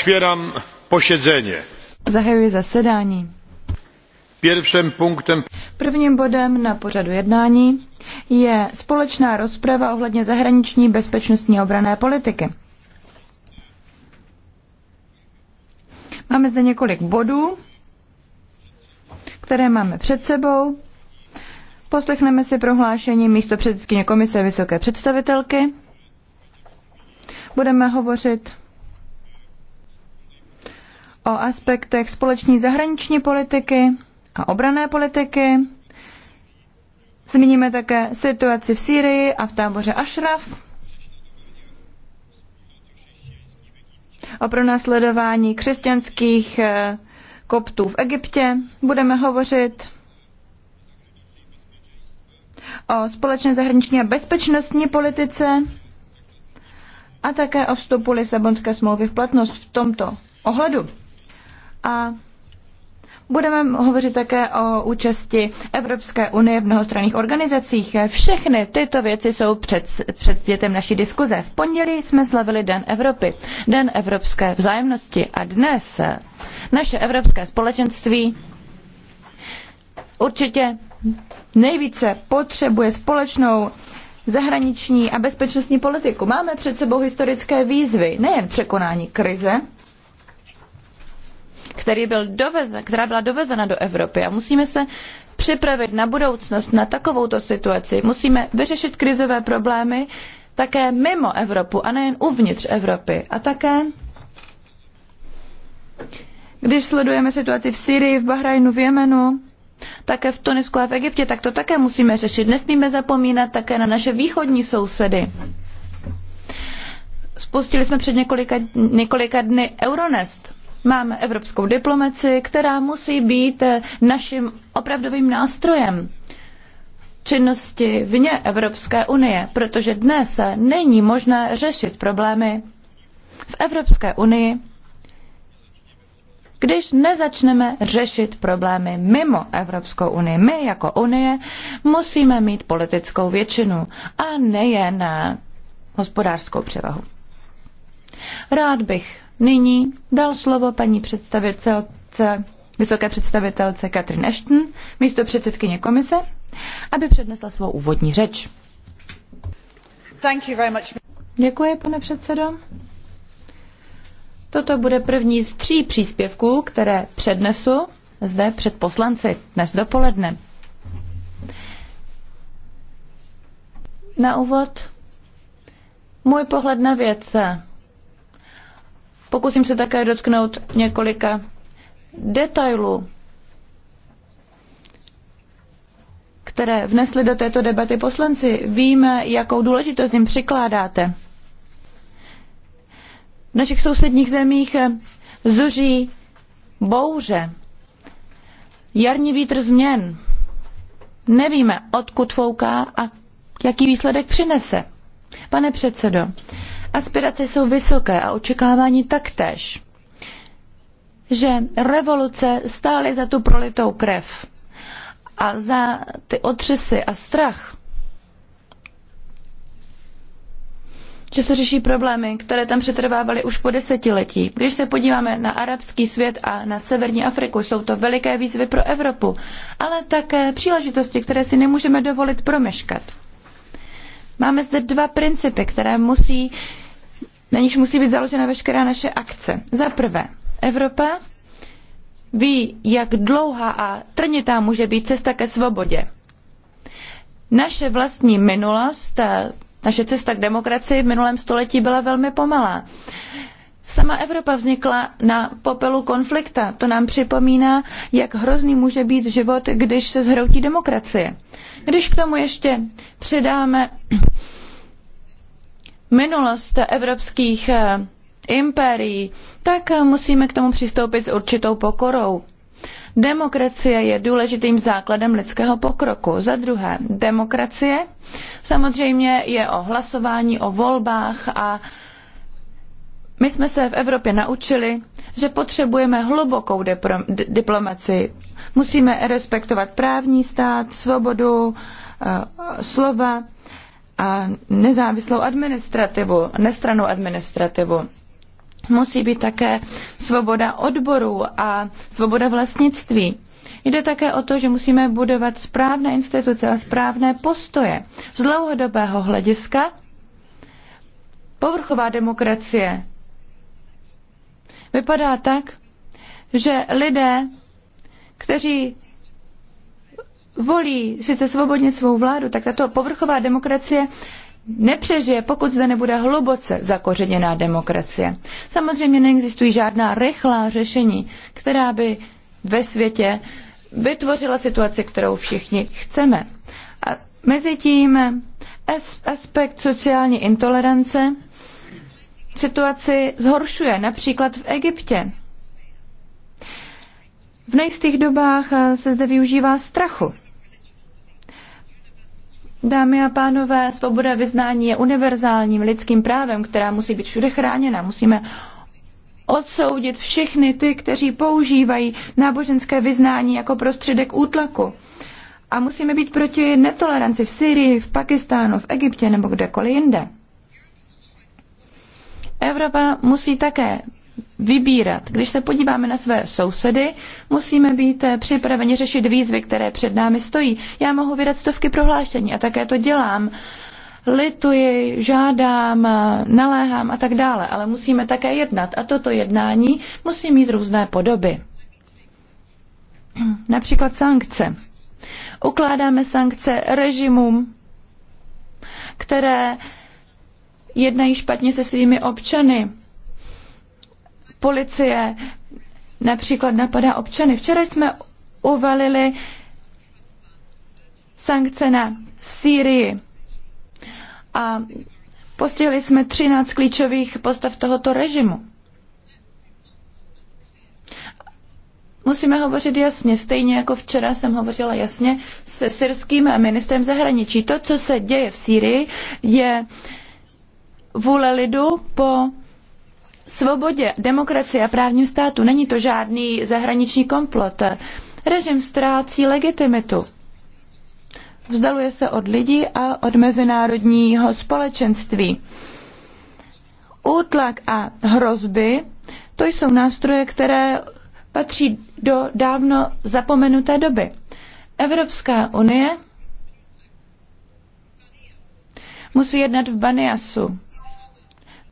Otwieram posiedzenie. Zahajuji zasedání. Pierwszym punktem... Prvním bodem na pořadu jednání je společná rozprava ohledně zahraniční bezpečnostní obrané politiky. Máme zde několik bodů, které máme před sebou. Poslechneme si prohlášení místo předsedkyně komise vysoké představitelky. Budeme hovořit o aspektech společní zahraniční politiky a obrané politiky. Zmíníme také situaci v Sýrii a v táboře Ashraf. O pronásledování křesťanských eh, koptů v Egyptě budeme hovořit o společné zahraniční a bezpečnostní politice a také o vstupu Lisabonské smlouvy v platnost v tomto ohledu a Budeme hovořit také o účasti Evropské unie v mnohostranných organizacích. Všechny tyto věci jsou před, pětem naší diskuze. V pondělí jsme slavili Den Evropy, Den evropské vzájemnosti a dnes naše evropské společenství určitě nejvíce potřebuje společnou zahraniční a bezpečnostní politiku. Máme před sebou historické výzvy, nejen překonání krize, který byl dovezen, která byla dovezena do Evropy a musíme se připravit na budoucnost, na takovouto situaci. Musíme vyřešit krizové problémy také mimo Evropu a nejen uvnitř Evropy. A také, když sledujeme situaci v Syrii, v Bahrajnu, v Jemenu, také v Tunisku a v Egyptě, tak to také musíme řešit. Nesmíme zapomínat také na naše východní sousedy. Spustili jsme před několika, několika dny Euronest. Máme evropskou diplomaci, která musí být naším opravdovým nástrojem činnosti vně Evropské unie, protože dnes není možné řešit problémy v Evropské unii, když nezačneme řešit problémy mimo Evropskou unii. My jako Unie musíme mít politickou většinu a nejen hospodářskou převahu. Rád bych nyní dal slovo paní představitelce, vysoké představitelce Katrin Ashton, místo předsedkyně komise, aby přednesla svou úvodní řeč. Thank you very much. Děkuji, pane předsedo. Toto bude první z tří příspěvků, které přednesu zde před poslanci dnes dopoledne. Na úvod můj pohled na věce Pokusím se také dotknout několika detailů, které vnesli do této debaty poslanci. Víme, jakou důležitost jim přikládáte. V našich sousedních zemích zuří bouře, jarní vítr změn. Nevíme, odkud fouká a jaký výsledek přinese. Pane předsedo, Aspirace jsou vysoké a očekávání taktéž. Že revoluce stály za tu prolitou krev a za ty otřesy a strach. Že se řeší problémy, které tam přetrvávaly už po desetiletí. Když se podíváme na arabský svět a na severní Afriku, jsou to veliké výzvy pro Evropu, ale také příležitosti, které si nemůžeme dovolit promeškat. Máme zde dva principy, které musí na nichž musí být založena veškerá naše akce. Za prvé, Evropa ví, jak dlouhá a trnitá může být cesta ke svobodě. Naše vlastní minulost, eh, naše cesta k demokracii v minulém století byla velmi pomalá. Sama Evropa vznikla na popelu konflikta. To nám připomíná, jak hrozný může být život, když se zhroutí demokracie. Když k tomu ještě přidáme minulost evropských eh, impérií, tak eh, musíme k tomu přistoupit s určitou pokorou. Demokracie je důležitým základem lidského pokroku. Za druhé, demokracie samozřejmě je o hlasování, o volbách a my jsme se v Evropě naučili, že potřebujeme hlubokou diplomacii. Musíme respektovat právní stát, svobodu eh, slova a nezávislou administrativu, nestranou administrativu. Musí být také svoboda odborů a svoboda vlastnictví. Jde také o to, že musíme budovat správné instituce a správné postoje. Z dlouhodobého hlediska povrchová demokracie vypadá tak, že lidé, kteří volí sice svobodně svou vládu, tak tato povrchová demokracie nepřežije, pokud zde nebude hluboce zakořeněná demokracie. Samozřejmě neexistují žádná rychlá řešení, která by ve světě vytvořila situaci, kterou všichni chceme. A mezi tím aspekt sociální intolerance situaci zhoršuje, například v Egyptě. V nejistých dobách eh, se zde využívá strachu. Dámy a pánové, svoboda vyznání je univerzálním lidským právem, která musí být všude chráněna. Musíme odsoudit všechny ty, kteří používají náboženské vyznání jako prostředek útlaku. A musíme být proti netoleranci v Syrii, v Pakistánu, v Egyptě nebo kdekoliv jinde. Evropa musí také vybírat. Když se podíváme na své sousedy, musíme být eh, připraveni řešit výzvy, které před námi stojí. Já mohu vydat stovky prohlášení a také to dělám lituji, žádám, eh, naléhám a tak dále, ale musíme také jednat a toto jednání musí mít různé podoby. Například sankce. Ukládáme sankce režimům, které jednají špatně se svými občany, policie například napadá občany. Včera jsme uvalili sankce na Sýrii a postihli jsme 13 klíčových postav tohoto režimu. Musíme hovořit jasně, stejně jako včera jsem hovořila jasně se syrským ministrem zahraničí. To, co se děje v Sýrii, je vůle lidu po svobodě, demokracii a právním státu. Není to žádný zahraniční komplot. Režim ztrácí legitimitu. Vzdaluje se od lidí a od mezinárodního společenství. Útlak a hrozby, to jsou nástroje, které patří do dávno zapomenuté doby. Evropská unie musí jednat v Baniasu,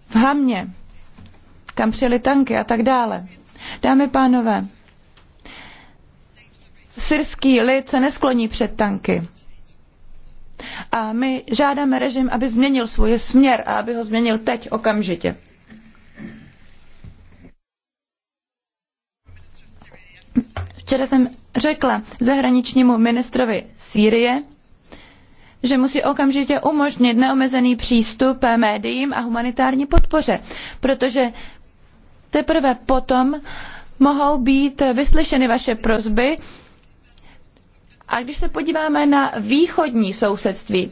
v Hamě, kam přijeli tanky a tak dále. Dámy pánové, syrský lid se neskloní před tanky. A my žádáme režim, aby změnil svůj směr a aby ho změnil teď okamžitě. Včera jsem řekla zahraničnímu ministrovi Sýrie, že musí okamžitě umožnit neomezený přístup médiím a humanitární podpoře, protože teprve potom mohou být vyslyšeny vaše prozby. A když se podíváme na východní sousedství,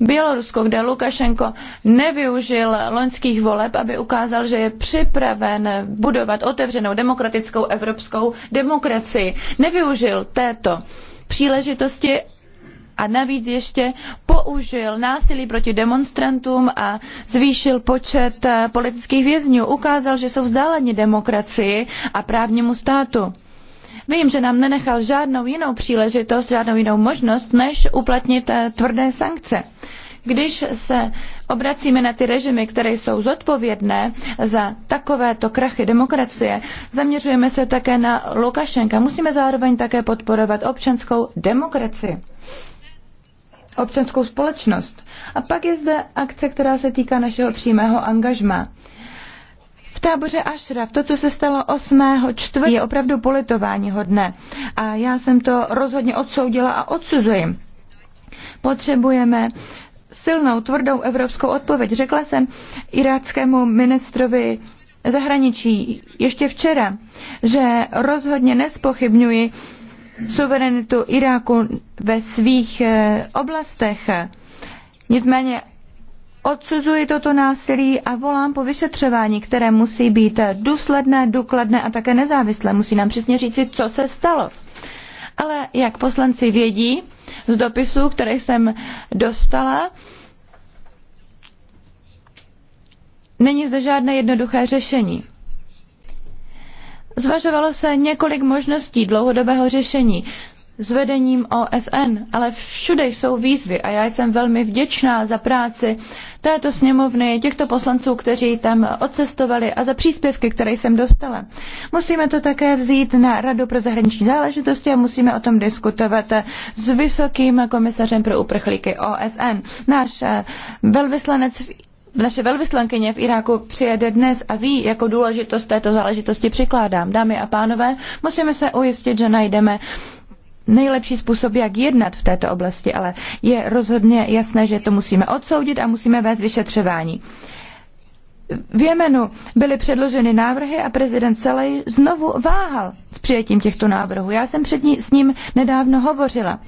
Bělorusko, kde Lukašenko nevyužil loňských voleb, aby ukázal, že je připraven budovat otevřenou demokratickou evropskou demokracii. Nevyužil této příležitosti a navíc ještě použil násilí proti demonstrantům a zvýšil počet eh, politických vězňů. Ukázal, že jsou vzdáleni demokracii a právnímu státu. Vím, že nám nenechal žádnou jinou příležitost, žádnou jinou možnost, než uplatnit eh, tvrdé sankce. Když se obracíme na ty režimy, které jsou zodpovědné za takovéto krachy demokracie, zaměřujeme se také na Lukašenka. Musíme zároveň také podporovat občanskou demokracii občanskou společnost. A pak je zde akce, která se týká našeho přímého angažma. V táboře Ashraf to, co se stalo 8. čtvrtí, je opravdu politování hodné. A já jsem to rozhodně odsoudila a odsuzuji. Potřebujeme silnou, tvrdou evropskou odpověď. Řekla jsem iráckému ministrovi zahraničí ještě včera, že rozhodně nespochybňuji suverenitu Iráku ve svých eh, oblastech. Nicméně odsuzuji toto násilí a volám po vyšetřování, které musí být důsledné, důkladné a také nezávislé. Musí nám přesně říci, co se stalo. Ale jak poslanci vědí z dopisů, které jsem dostala, není zde žádné jednoduché řešení. Zvažovalo se několik možností dlouhodobého řešení s vedením OSN, ale všude jsou výzvy a já jsem velmi vděčná za práci této sněmovny, těchto poslanců, kteří tam odcestovali a za příspěvky, které jsem dostala. Musíme to také vzít na Radu pro zahraniční záležitosti a musíme o tom diskutovat s vysokým komisařem pro uprchlíky OSN. Náš eh, velvyslanec v naše velvyslankyně v Iráku přijede dnes a ví, jako důležitost této záležitosti přikládám. Dámy a pánové, musíme se ujistit, že najdeme nejlepší způsob, jak jednat v této oblasti, ale je rozhodně jasné, že to musíme odsoudit a musíme vést vyšetřování. V Jemenu byly předloženy návrhy a prezident Saleh znovu váhal s přijetím těchto návrhů. Já jsem před ní, s ním nedávno hovořila.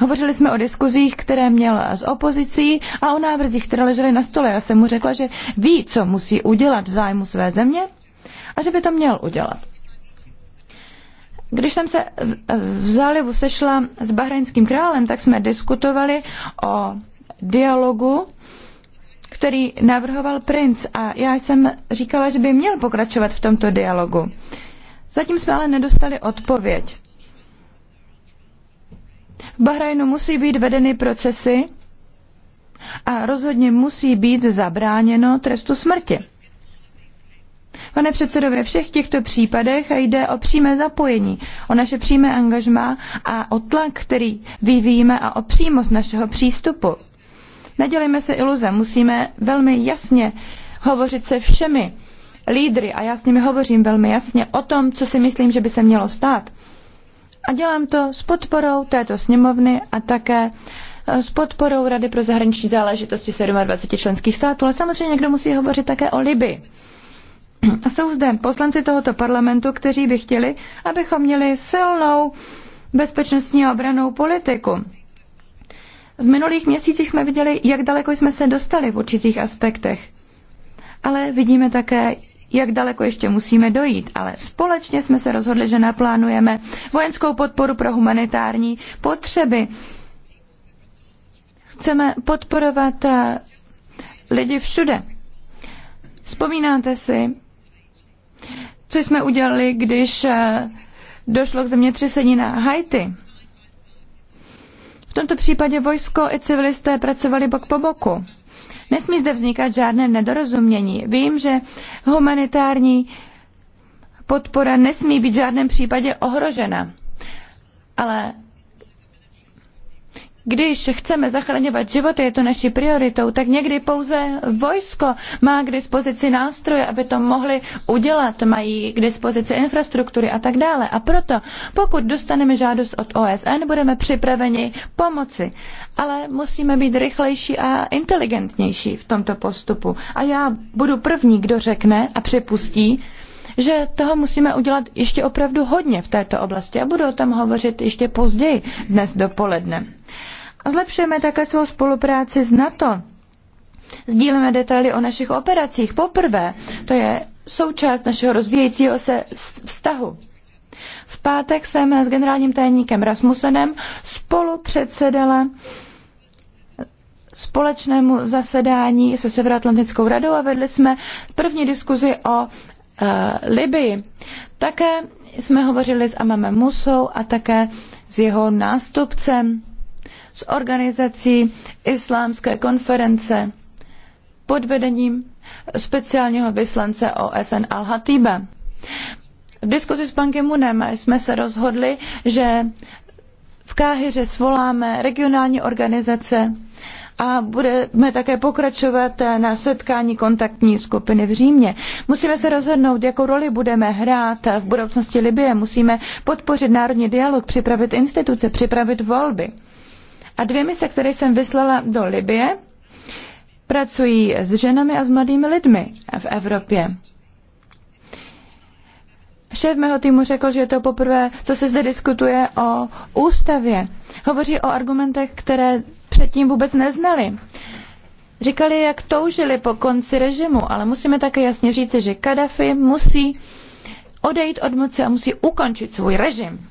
Hovořili jsme o diskuzích, které měl s opozicí a o návrzích, které ležely na stole. Já jsem mu řekla, že ví, co musí udělat v zájmu své země a že by to měl udělat. Když jsem se v zálivu sešla s bahrajnským králem, tak jsme diskutovali o dialogu, který navrhoval princ a já jsem říkala, že by měl pokračovat v tomto dialogu. Zatím jsme ale nedostali odpověď. V Bahrajnu musí být vedeny procesy a rozhodně musí být zabráněno trestu smrti. Pane předsedo, ve všech těchto případech jde o přímé zapojení, o naše přímé angažmá a o tlak, který vyvíjíme a o přímost našeho přístupu. Nedělejme se iluze, musíme velmi jasně hovořit se všemi lídry a já s nimi hovořím velmi jasně o tom, co si myslím, že by se mělo stát. A dělám to s podporou této sněmovny a také eh, s podporou Rady pro zahraniční záležitosti 27 členských států, ale samozřejmě někdo musí hovořit také o Liby. A jsou zde poslanci tohoto parlamentu, kteří by chtěli, abychom měli silnou bezpečnostní a obranou politiku. V minulých měsících jsme viděli, jak daleko jsme se dostali v určitých aspektech. Ale vidíme také, jak daleko ještě musíme dojít, ale společně jsme se rozhodli, že naplánujeme vojenskou podporu pro humanitární potřeby. Chceme podporovat eh, lidi všude. Vzpomínáte si, co jsme udělali, když eh, došlo k zemětřesení na Haiti? V tomto případě vojsko i civilisté pracovali bok po boku. Nesmí zde vznikat žádné nedorozumění. Vím, že humanitární podpora nesmí být v žádném případě ohrožena. Ale když chceme zachraňovat životy, je to naší prioritou, tak někdy pouze vojsko má k dispozici nástroje, aby to mohli udělat, mají k dispozici infrastruktury a tak dále. A proto, pokud dostaneme žádost od OSN, budeme připraveni pomoci. Ale musíme být rychlejší a inteligentnější v tomto postupu. A já budu první, kdo řekne a připustí, že toho musíme udělat ještě opravdu hodně v této oblasti a budu o tom hovořit ještě později dnes dopoledne. A zlepšujeme také svou spolupráci s NATO. Sdílíme detaily o našich operacích poprvé. To je součást našeho rozvíjejícího se vztahu. V pátek jsem s generálním tajemníkem Rasmusenem spolu předsedala společnému zasedání se Severoatlantickou radou a vedli jsme první diskuzi o Eh, Libii. Také jsme hovořili s Amame Musou a také s jeho nástupcem z organizací Islámské konference pod vedením speciálního vyslance OSN Al-Hatiba. V diskuzi s pankem Munem jsme se rozhodli, že v Káhyře svoláme regionální organizace, a budeme také pokračovat na setkání kontaktní skupiny v Římě. Musíme se rozhodnout, jakou roli budeme hrát v budoucnosti Libie. Musíme podpořit národní dialog, připravit instituce, připravit volby. A dvě mise, které jsem vyslala do Libie, pracují s ženami a s mladými lidmi v Evropě. Šéf mého týmu řekl, že je to poprvé, co se zde diskutuje o ústavě. Hovoří o argumentech, které předtím vůbec neznali. Říkali, jak toužili po konci režimu, ale musíme také jasně říci, že Kadafi musí odejít od moci a musí ukončit svůj režim.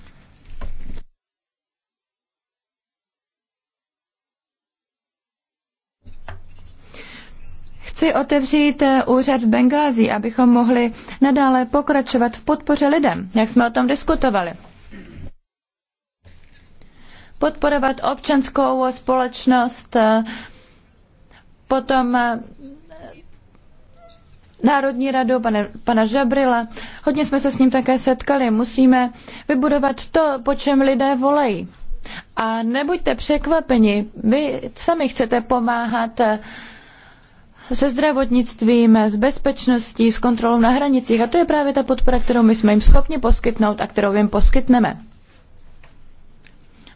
Chci otevřít eh, úřad v Bengázi, abychom mohli nadále pokračovat v podpoře lidem, jak jsme o tom diskutovali podporovat občanskou společnost, eh, potom eh, Národní radu pane, pana Žabrila. Hodně jsme se s ním také setkali. Musíme vybudovat to, po čem lidé volejí. A nebuďte překvapeni, vy sami chcete pomáhat eh, se zdravotnictvím, s bezpečností, s kontrolou na hranicích. A to je právě ta podpora, kterou my jsme jim schopni poskytnout a kterou jim poskytneme.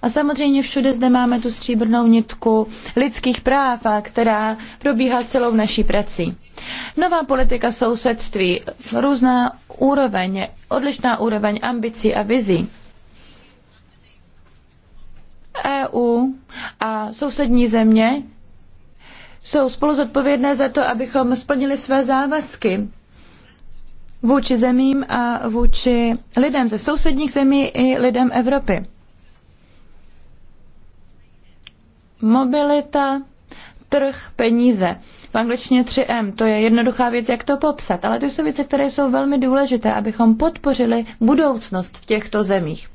A samozřejmě všude zde máme tu stříbrnou nitku lidských práv, která probíhá celou naší prací. Nová politika sousedství, různá úroveň, odlišná úroveň ambicí a vizí. EU a sousední země jsou spolu zodpovědné za to, abychom splnili své závazky vůči zemím a vůči lidem ze sousedních zemí i lidem Evropy. mobilita, trh, peníze. V angličtině 3M, to je jednoduchá věc, jak to popsat, ale to jsou věci, které jsou velmi důležité, abychom podpořili budoucnost v těchto zemích.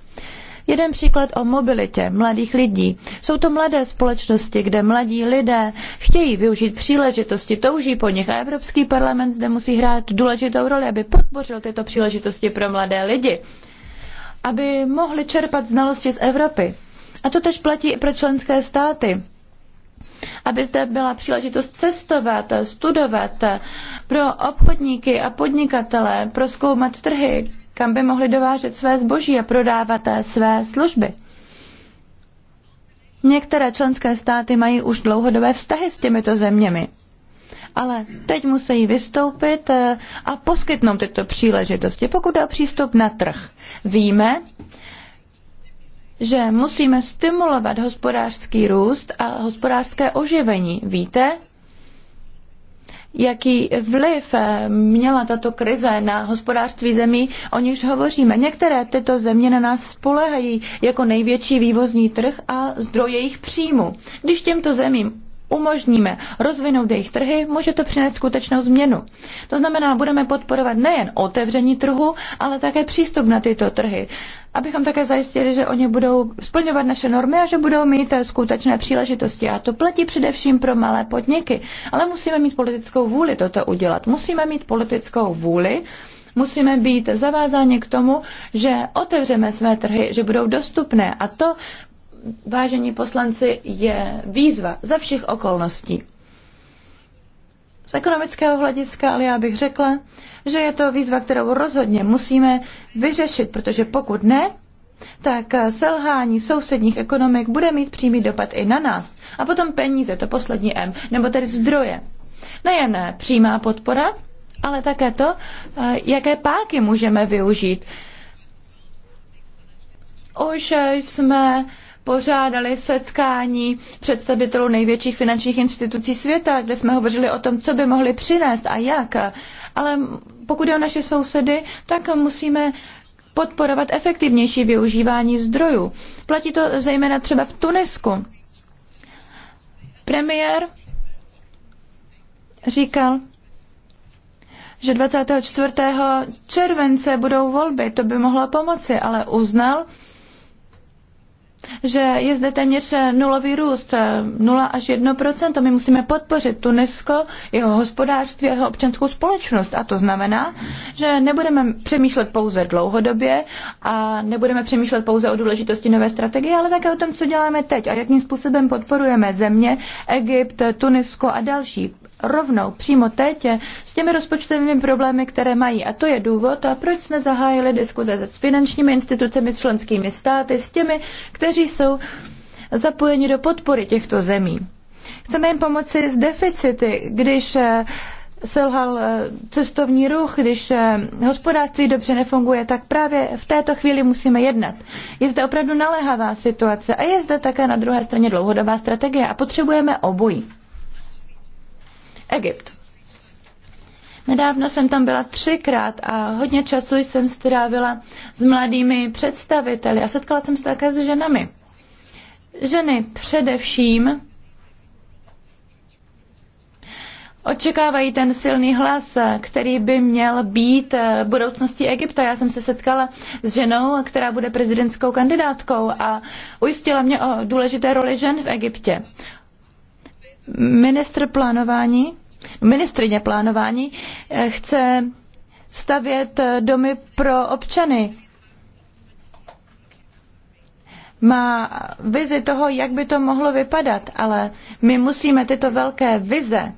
Jeden příklad o mobilitě mladých lidí. Jsou to mladé společnosti, kde mladí lidé chtějí využít příležitosti, touží po nich a Evropský parlament zde musí hrát důležitou roli, aby podpořil tyto příležitosti pro mladé lidi, aby mohli čerpat znalosti z Evropy. A to tež platí i pro členské státy. Aby zde byla příležitost cestovat, studovat pro obchodníky a podnikatele, proskoumat trhy, kam by mohli dovážet své zboží a prodávat své služby. Některé členské státy mají už dlouhodobé vztahy s těmito zeměmi. Ale teď musí vystoupit a poskytnout tyto příležitosti, pokud je přístup na trh. Víme, že musíme stimulovat hospodářský růst a hospodářské oživení. Víte, jaký vliv eh, měla tato krize na hospodářství zemí, o nichž hovoříme. Některé tyto země na nás spolehají jako největší vývozní trh a zdroj jejich příjmu. Když těmto zemím umožníme rozvinout jejich trhy, může to přinést skutečnou změnu. To znamená, budeme podporovat nejen otevření trhu, ale také přístup na tyto trhy, abychom také zajistili, že oni budou splňovat naše normy a že budou mít skutečné příležitosti. A to platí především pro malé podniky. Ale musíme mít politickou vůli toto udělat. Musíme mít politickou vůli, musíme být zavázáni k tomu, že otevřeme své trhy, že budou dostupné a to vážení poslanci, je výzva za všech okolností. Z ekonomického hlediska, ale já bych řekla, že je to výzva, kterou rozhodně musíme vyřešit, protože pokud ne, tak selhání sousedních ekonomik bude mít přímý dopad i na nás. A potom peníze, to poslední M, nebo tedy zdroje. Nejen přímá podpora, ale také to, jaké páky můžeme využít. Už jsme pořádali setkání představitelů největších finančních institucí světa, kde jsme hovořili o tom, co by mohli přinést a jak. Ale pokud je o naše sousedy, tak musíme podporovat efektivnější využívání zdrojů. Platí to zejména třeba v Tunisku. Premiér říkal, že 24. července budou volby, to by mohlo pomoci, ale uznal, že je zde téměř eh, nulový růst, 0 eh, až 1%. My musíme podpořit Tunisko, jeho hospodářství a jeho občanskou společnost. A to znamená, že nebudeme přemýšlet pouze dlouhodobě a nebudeme přemýšlet pouze o důležitosti nové strategie, ale také o tom, co děláme teď a jakým způsobem podporujeme země, Egypt, Tunisko a další rovnou přímo teď eh, s těmi rozpočtovými problémy, které mají. A to je důvod, a eh, proč jsme zahájili diskuze s finančními institucemi, s členskými státy, s těmi, kteří jsou zapojeni do podpory těchto zemí. Chceme jim pomoci s deficity, když eh, selhal cestovní ruch, když hospodářství dobře nefunguje, tak právě v této chvíli musíme jednat. Je zde opravdu naléhavá situace a je zde také na druhé straně dlouhodobá strategie a potřebujeme obojí. Egypt. Nedávno jsem tam byla třikrát a hodně času jsem strávila s mladými představiteli a setkala jsem se také s ženami. Ženy především očekávají ten silný hlas, který by měl být budoucností Egypta. Já jsem se setkala s ženou, která bude prezidentskou kandidátkou a ujistila mě o důležité roli žen v Egyptě ministr plánování, ministrině plánování eh, chce stavět eh, domy pro občany. Má vizi toho, jak by to mohlo vypadat, ale my musíme tyto velké vize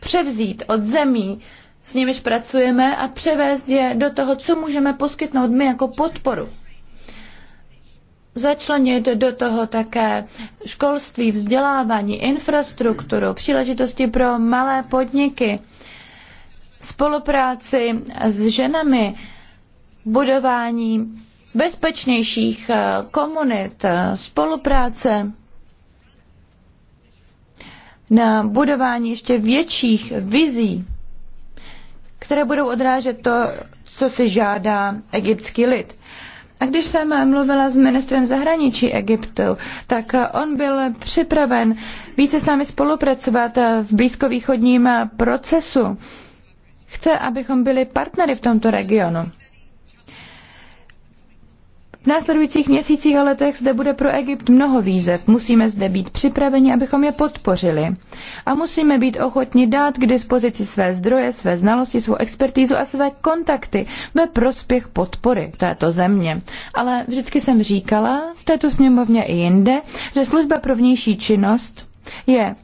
převzít od zemí, s nimiž pracujeme a převést je do toho, co můžeme poskytnout my jako podporu začlenit do toho také školství, vzdělávání, infrastrukturu, příležitosti pro malé podniky, spolupráci s ženami, budování bezpečnějších eh, komunit, eh, spolupráce na budování ještě větších vizí, které budou odrážet to, co si žádá egyptský lid. A když jsem mluvila s ministrem zahraničí Egyptu, tak on byl připraven více s námi spolupracovat v blízkovýchodním procesu. Chce, abychom byli partnery v tomto regionu. V následujících měsících a letech zde bude pro Egypt mnoho výzev. Musíme zde být připraveni, abychom je podpořili. A musíme být ochotni dát k dispozici své zdroje, své znalosti, svou expertízu a své kontakty ve prospěch podpory této země. Ale vždycky jsem říkala, v této sněmovně i jinde, že služba pro vnější činnost je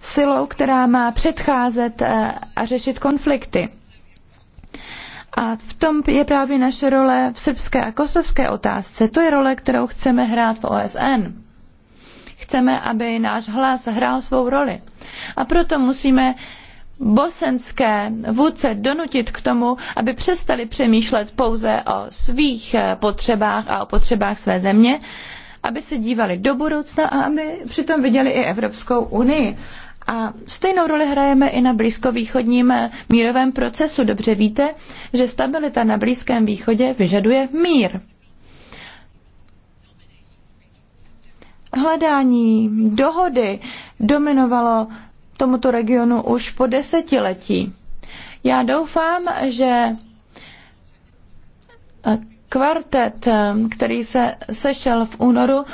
silou, která má předcházet eh, a řešit konflikty. A v tom je právě naše role v srbské a kosovské otázce. To je role, kterou chceme hrát v OSN. Chceme, aby náš hlas hrál svou roli. A proto musíme bosenské vůdce donutit k tomu, aby přestali přemýšlet pouze o svých potřebách a o potřebách své země, aby se dívali do budoucna a aby přitom viděli i Evropskou unii. A stejnou roli hrajeme i na blízkovýchodním eh, mírovém procesu. Dobře víte, že stabilita na Blízkém východě vyžaduje mír. Hledání dohody dominovalo tomuto regionu už po desetiletí. Já doufám, že eh, kvartet, eh, který se sešel v únoru,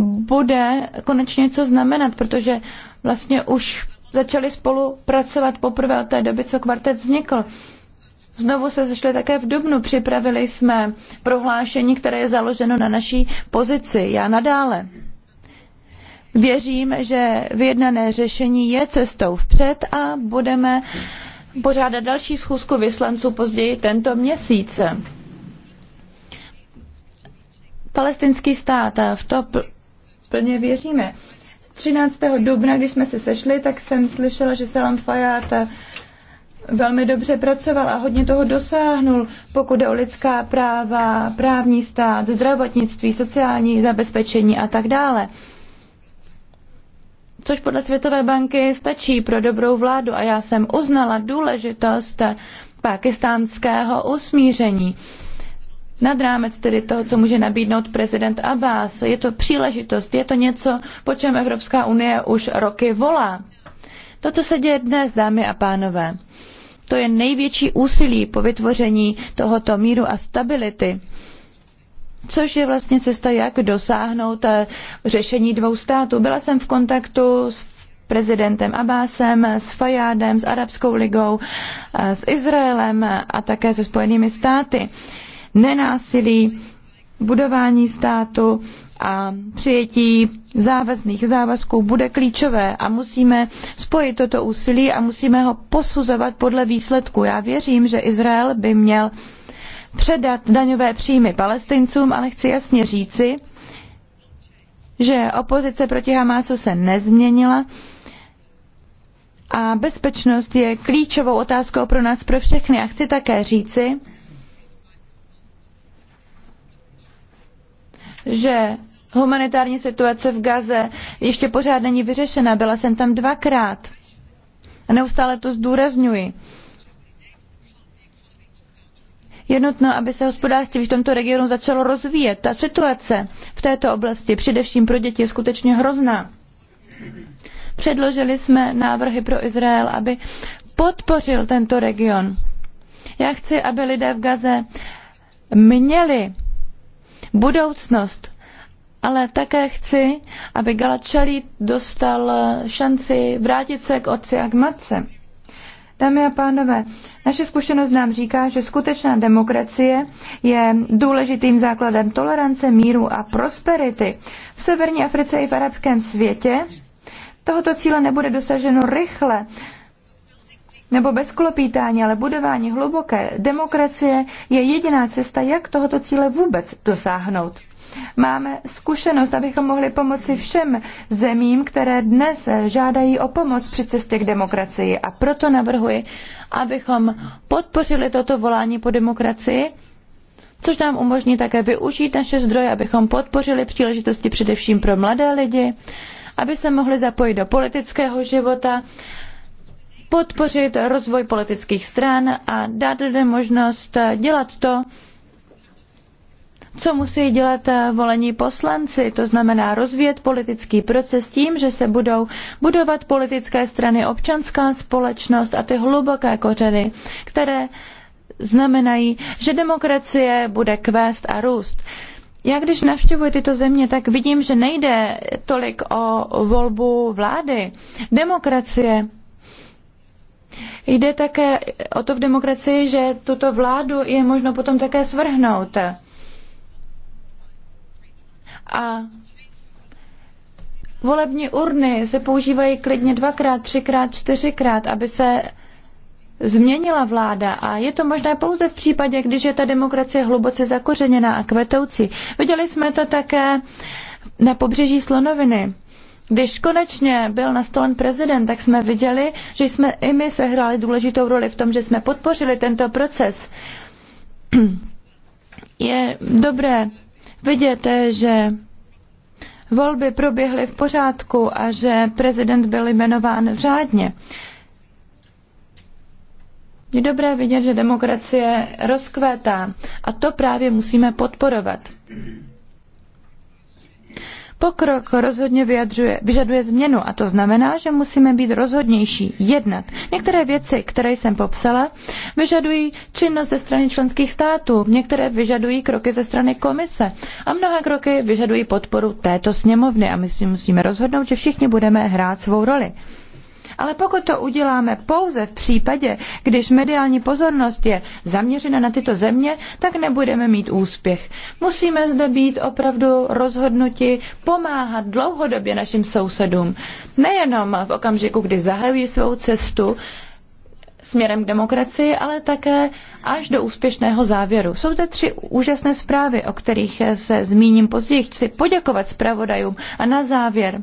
bude konečně něco znamenat, protože vlastně už začali spolupracovat poprvé od té doby, co kvartet vznikl. Znovu se zešli také v Dubnu. Připravili jsme prohlášení, které je založeno na naší pozici. Já nadále. Věřím, že vyjednané řešení je cestou vpřed a budeme pořádat další schůzku vyslanců později tento měsíc. Palestinský stát, v to plně věříme. 13. dubna, když jsme se sešli, tak jsem slyšela, že Salam Fayat velmi dobře pracoval a hodně toho dosáhnul, pokud jde o lidská práva, právní stát, zdravotnictví, sociální zabezpečení a tak dále. Což podle Světové banky stačí pro dobrou vládu a já jsem uznala důležitost pakistánského usmíření nad rámec tedy toho, co může nabídnout prezident Abbas. Je to příležitost, je to něco, po čem Evropská unie už roky volá. To, co se děje dnes, dámy a pánové, to je největší úsilí po vytvoření tohoto míru a stability, což je vlastně cesta, jak dosáhnout eh, řešení dvou států. Byla jsem v kontaktu s prezidentem Abásem, s Fajádem, s Arabskou ligou, eh, s Izraelem a také se Spojenými státy nenásilí, budování státu a přijetí závazných závazků bude klíčové a musíme spojit toto úsilí a musíme ho posuzovat podle výsledku. Já věřím, že Izrael by měl předat daňové příjmy palestincům, ale chci jasně říci, že opozice proti Hamásu se nezměnila a bezpečnost je klíčovou otázkou pro nás pro všechny. A chci také říci, že humanitární situace v Gaze ještě pořád není vyřešena. Byla jsem tam dvakrát. A neustále to zdůrazňuji. Je nutno, aby se hospodářství v tomto regionu začalo rozvíjet. Ta situace v této oblasti, především pro děti, je skutečně hrozná. Předložili jsme návrhy pro Izrael, aby podpořil tento region. Já chci, aby lidé v Gaze měli budoucnost. Ale také chci, aby Galačelí dostal šanci vrátit se k otci a k matce. Dámy a pánové, naše zkušenost nám říká, že skutečná demokracie je důležitým základem tolerance, míru a prosperity. V severní Africe i v arabském světě tohoto cíle nebude dosaženo rychle, nebo bez klopítání, ale budování hluboké demokracie je jediná cesta, jak tohoto cíle vůbec dosáhnout. Máme zkušenost, abychom mohli pomoci všem zemím, které dnes žádají o pomoc při cestě k demokracii. A proto navrhuji, abychom podpořili toto volání po demokracii, což nám umožní také využít naše zdroje, abychom podpořili příležitosti především pro mladé lidi, aby se mohli zapojit do politického života, podpořit rozvoj politických stran a dát lidem možnost dělat to, co musí dělat volení poslanci, to znamená rozvíjet politický proces tím, že se budou budovat politické strany, občanská společnost a ty hluboké kořeny, které znamenají, že demokracie bude kvést a růst. Já když navštěvuji tyto země, tak vidím, že nejde tolik o volbu vlády. Demokracie Jde také o to v demokracii, že tuto vládu je možno potom také svrhnout. A volební urny se používají klidně dvakrát, třikrát, čtyřikrát, aby se změnila vláda a je to možné pouze v případě, když je ta demokracie hluboce zakořeněná a kvetoucí. Viděli jsme to také na pobřeží Slonoviny. Když konečně byl nastolen prezident, tak jsme viděli, že jsme i my sehráli důležitou roli v tom, že jsme podpořili tento proces. Je dobré vidět, že volby proběhly v pořádku a že prezident byl jmenován řádně. Je dobré vidět, že demokracie rozkvétá a to právě musíme podporovat. Pokrok rozhodně vyjadřuje, vyžaduje změnu a to znamená, že musíme být rozhodnější, jednat. Některé věci, které jsem popsala, vyžadují činnost ze strany členských států, některé vyžadují kroky ze strany komise a mnohé kroky vyžadují podporu této sněmovny a my si musíme rozhodnout, že všichni budeme hrát svou roli. Ale pokud to uděláme pouze v případě, když mediální pozornost je zaměřena na tyto země, tak nebudeme mít úspěch. Musíme zde být opravdu rozhodnuti pomáhat dlouhodobě našim sousedům. Nejenom v okamžiku, kdy zahajují svou cestu, směrem k demokracii, ale také až do úspěšného závěru. Jsou to tři úžasné zprávy, o kterých se zmíním později. Chci poděkovat zpravodajům a na závěr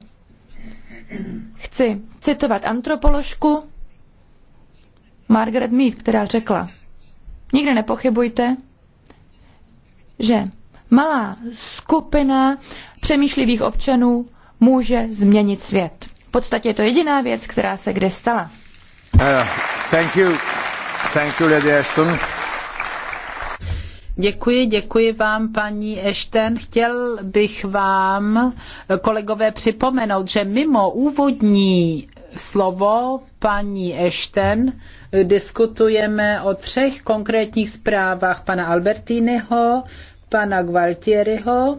Chci citovat antropoložku Margaret Mead, která řekla, nikdy nepochybujte, že malá skupina přemýšlivých občanů může změnit svět. V podstatě je to jediná věc, která se kde stala. Uh, thank you. Thank you, Lady Ashton. Děkuji, děkuji vám, paní Ešten. Chtěl bych vám, kolegové, připomenout, že mimo úvodní slovo paní Ešten diskutujeme o třech konkrétních zprávách pana Albertiniho, pana Gualtieriho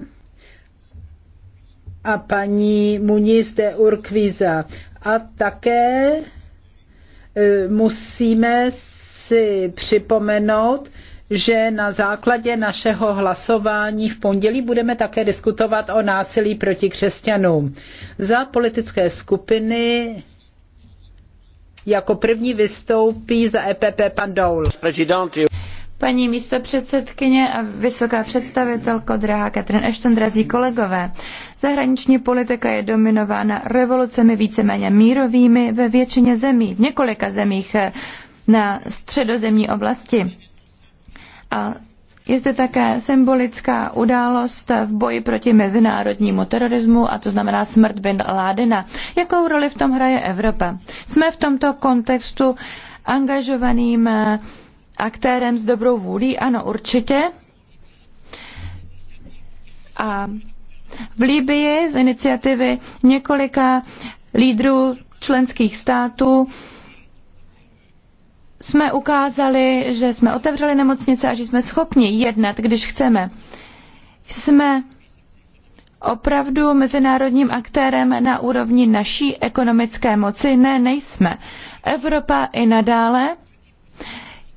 a paní Muniz de Urquiza. A také e, musíme si připomenout, že na základě našeho hlasování v pondělí budeme také diskutovat o násilí proti křesťanům. Za politické skupiny jako první vystoupí za EPP pan Doul. Paní předsedkyně a vysoká představitelko, drahá Katrin Ashton, drazí kolegové, zahraniční politika je dominována revolucemi víceméně mírovými ve většině zemí, v několika zemích eh, na středozemní oblasti. A je zde také symbolická událost v boji proti mezinárodnímu terorismu, a to znamená smrt Bin Ládena. Jakou roli v tom hraje Evropa? Jsme v tomto kontextu angažovaným eh, aktérem s dobrou vůlí? Ano, určitě. A v Líbii z iniciativy několika lídrů členských států jsme ukázali, že jsme otevřeli nemocnice a že jsme schopni jednat, když chceme. Jsme opravdu mezinárodním aktérem na úrovni naší ekonomické moci? Ne, nejsme. Evropa i nadále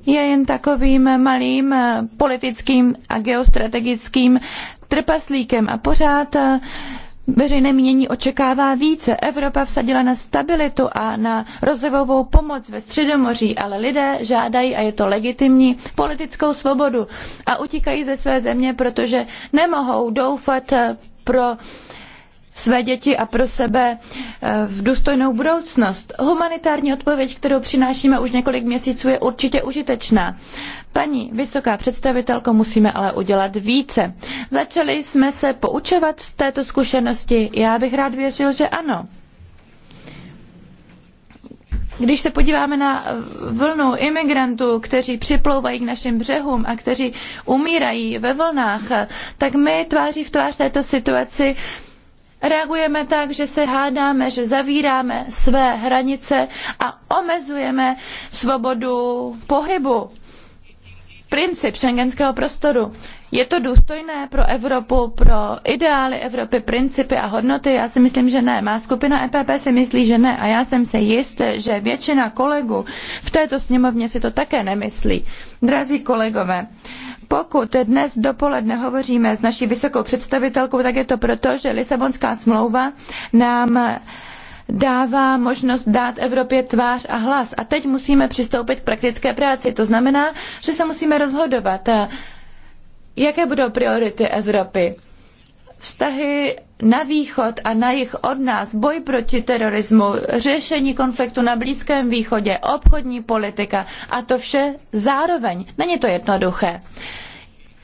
je jen takovým malým eh, politickým a geostrategickým trpaslíkem a pořád eh, Veřejné mínění očekává více. Evropa vsadila na stabilitu a na rozvojovou pomoc ve Středomoří, ale lidé žádají, a je to legitimní, politickou svobodu a utíkají ze své země, protože nemohou doufat pro své děti a pro sebe eh, v důstojnou budoucnost. Humanitární odpověď, kterou přinášíme už několik měsíců, je určitě užitečná. Paní vysoká představitelko, musíme ale udělat více. Začali jsme se poučovat z této zkušenosti. Já bych rád věřil, že ano. Když se podíváme na vlnu imigrantů, kteří připlouvají k našim břehům a kteří umírají ve vlnách, tak my tváří v tvář této situaci reagujeme tak, že se hádáme, že zavíráme své hranice a omezujeme svobodu pohybu princip Schengenského prostoru. Je to důstojné pro Evropu, pro ideály Evropy, principy a hodnoty? Já si myslím, že ne. Má skupina EPP si myslí, že ne. A já jsem se jist, že většina kolegů v této sněmovně si to také nemyslí. Drazí kolegové, pokud dnes dopoledne hovoříme s naší vysokou představitelkou, tak je to proto, že Lisabonská smlouva nám dává možnost dát Evropě tvář a hlas. A teď musíme přistoupit k praktické práci. To znamená, že se musíme rozhodovat, jaké budou priority Evropy. Vztahy na východ a na jih od nás, boj proti terorismu, řešení konfliktu na Blízkém východě, obchodní politika a to vše zároveň. Není to jednoduché.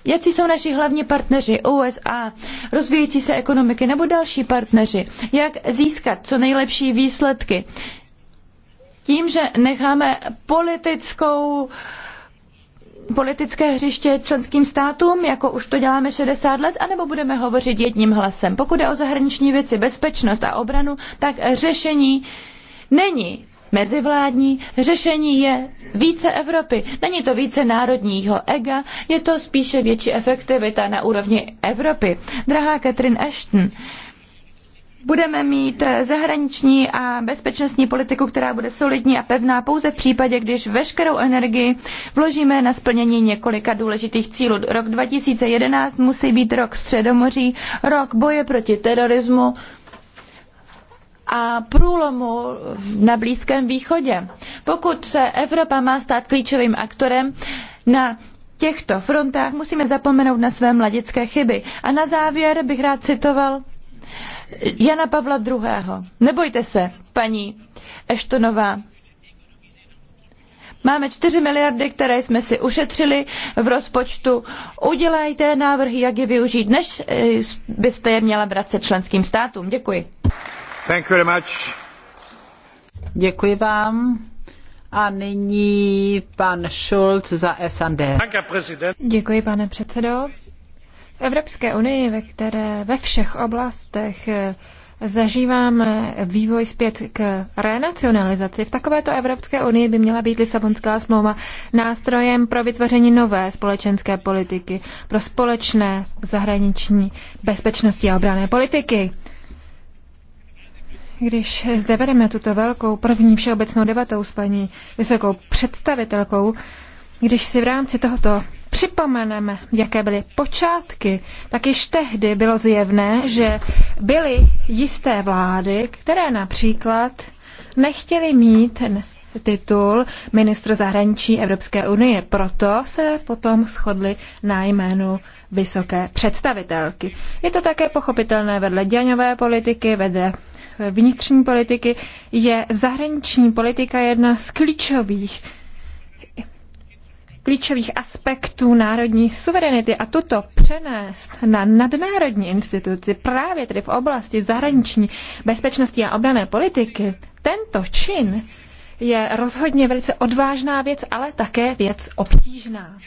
Jací jsou naši hlavní partneři USA, rozvíjející se ekonomiky nebo další partneři? Jak získat co nejlepší výsledky? Tím, že necháme politickou politické hřiště členským státům, jako už to děláme 60 let, anebo budeme hovořit jedním hlasem. Pokud je o zahraniční věci, bezpečnost a obranu, tak řešení není mezivládní. Řešení je více Evropy. Není to více národního ega, je to spíše větší efektivita na úrovni Evropy. Drahá Catherine Ashton, Budeme mít zahraniční a bezpečnostní politiku, která bude solidní a pevná pouze v případě, když veškerou energii vložíme na splnění několika důležitých cílů. Rok 2011 musí být rok Středomoří, rok boje proti terorismu, a průlomu na Blízkém východě. Pokud se Evropa má stát klíčovým aktorem na těchto frontách, musíme zapomenout na své mladické chyby. A na závěr bych rád citoval Jana Pavla II. Nebojte se, paní Eštonová, Máme 4 miliardy, které jsme si ušetřili v rozpočtu. Udělejte návrhy, jak je využít, než eh, byste je měla vracet členským státům. Děkuji. Děkuji vám. A nyní pan Schulz za SND. Děkuji, pane předsedo. V Evropské unii, ve které ve všech oblastech eh, zažíváme vývoj zpět k renacionalizaci. V takovéto Evropské unii by měla být Lisabonská smlouva nástrojem pro vytvoření nové společenské politiky, pro společné zahraniční bezpečnosti a obrané politiky. Když zde vedeme tuto velkou první všeobecnou debatou s paní vysokou představitelkou, když si v rámci tohoto připomeneme, jaké byly počátky, tak již tehdy bylo zjevné, že byly jisté vlády, které například nechtěly mít titul ministr zahraničí Evropské unie. Proto se potom shodli na jménu vysoké představitelky. Je to také pochopitelné vedle děňové politiky, vedle vnitřní politiky je zahraniční politika jedna z klíčových klíčových aspektů národní suverenity a tuto přenést na nadnárodní instituci právě tedy v oblasti zahraniční bezpečnosti a obrané politiky, tento čin je rozhodně velice odvážná věc, ale také věc obtížná.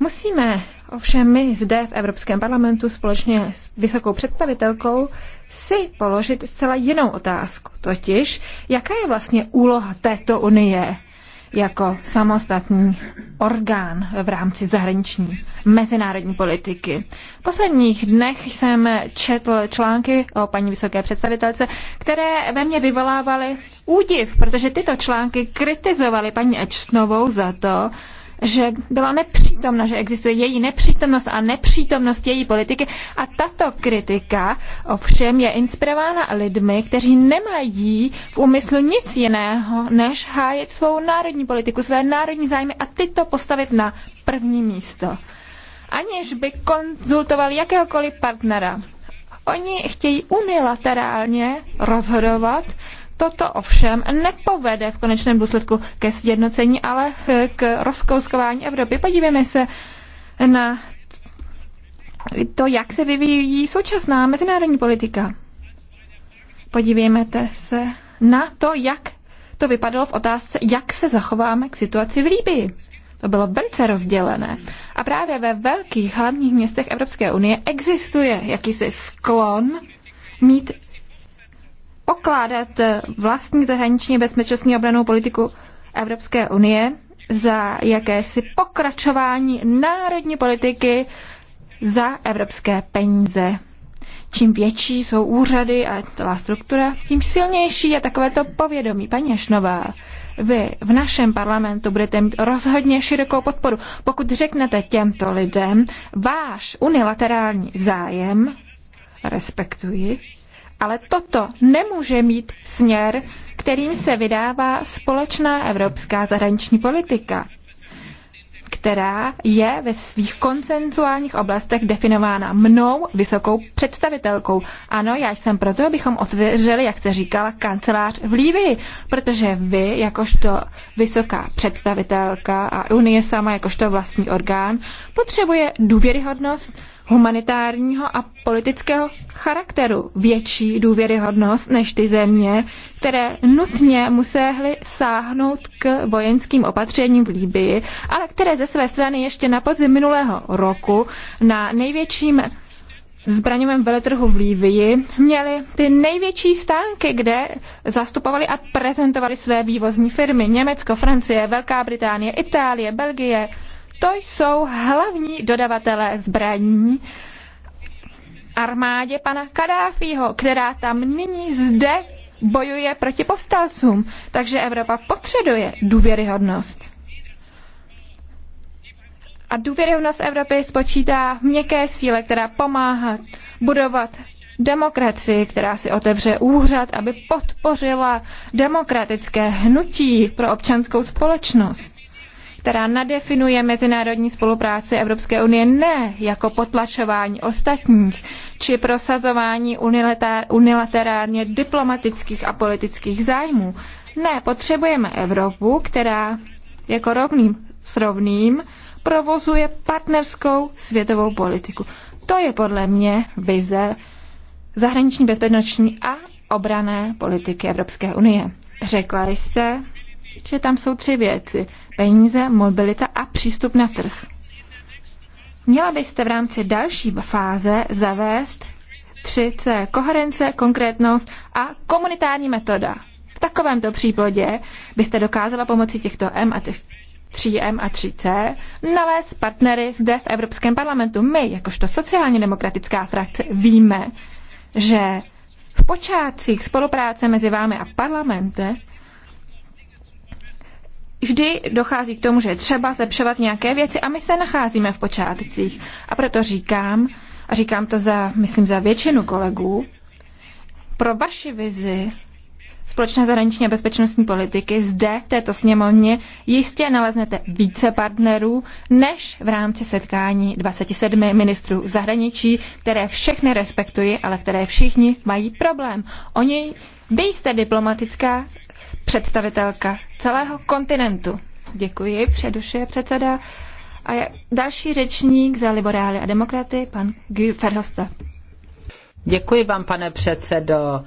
Musíme Ovšem my zde v Evropském parlamentu společně s vysokou představitelkou si položit zcela jinou otázku, totiž jaká je vlastně úloha této unie jako samostatný orgán v rámci zahraniční mezinárodní politiky. V posledních dnech jsem četl články o paní vysoké představitelce, které ve mně vyvolávaly údiv, protože tyto články kritizovaly paní Ečnovou za to, že byla nepřítomna, že existuje její nepřítomnost a nepřítomnost její politiky. A tato kritika ovšem je inspirována lidmi, kteří nemají v úmyslu nic jiného, než hájit svou národní politiku, své národní zájmy a tyto postavit na první místo. Aniž by konzultovali jakéhokoliv partnera. Oni chtějí unilaterálně rozhodovat Toto ovšem nepovede v konečném důsledku ke sjednocení, ale k rozkouskování Evropy. Podívejme se na to, jak se vyvíjí současná mezinárodní politika. Podívejme se na to, jak to vypadalo v otázce, jak se zachováme k situaci v Líbii. To bylo velice rozdělené. A právě ve velkých hlavních městech Evropské unie existuje jakýsi sklon mít pokládat vlastní zahraniční bezpečnostní obranou politiku Evropské unie za jakési pokračování národní politiky za evropské peníze. Čím větší jsou úřady a celá struktura, tím silnější je takovéto povědomí. Paní Ašnová, vy v našem parlamentu budete mít rozhodně širokou podporu, pokud řeknete těmto lidem váš unilaterální zájem, respektuji, ale toto nemůže mít směr, kterým se vydává společná evropská zahraniční politika, která je ve svých koncenzuálních oblastech definována mnou, vysokou představitelkou. Ano, já jsem proto, abychom otevřeli, jak se říkala, kancelář v Líbii, protože vy, jakožto vysoká představitelka a Unie sama, jakožto vlastní orgán, potřebuje důvěryhodnost, humanitárního a politického charakteru větší důvěryhodnost než ty země, které nutně musely sáhnout k vojenským opatřením v Líbii, ale které ze své strany ještě na podzim minulého roku na největším zbraňovém veletrhu v Líbii měli ty největší stánky, kde zastupovali a prezentovali své vývozní firmy. Německo, Francie, Velká Británie, Itálie, Belgie, to jsou hlavní dodavatelé zbraní armádě pana Kadáfího, která tam nyní zde bojuje proti povstalcům. Takže Evropa potřebuje důvěryhodnost. A důvěryhodnost Evropy spočítá v měkké síle, která pomáhá budovat demokracii, která si otevře úřad, aby podpořila demokratické hnutí pro občanskou společnost která nadefinuje mezinárodní spolupráci Evropské unie ne jako potlačování ostatních či prosazování unilaterálně diplomatických a politických zájmů. Ne, potřebujeme Evropu, která jako rovným s rovným provozuje partnerskou světovou politiku. To je podle mě vize zahraniční bezpečnostní a obrané politiky Evropské unie. Řekla jste, že tam jsou tři věci peníze, mobilita a přístup na trh. Měla byste v rámci další fáze zavést 3C koherence, konkrétnost a komunitární metoda. V takovémto případě byste dokázala pomocí těchto M a těch 3M a 3C nalézt partnery zde v Evropském parlamentu. My, jakožto sociálně demokratická frakce, víme, že v počátcích spolupráce mezi vámi a parlamentem vždy dochází k tomu, že je třeba zlepšovat nějaké věci a my se nacházíme v počátcích. A proto říkám, a říkám to za, myslím, za většinu kolegů, pro vaši vizi společné zahraniční a bezpečnostní politiky zde v této sněmovně jistě naleznete více partnerů než v rámci setkání 27 ministrů zahraničí, které všechny respektuji, ale které všichni mají problém. Oni vy jste diplomatická představitelka celého kontinentu. Děkuji, předušuje předseda. A další řečník za liberály a demokraty, pan Guy Verhofstadt. Děkuji vám, pane předsedo.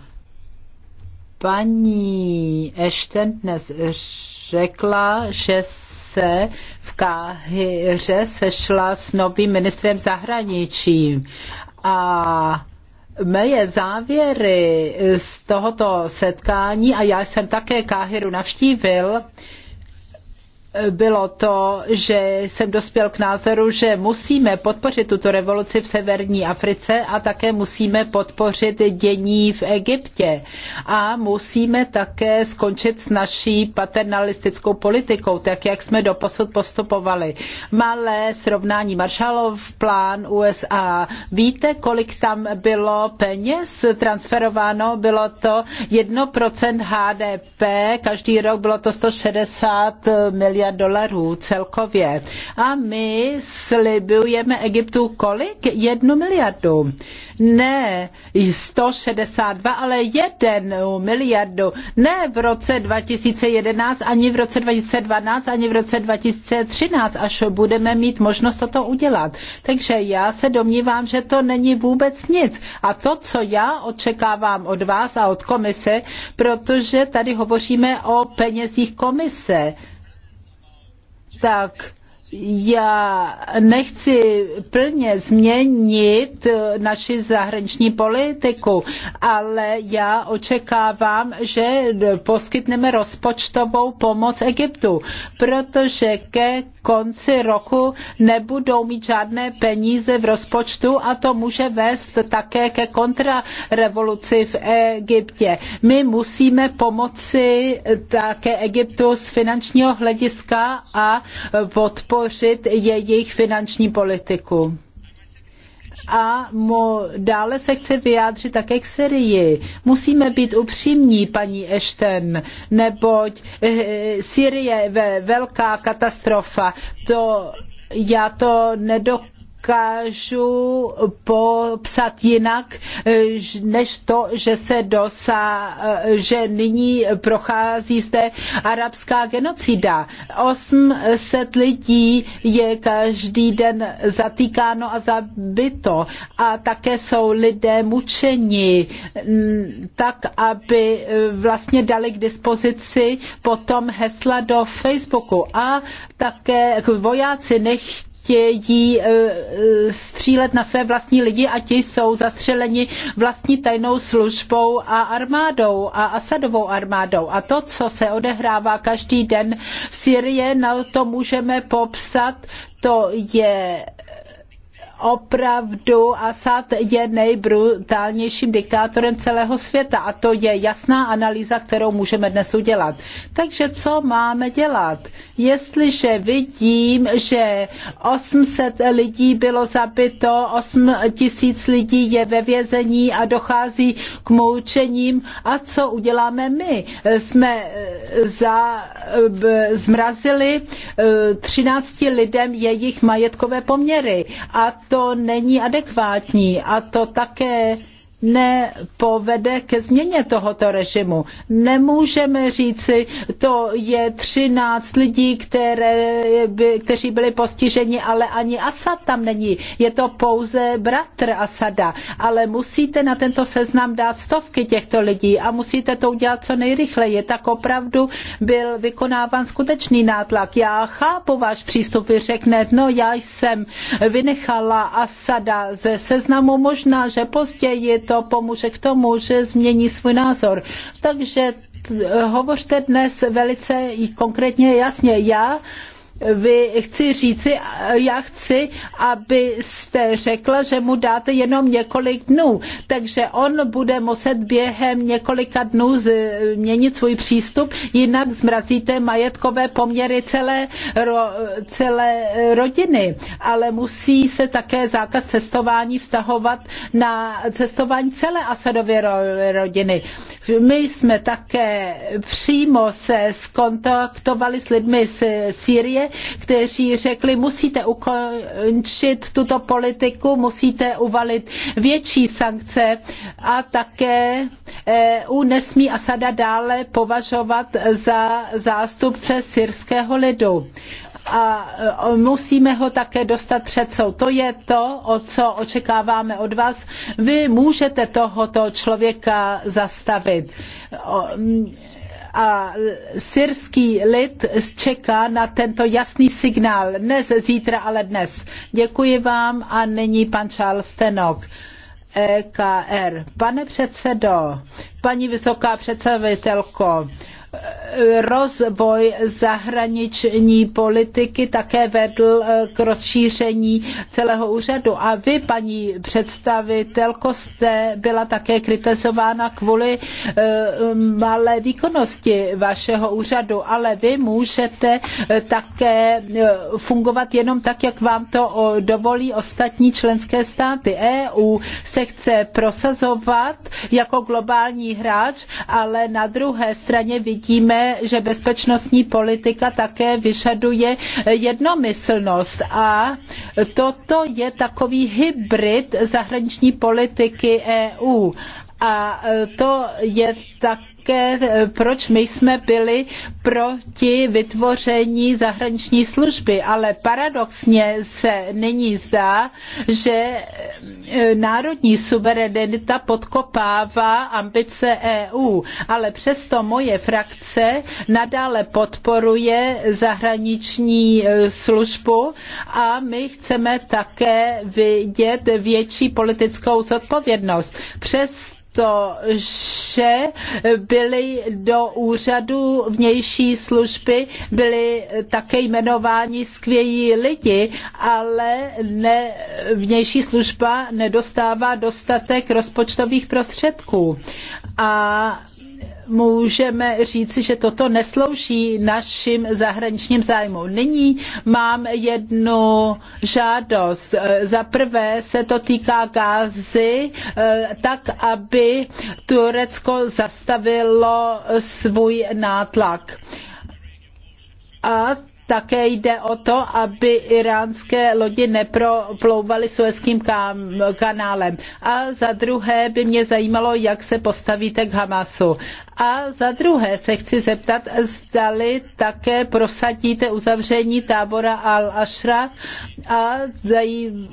Paní Ešten dnes řekla, že se v Káhyře sešla s novým ministrem zahraničí a Moje závěry z tohoto setkání, a já jsem také Káhiru navštívil, bylo to, že jsem dospěl k názoru, že musíme podpořit tuto revoluci v severní Africe a také musíme podpořit dění v Egyptě. A musíme také skončit s naší paternalistickou politikou, tak jak jsme doposud postupovali. Malé srovnání Marshallov plán USA. Víte, kolik tam bylo peněz transferováno? Bylo to 1% HDP, každý rok bylo to 160 miliard miliard dolarů celkově. A my slibujeme Egyptu kolik? Jednu miliardu. Ne 162, ale jednu miliardu. Ne v roce 2011, ani v roce 2012, ani v roce 2013, až budeme mít možnost toto udělat. Takže já se domnívám, že to není vůbec nic. A to, co já očekávám od vás a od komise, protože tady hovoříme o penězích komise tak já nechci plně změnit naši zahraniční politiku, ale já očekávám, že poskytneme rozpočtovou pomoc Egyptu, protože ke konci roku nebudou mít žádné peníze v rozpočtu a to může vést také ke kontrarevoluci v Egyptě. My musíme pomoci také Egyptu z finančního hlediska a podporu podpořit jejich finanční politiku. A mo, dále se chci vyjádřit také k Syrii. Musíme být upřímní, paní Ešten, neboť e, Syrie je velká katastrofa. To já to nedokážu dokážu popsat jinak, eh, než to, že se dosá, eh, že nyní prochází zde arabská genocida. 800 lidí je každý den zatýkáno a zabito a také jsou lidé mučeni tak, aby eh, vlastně dali k dispozici potom hesla do Facebooku a také vojáci nechtějí chtějí eh, eh, střílet na své vlastní lidi a ti jsou zastřeleni vlastní tajnou službou a armádou a Asadovou armádou. A to, co se odehrává každý den v Syrii, na to můžeme popsat, to je opravdu Asad je nejbrutálnějším diktátorem celého světa a to je jasná analýza, kterou můžeme dnes udělat. Takže co máme dělat? Jestliže vidím, že 800 lidí bylo zabito, 8 tisíc lidí je ve vězení a dochází k moučením a co uděláme my? Jsme eh, za, eh, zmrazili 13 eh, lidem jejich majetkové poměry a to není adekvátní a to také nepovede ke změně tohoto režimu. Nemůžeme říci, to je 13 lidí, které by, kteří byli postiženi, ale ani Asad tam není. Je to pouze bratr Asada. Ale musíte na tento seznam dát stovky těchto lidí a musíte to udělat co nejrychleji. Tak opravdu byl vykonáván skutečný nátlak. Já chápu váš přístup, vy řeknete, no já jsem vynechala Asada ze seznamu, možná, že později to to pomůže k tomu, že změní svůj názor. Takže hovořte dnes velice konkrétně jasně. Já vy chci říci, já chci, abyste řekla, že mu dáte jenom několik dnů. Takže on bude muset během několika dnů změnit svůj přístup, jinak zmrazíte majetkové poměry celé, ro, celé rodiny. Ale musí se také zákaz cestování vztahovat na cestování celé Asadovy rodiny. My jsme také přímo se skontaktovali s lidmi z Sýrie, kteří řekli, musíte ukončit tuto politiku, musíte uvalit větší sankce a také EU nesmí Asada dále považovat za zástupce syrského lidu a musíme ho také dostat před soud. To je to, o co očekáváme od vás. Vy můžete tohoto člověka zastavit a syrský lid čeká na tento jasný signál. Dnes, zítra, ale dnes. Děkuji vám a nyní pan Charles Tenok. EKR. Pane předsedo, paní vysoká představitelko, rozvoj zahraniční politiky také vedl eh, k rozšíření celého úřadu. A vy, paní představitelko, jste byla také kritizována kvůli eh, malé výkonnosti vašeho úřadu, ale vy můžete eh, také fungovat jenom tak, jak vám to dovolí ostatní členské státy. EU se chce prosazovat jako globální hráč, ale na druhé straně vidí, vidíme, že bezpečnostní politika také vyžaduje jednomyslnost a toto je takový hybrid zahraniční politiky EU. A to je tak také, eh, proč my jsme byli proti vytvoření zahraniční služby, ale paradoxně se nyní zdá, že eh, národní suverenita podkopává ambice EU, ale přesto moje frakce nadále podporuje zahraniční eh, službu a my chceme také vidět větší politickou zodpovědnost. Přesto to, že byly do úřadu vnější služby, byly také jmenováni skvělí lidi, ale ne, vnější služba nedostává dostatek rozpočtových prostředků. A můžeme říci, že toto neslouží našim zahraničním zájmům. Nyní mám jednu žádost. Za prvé se to týká Gázy, eh, tak aby Turecko zastavilo svůj nátlak. A také jde o to, aby iránské lodi neproplouvaly Suezkým kanálem. A za druhé by mě zajímalo, jak se postavíte k Hamasu. A za druhé se chci zeptat, zdali také prosadíte uzavření tábora Al-Ashraf a zajímá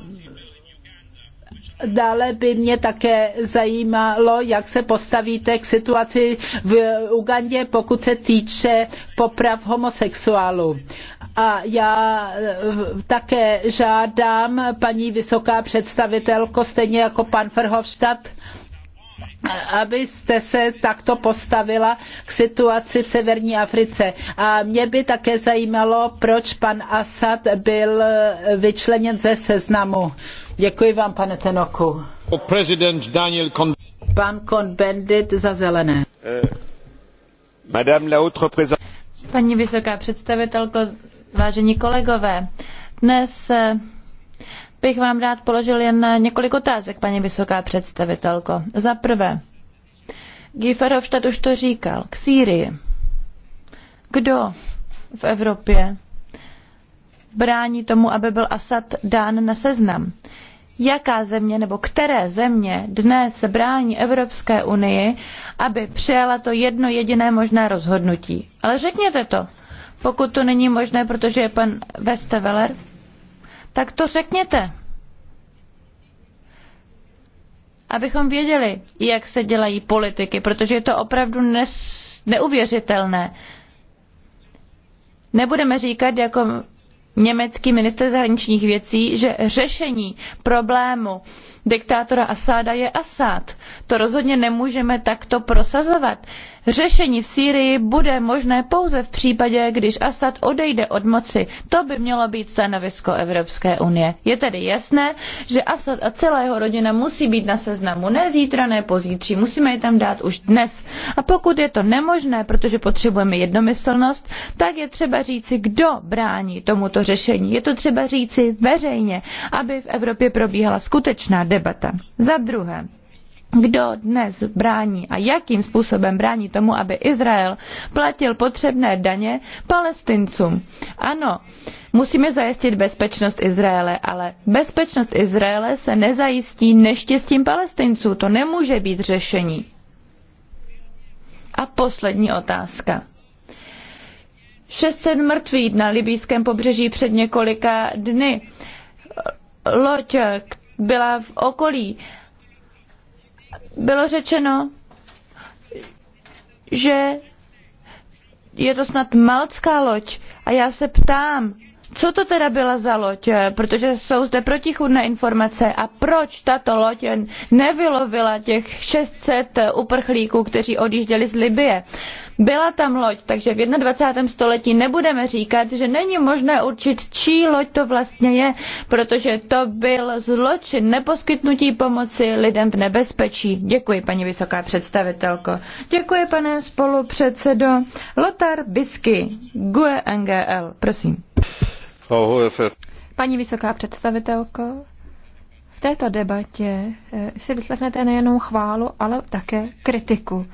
Dále by mě také zajímalo, jak se postavíte k situaci v Ugandě, pokud se týče poprav homosexuálů. A já eh, také žádám paní vysoká představitelko, stejně jako pan Verhofstadt, abyste se takto postavila k situaci v severní Africe. A mě by také zajímalo, proč pan Assad byl eh, vyčleněn ze seznamu Děkuji vám, pane Tenoku. President Daniel Con, Pan Kohn-Bendit za zelené. Eh, la haute Paní vysoká představitelko, vážení kolegové, dnes eh, bych vám rád položil jen několik otázek, paní vysoká představitelko. Za prvé, Guy Verhofstadt už to říkal, k Sýrii. Kdo v Evropě brání tomu, aby byl Asad dán na seznam? jaká země nebo které země dnes brání Evropské unii, aby přijala to jedno jediné možné rozhodnutí. Ale řekněte to, pokud to není možné, protože je pan Westeveler, tak to řekněte. Abychom věděli, jak se dělají politiky, protože je to opravdu neuvěřitelné nebudeme říkat jako německý minister zahraničních věcí, že řešení problému diktátora Asáda je Asad. To rozhodně nemůžeme takto prosazovat řešení v Sýrii bude možné pouze v případě, když Assad odejde od moci. To by mělo být stanovisko Evropské unie. Je tedy jasné, že Assad a celá jeho rodina musí být na seznamu ne zítra, ne pozítří. Musíme je tam dát už dnes. A pokud je to nemožné, protože potřebujeme jednomyslnost, tak je třeba říci, kdo brání tomuto řešení. Je to třeba říci veřejně, aby v Evropě probíhala skutečná debata. Za druhé, kdo dnes brání a jakým způsobem brání tomu, aby Izrael platil potřebné daně palestincům. Ano, musíme zajistit bezpečnost Izraele, ale bezpečnost Izraele se nezajistí neštěstím palestinců. To nemůže být řešení. A poslední otázka. 600 mrtvých na libýském pobřeží před několika dny. Loď byla v okolí bylo řečeno, že je to snad malcká loď. A já se ptám, co to teda byla za loď? Protože jsou zde protichudné informace. A proč tato loď nevylovila těch 600 uprchlíků, kteří odjížděli z Libye? Byla tam loď, takže v 21. století nebudeme říkat, že není možné určit, čí loď to vlastně je, protože to byl zločin neposkytnutí pomoci lidem v nebezpečí. Děkuji, paní vysoká představitelko. Děkuji, pane spolupředsedo. Lotar Bisky, GUE NGL, prosím. Paní vysoká představitelko, v této debatě eh, si vyslechnete nejenom chválu, ale také kritiku.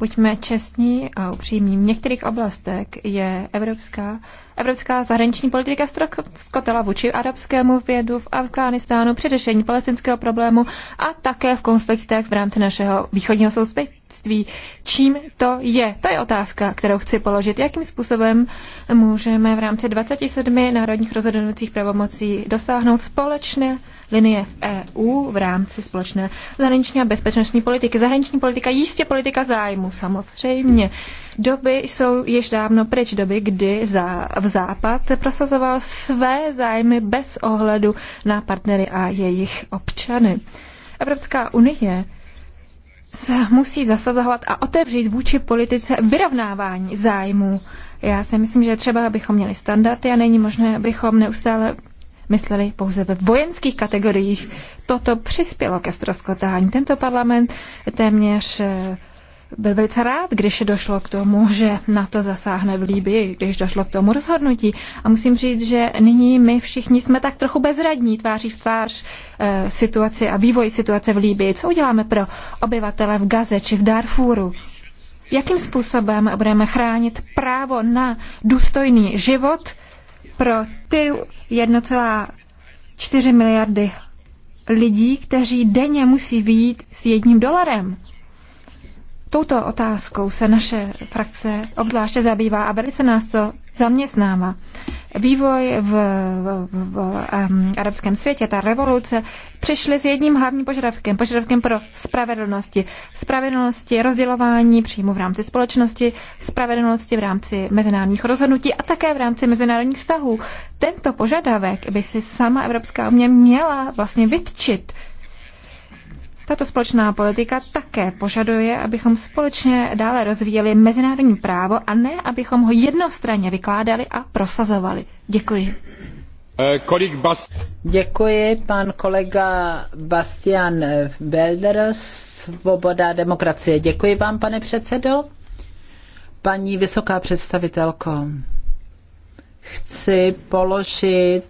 Buďme čestní a upřímní. V některých oblastech je evropská, evropská zahraniční politika skotela vůči arabskému vědu v Afghánistánu při řešení palestinského problému a také v konfliktech v rámci našeho východního sousedství. Čím to je? To je otázka, kterou chci položit. Jakým způsobem můžeme v rámci 27 národních rozhodnutých pravomocí dosáhnout společné linie v EU v rámci společné zahraniční a bezpečnostní politiky. Zahraniční politika jistě politika zájmu, samozřejmě. Doby jsou již dávno pryč, doby, kdy za, v Západ prosazoval své zájmy bez ohledu na partnery a jejich občany. Evropská unie se musí zasazovat a otevřít vůči politice vyrovnávání zájmů. Já si myslím, že třeba bychom měli standardy a není možné, abychom neustále mysleli pouze ve vojenských kategoriích. Toto přispělo ke stroskotání. Tento parlament téměř eh, byl velice rád, když došlo k tomu, že na to zasáhne v Líbii, když došlo k tomu rozhodnutí. A musím říct, že nyní my všichni jsme tak trochu bezradní tváří v tvář e, situaci a vývoj situace v Líbii. Co uděláme pro obyvatele v Gaze či v Darfuru? Jakým způsobem budeme chránit právo na důstojný život pro ty 1,4 miliardy lidí, kteří denně musí vyjít s jedním dolarem. Touto otázkou se naše frakce obzvláště zabývá a velice nás to zaměstnává. Vývoj v, v, v, v um, arabském světě, ta revoluce, přišly s jedním hlavním požadavkem, požadavkem pro spravedlnosti. Spravedlnosti, rozdělování příjmu v rámci společnosti, spravedlnosti v rámci mezinárodních rozhodnutí a také v rámci mezinárodních vztahů. Tento požadavek by si sama Evropská unie měla vlastně vytčit tato společná politika také požaduje, abychom společně dále rozvíjeli mezinárodní právo a ne, abychom ho jednostranně vykládali a prosazovali. Děkuji. Kolik bas... Děkuji, pan kolega Bastian Belder, Svoboda demokracie. Děkuji vám, pane předsedo. Paní vysoká představitelko, chci položit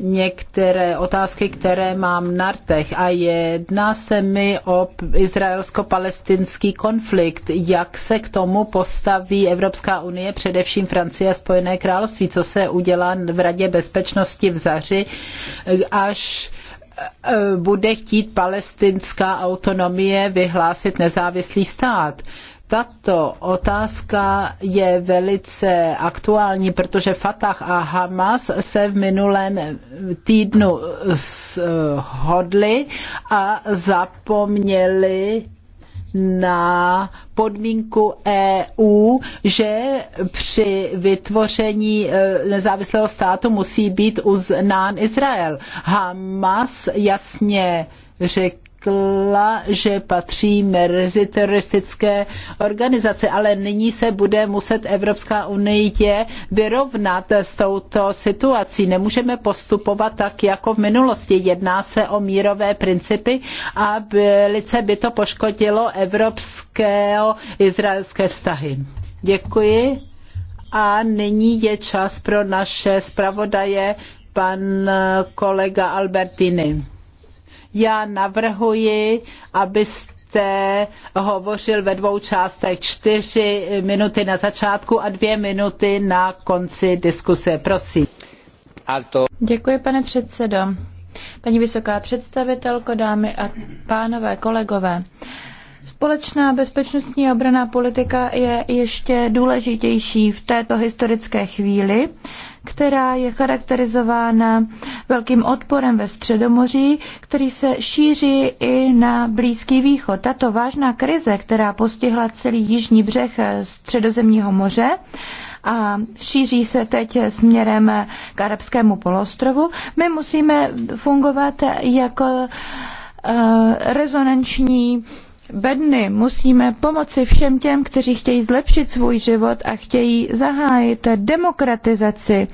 některé otázky, které mám na rtech a jedná se mi o izraelsko-palestinský konflikt. Jak se k tomu postaví Evropská unie, především Francie a Spojené království, co se udělá v Radě bezpečnosti v Zaři, až eh, bude chtít palestinská autonomie vyhlásit nezávislý stát. Tato otázka je velice aktuální, protože Fatah a Hamas se v minulém týdnu shodli a zapomněli na podmínku EU, že při vytvoření eh, nezávislého státu musí být uznán Izrael. Hamas jasně řekl, řekla, že patří mezi teroristické organizace, ale nyní se bude muset Evropská unie vyrovnat s touto situací. Nemůžeme postupovat tak, jako v minulosti. Jedná se o mírové principy a velice by to poškodilo evropské izraelské vztahy. Děkuji. A nyní je čas pro naše zpravodaje, pan kolega Albertini. Já navrhuji, abyste hovořil ve dvou částech čtyři minuty na začátku a dvě minuty na konci diskuse. Prosím. Alto. Děkuji, pane předsedo. Paní vysoká představitelko, dámy a pánové, kolegové. Společná bezpečnostní a obraná politika je ještě důležitější v této historické chvíli, která je charakterizována velkým odporem ve Středomoří, který se šíří i na Blízký východ. Tato vážná krize, která postihla celý jižní břeh Středozemního moře, a šíří se teď směrem k arabskému polostrovu. My musíme fungovat jako eh, rezonanční bedny, musíme pomoci všem těm, kteří chtějí zlepšit svůj život a chtějí zahájit demokratizaci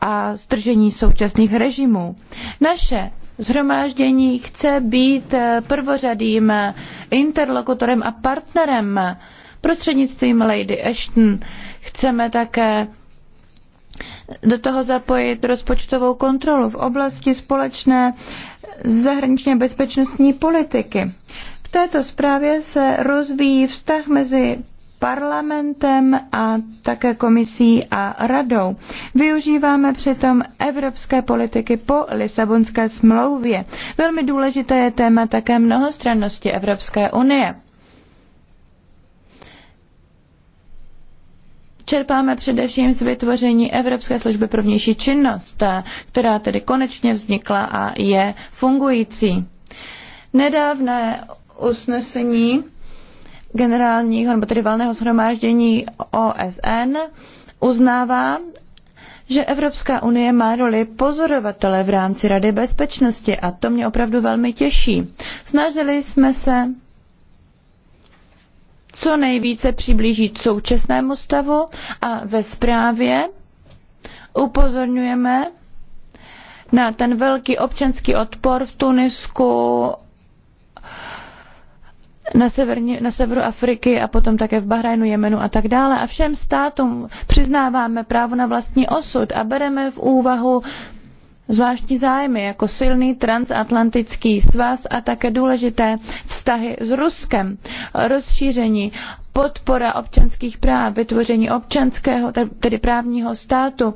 a stržení současných režimů. Naše zhromáždění chce být prvořadým interlokutorem a partnerem prostřednictvím Lady Ashton. Chceme také do toho zapojit rozpočtovou kontrolu v oblasti společné zahraničně bezpečnostní politiky této zprávě se rozvíjí vztah mezi parlamentem a také komisí a radou. Využíváme přitom evropské politiky po Lisabonské smlouvě. Velmi důležité je téma také mnohostrannosti Evropské unie. Čerpáme především z vytvoření Evropské služby pro vnější činnost, která tedy konečně vznikla a je fungující. Nedávné usnesení generálního nebo tedy valného shromáždění OSN uznává, že Evropská unie má roli pozorovatele v rámci Rady bezpečnosti a to mě opravdu velmi těší. Snažili jsme se co nejvíce přiblížit současnému stavu a ve zprávě upozorňujeme na ten velký občanský odpor v Tunisku, na, severní, na severu Afriky a potom také v Bahrajnu, Jemenu a tak dále. A všem státům přiznáváme právo na vlastní osud a bereme v úvahu zvláštní zájmy jako silný transatlantický svaz a také důležité vztahy s Ruskem, rozšíření, podpora občanských práv, vytvoření občanského, tedy právního státu,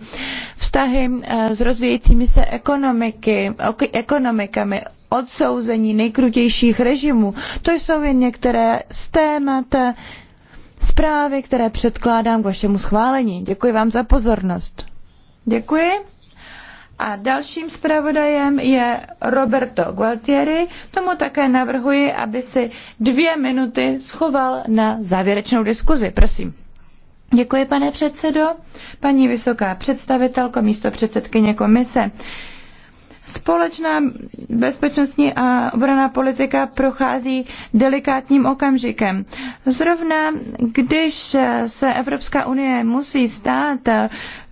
vztahy eh, s rozvíjejícími se ekonomiky, ekonomikami, odsouzení nejkrutějších režimů. To jsou jen některé z témat zprávy, které předkládám k vašemu schválení. Děkuji vám za pozornost. Děkuji. A dalším zpravodajem je Roberto Gualtieri. Tomu také navrhuji, aby si dvě minuty schoval na závěrečnou diskuzi. Prosím. Děkuji, pane předsedo. Paní vysoká představitelko, místo předsedkyně komise. Společná bezpečnostní a obraná politika prochází delikátním okamžikem. Zrovna když se Evropská unie musí stát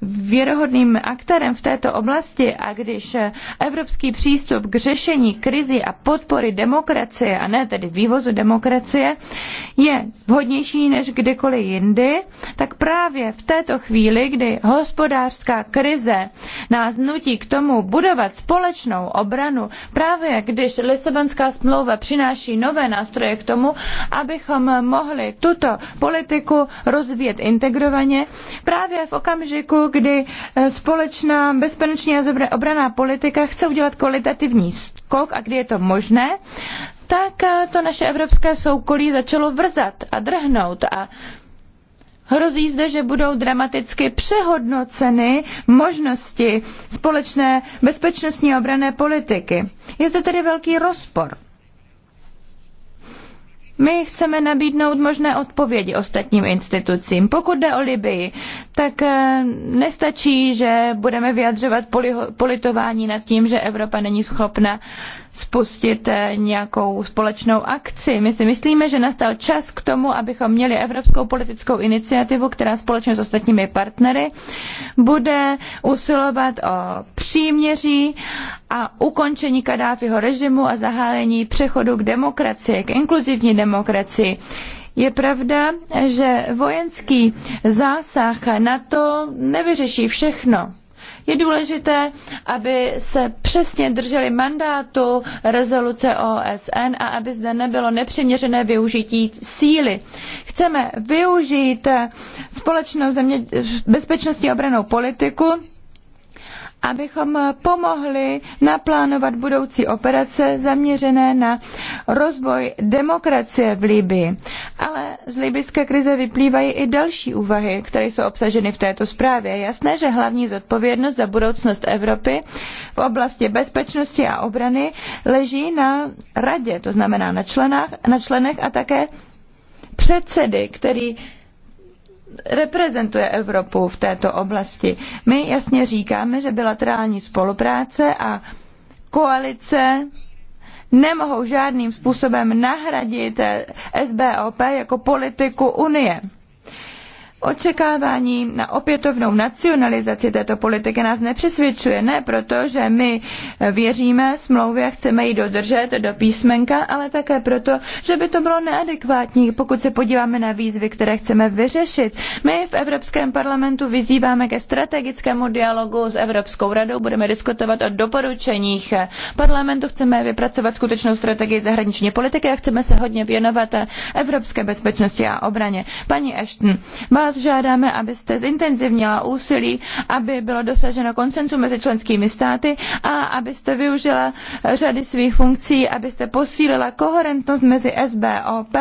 věrohodným aktérem v této oblasti a když evropský přístup k řešení krizi a podpory demokracie, a ne tedy vývozu demokracie, je vhodnější než kdykoliv jindy, tak právě v této chvíli, kdy hospodářská krize nás nutí k tomu budovat společnou obranu, právě když Lisabonská smlouva přináší nové nástroje k tomu, abychom mohli tuto politiku rozvíjet integrovaně, právě v okamžiku, kdy eh, společná bezpečnostní a obraná politika chce udělat kvalitativní skok a kdy je to možné, tak eh, to naše evropské soukolí začalo vrzat a drhnout a Hrozí zde, že budou dramaticky přehodnoceny možnosti společné bezpečnostní a obrané politiky. Je zde tedy velký rozpor. My chceme nabídnout možné odpovědi ostatním institucím. Pokud jde o Libii, tak eh, nestačí, že budeme vyjadřovat politování nad tím, že Evropa není schopna spustit eh, nějakou společnou akci. My si myslíme, že nastal čas k tomu, abychom měli evropskou politickou iniciativu, která společně s ostatními partnery bude usilovat o příměří a ukončení Kadáfiho režimu a zahájení přechodu k demokracii, k inkluzivní demokracii. Je pravda, že vojenský zásah na to nevyřeší všechno. Je důležité, aby se přesně drželi mandátu rezoluce OSN a aby zde nebylo nepřiměřené využití síly. Chceme využít společnou země, bezpečnostní obranou politiku, abychom pomohli naplánovat budoucí operace zaměřené na rozvoj demokracie v Libii. Ale z libyské krize vyplývají i další úvahy, které jsou obsaženy v této zprávě. Je jasné, že hlavní zodpovědnost za budoucnost Evropy v oblasti bezpečnosti a obrany leží na radě, to znamená na, členách, na členech a také předsedy, který reprezentuje Evropu v této oblasti. My jasně říkáme, že bilaterální spolupráce a koalice nemohou žádným způsobem nahradit SBOP jako politiku Unie. Očekávání na opětovnou nacionalizaci této politiky nás nepřesvědčuje, ne proto, že my věříme smlouvě a chceme ji dodržet do písmenka, ale také proto, že by to bylo neadekvátní, pokud se podíváme na výzvy, které chceme vyřešit. My v Evropském parlamentu vyzýváme ke strategickému dialogu s Evropskou radou, budeme diskutovat o doporučeních parlamentu, chceme vypracovat skutečnou strategii zahraniční politiky a chceme se hodně věnovat evropské bezpečnosti a obraně. Paní Ashton, má vás žádáme, abyste zintenzivnila úsilí, aby bylo dosaženo konsenzu mezi členskými státy a abyste využila eh, řady svých funkcí, abyste posílila koherentnost mezi SBOP,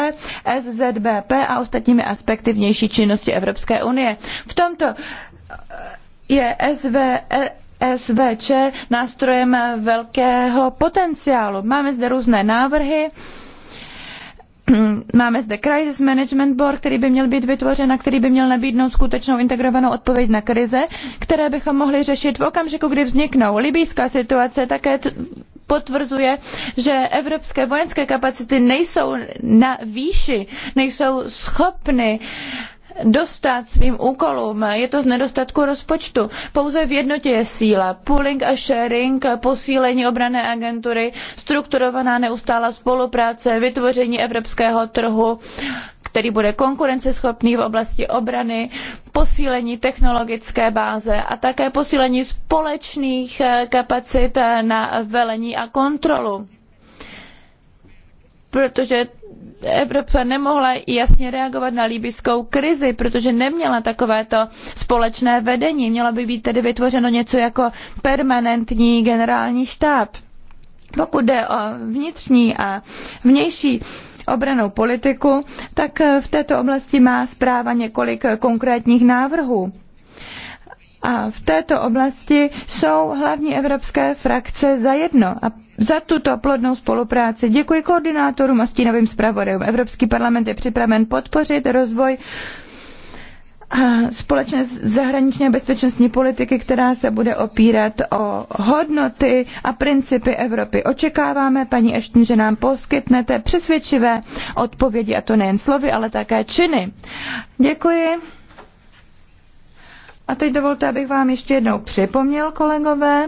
SZBP a ostatními aspekty vnější činnosti Evropské unie. V tomto eh, je SV, eh, SVČ nástrojem velkého potenciálu. Máme zde různé návrhy, Máme zde Crisis Management Board, který by měl být vytvořen a který by měl nabídnout skutečnou integrovanou odpověď na krize, které bychom mohli řešit v okamžiku, kdy vzniknou. Libýská situace také potvrzuje, že evropské vojenské kapacity nejsou na výši, nejsou schopny uh, dostat svým úkolům. Je to z nedostatku rozpočtu. Pouze v jednotě je síla. Pooling a sharing, posílení obrané agentury, strukturovaná neustálá spolupráce, vytvoření evropského trhu, který bude konkurenceschopný v oblasti obrany, posílení technologické báze a také posílení společných eh, kapacit eh, na velení a kontrolu. Protože Evropa nemohla jasně reagovat na líbyskou krizi, protože neměla takovéto společné vedení. Měla by být tedy vytvořeno něco jako permanentní generální štáb. Pokud jde o vnitřní a vnější obranou politiku, tak v této oblasti má zpráva několik konkrétních návrhů. A v této oblasti jsou hlavní evropské frakce za jedno A za tuto plodnou spolupráci děkuji koordinátorům a stínovým zpravodajům. Evropský parlament je připraven podpořit rozvoj společné zahraničně bezpečnostní politiky, která se bude opírat o hodnoty a principy Evropy. Očekáváme, paní Ashton, že nám poskytnete přesvědčivé odpovědi, a to nejen slovy, ale také činy. Děkuji. A teď dovolte, abych vám ještě jednou připomněl, kolegové,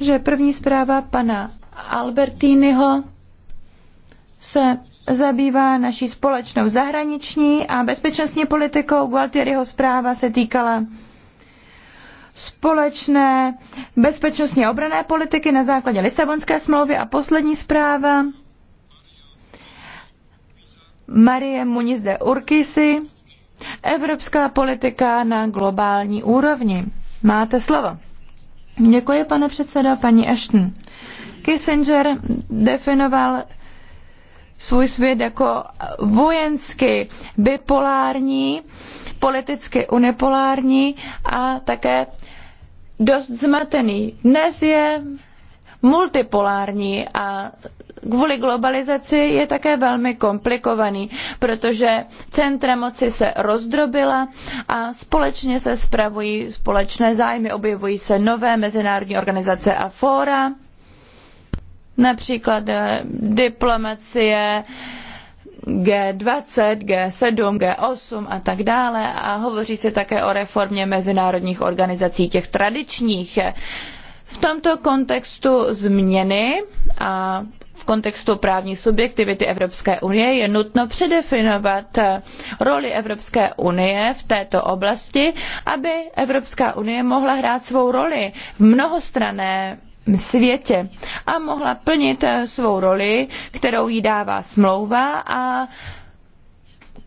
že první zpráva pana Albertínyho se zabývá naší společnou zahraniční a bezpečnostní politikou. Gualtieriho zpráva se týkala společné bezpečnostní a obrané politiky na základě Lisabonské smlouvy a poslední zpráva Marie Muniz de Urkisi Evropská politika na globální úrovni. Máte slovo. Děkuji, pane předseda, paní Ashton. Kissinger definoval svůj svět jako vojensky bipolární, politicky unipolární a také dost zmatený. Dnes je multipolární a kvůli globalizaci je také velmi komplikovaný, protože centra moci se rozdrobila a společně se spravují společné zájmy, objevují se nové mezinárodní organizace a fóra, například eh, diplomacie, G20, G7, G8 a tak dále a hovoří se také o reformě mezinárodních organizací těch tradičních. V tomto kontextu změny a kontextu právní subjektivity Evropské unie je nutno předefinovat roli Evropské unie v této oblasti, aby Evropská unie mohla hrát svou roli v mnohostranném světě a mohla plnit svou roli, kterou jí dává smlouva a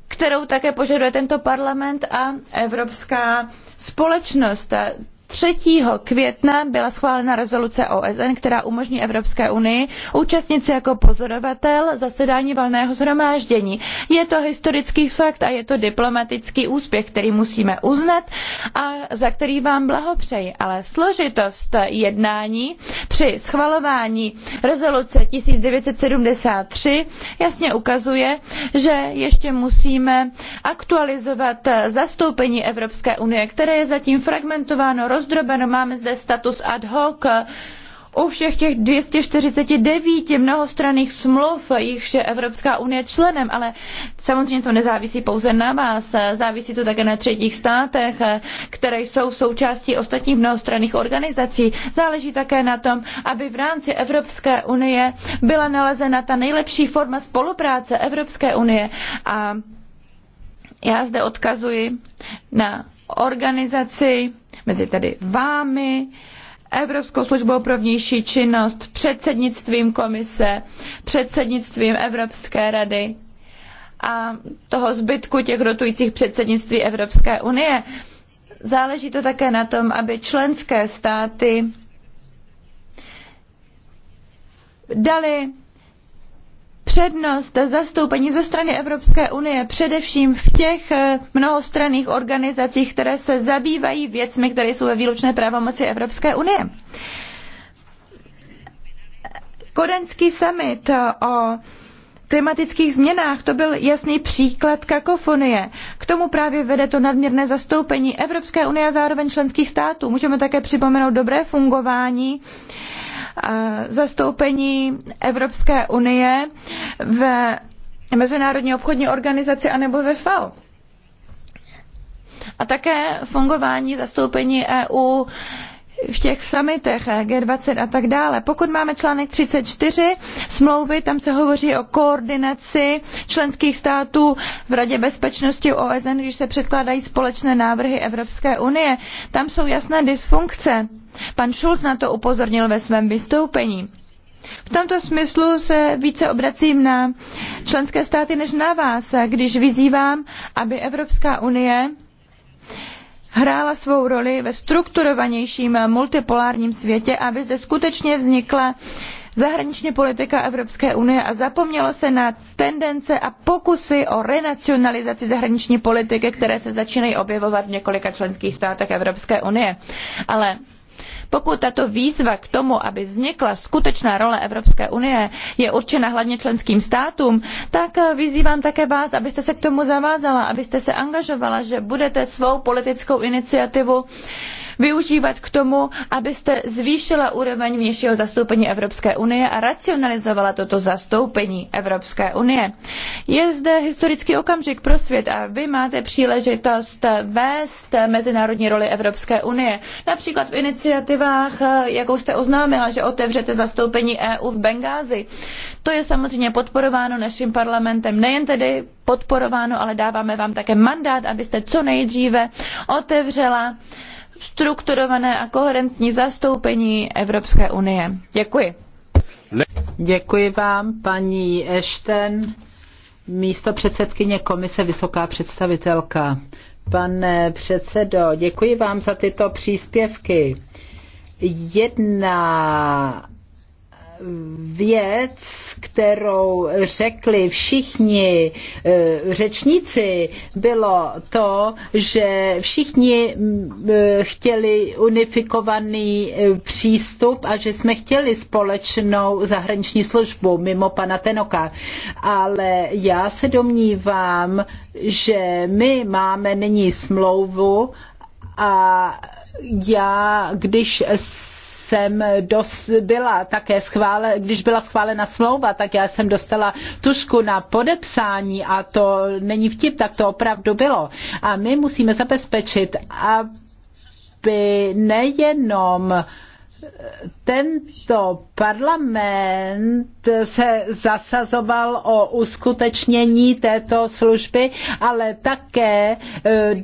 kterou také požaduje tento parlament a evropská společnost. 3. května byla schválena rezoluce OSN, která umožní Evropské unii účastnit se jako pozorovatel zasedání valného shromáždění. Je to historický fakt a je to diplomatický úspěch, který musíme uznat a za který vám blahopřeji. Ale složitost jednání při schvalování rezoluce 1973 jasně ukazuje, že ještě musíme aktualizovat zastoupení Evropské unie, které je zatím fragmentováno, rozdrobeno, máme zde status ad hoc, u všech těch 249 mnohostranných smluv, jichž je Evropská unie členem, ale samozřejmě to nezávisí pouze na vás, závisí to také na třetích státech, které jsou součástí ostatních mnohostranných organizací. Záleží také na tom, aby v rámci Evropské unie byla nalezena ta nejlepší forma spolupráce Evropské unie. A já zde odkazuji na organizaci mezi tedy vámi, Evropskou službou pro vnější činnost, předsednictvím komise, předsednictvím Evropské rady a toho zbytku těch rotujících předsednictví Evropské unie. Záleží to také na tom, aby členské státy dali přednost zastoupení ze strany Evropské unie, především v těch eh, mnohostranných organizacích, které se zabývají věcmi, které jsou ve výlučné právomoci Evropské unie. Kodaňský summit eh, o klimatických změnách, to byl jasný příklad kakofonie. K tomu právě vede to nadměrné zastoupení Evropské unie a zároveň členských států. Můžeme také připomenout dobré fungování uh, zastoupení Evropské unie ve Mezinárodní obchodní organizaci anebo ve FAO. A také fungování zastoupení EU v těch summitech eh, G20 a tak dále. Pokud máme článek 34 smlouvy, tam se hovoří o koordinaci členských států v Radě bezpečnosti OSN, když se předkládají společné návrhy Evropské unie. Tam jsou jasné dysfunkce. Pan Schulz na to upozornil ve svém vystoupení. V tomto smyslu se více obracím na členské státy než na vás, eh, když vyzývám, aby Evropská unie hrála svou roli ve strukturovanějším multipolárním světě, aby zde skutečně vznikla zahraniční politika Evropské unie a zapomnělo se na tendence a pokusy o renacionalizaci zahraniční politiky, které se začínají objevovat v několika členských státech Evropské unie. Ale pokud tato výzva k tomu, aby vznikla skutečná role Evropské unie, je určena hlavně členským státům, tak eh, vyzývám také vás, abyste se k tomu zavázala, abyste se angažovala, že budete svou politickou iniciativu využívat k tomu, abyste zvýšila úroveň vnějšího zastoupení Evropské unie a racionalizovala toto zastoupení Evropské unie. Je zde historický okamžik pro svět a vy máte příležitost vést mezinárodní roli Evropské unie. Například v iniciativách, jakou jste oznámila, že otevřete zastoupení EU v Bengázi. To je samozřejmě podporováno naším parlamentem, nejen tedy podporováno, ale dáváme vám také mandát, abyste co nejdříve otevřela strukturované a koherentní zastoupení Evropské unie. Děkuji. Děkuji vám, paní Ashton, místo předsedkyně komise Vysoká představitelka. Pane předsedo, děkuji vám za tyto příspěvky. Jedna věc, kterou řekli všichni eh, řečníci, bylo to, že všichni mm, eh, chtěli unifikovaný eh, přístup a že jsme chtěli společnou zahraniční službu mimo pana Tenoka. Ale já se domnívám, že my máme nyní smlouvu a já, když jsem dos, byla také schvále, když byla schválena smlouva, tak já jsem dostala tušku na podepsání a to není vtip, tak to opravdu bylo. A my musíme zabezpečit, aby nejenom uh, tento parlament se zasazoval o uskutečnění této služby, ale také e,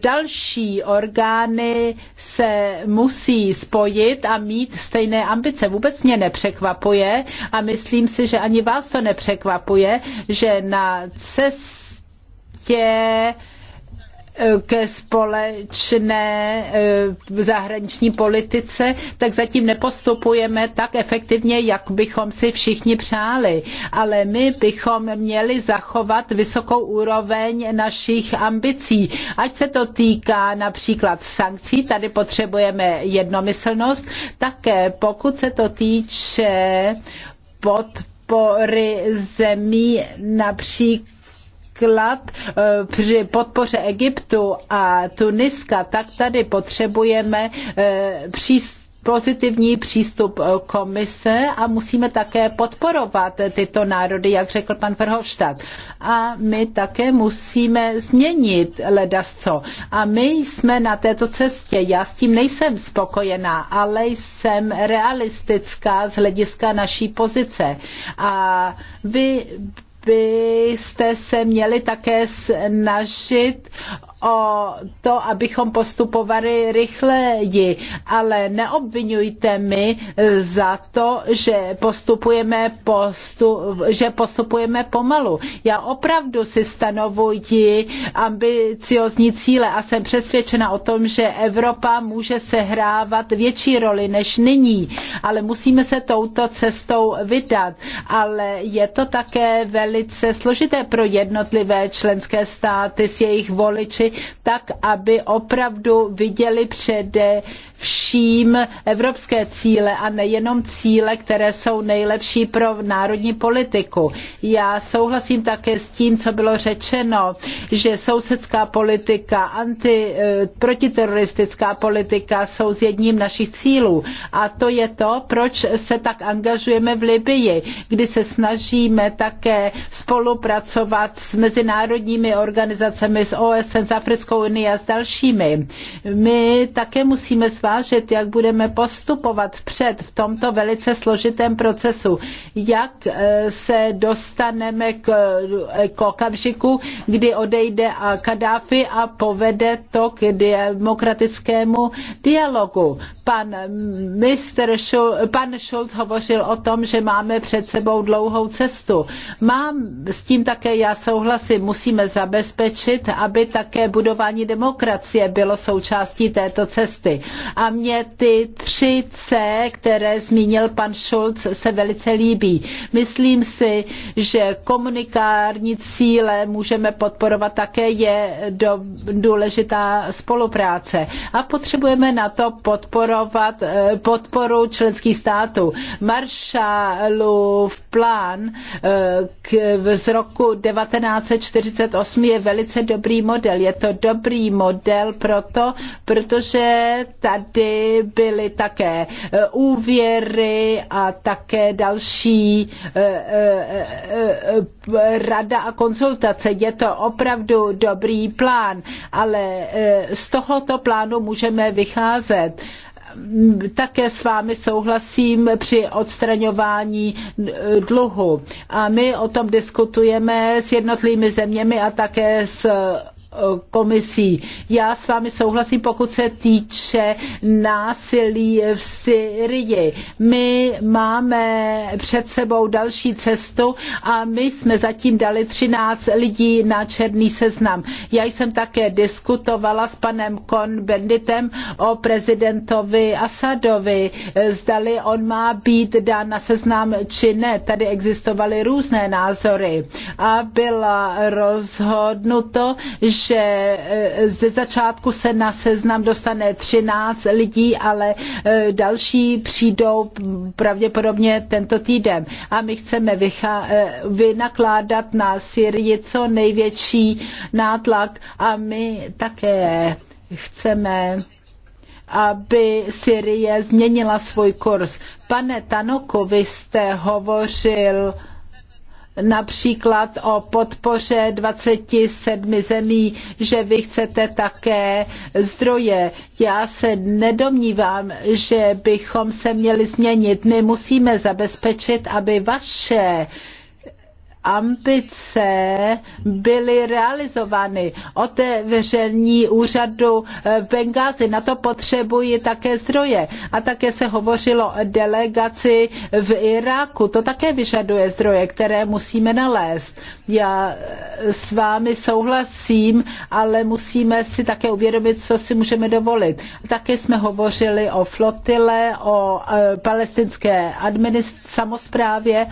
další orgány se musí spojit a mít stejné ambice. Vůbec mě nepřekvapuje a myslím si, že ani vás to nepřekvapuje, že na cestě ke společné eh, zahraniční politice, tak zatím nepostupujeme tak efektivně, jak bychom si všichni přáli. Ale my bychom měli zachovat vysokou úroveň našich ambicí. Ať se to týká například sankcí, tady potřebujeme jednomyslnost, také pokud se to týče podpory zemí například příklad eh, při podpoře Egyptu a Tuniska, tak tady potřebujeme eh, přístup pozitivní přístup eh, komise a musíme také podporovat tyto národy, jak řekl pan Verhofstadt. A my také musíme změnit ledasco. A my jsme na této cestě. Já s tím nejsem spokojená, ale jsem realistická z hlediska naší pozice. A vy byste se měli také snažit o to, abychom postupovali rychleji, ale neobvinujte mi za to, že postupujeme, postu, že postupujeme pomalu. Já opravdu si stanovuji ambiciozní cíle a jsem přesvědčena o tom, že Evropa může sehrávat větší roli než nyní, ale musíme se touto cestou vydat. Ale je to také velice složité pro jednotlivé členské státy s jejich voliči, tak aby opravdu viděli přede vším evropské cíle a nejenom cíle, které jsou nejlepší pro národní politiku. Já souhlasím také s tím, co bylo řečeno, že sousedská politika, anti, eh, protiteroristická politika jsou z jedním našich cílů. A to je to, proč se tak angažujeme v Libyi, kdy se snažíme také spolupracovat s mezinárodními organizacemi, s OSN, s Africkou unii a s dalšími. My také musíme zvážit, jak budeme postupovat před v tomto velice složitém procesu. Jak eh, se dostaneme k, k okamžiku, kdy odejde a Kadáfi a povede to k demokratickému dialogu. Pan, Mr. Schul, pan Schulz hovořil o tom, že máme před sebou dlouhou cestu. Mám s tím také, já souhlasím, musíme zabezpečit, aby také budování demokracie bylo součástí této cesty. A mě ty tři C, které zmínil pan Schulz, se velice líbí. Myslím si, že komunikární cíle můžeme podporovat také je do, důležitá spolupráce. A potřebujeme na to podporovat eh, podporu členských států. Marshallův plán eh, k, z roku 1948 je velice dobrý model. Je to dobrý model proto, protože tady byly také e, úvěry a také další e, e, rada a konzultace. Je to opravdu dobrý plán, ale z tohoto plánu můžeme vycházet také s vámi souhlasím při odstraňování dluhu. A my o tom diskutujeme s jednotlivými zeměmi a také s komisí. Já s vámi souhlasím, pokud se týče násilí v Syrii. My máme před sebou další cestu a my jsme zatím dali 13 lidí na černý seznam. Já jsem také diskutovala s panem Kon Benditem o prezidentovi Asadovi, zdali on má být dán na seznam či ne. Tady existovaly různé názory a byla rozhodnuto, že že eh, ze začátku se na seznam dostane 13 lidí, ale eh, další přijdou pravděpodobně tento týden. A my chceme eh, vynakládat na Syrii co největší nátlak a my také chceme aby Syrie změnila svůj kurz. Pane Tanoku, vy jste hovořil například o podpoře 27 zemí, že vy chcete také zdroje. Já se nedomnívám, že bychom se měli změnit. My musíme zabezpečit, aby vaše ambice byly realizovány. Otevření úřadu eh, Bengázy, na to potřebují také zdroje. A také se hovořilo o delegaci v Iráku. To také vyžaduje zdroje, které musíme nalézt. Já eh, s vámi souhlasím, ale musíme si také uvědomit, co si můžeme dovolit. Také jsme hovořili o flotile, o eh, palestinské administ- samozprávě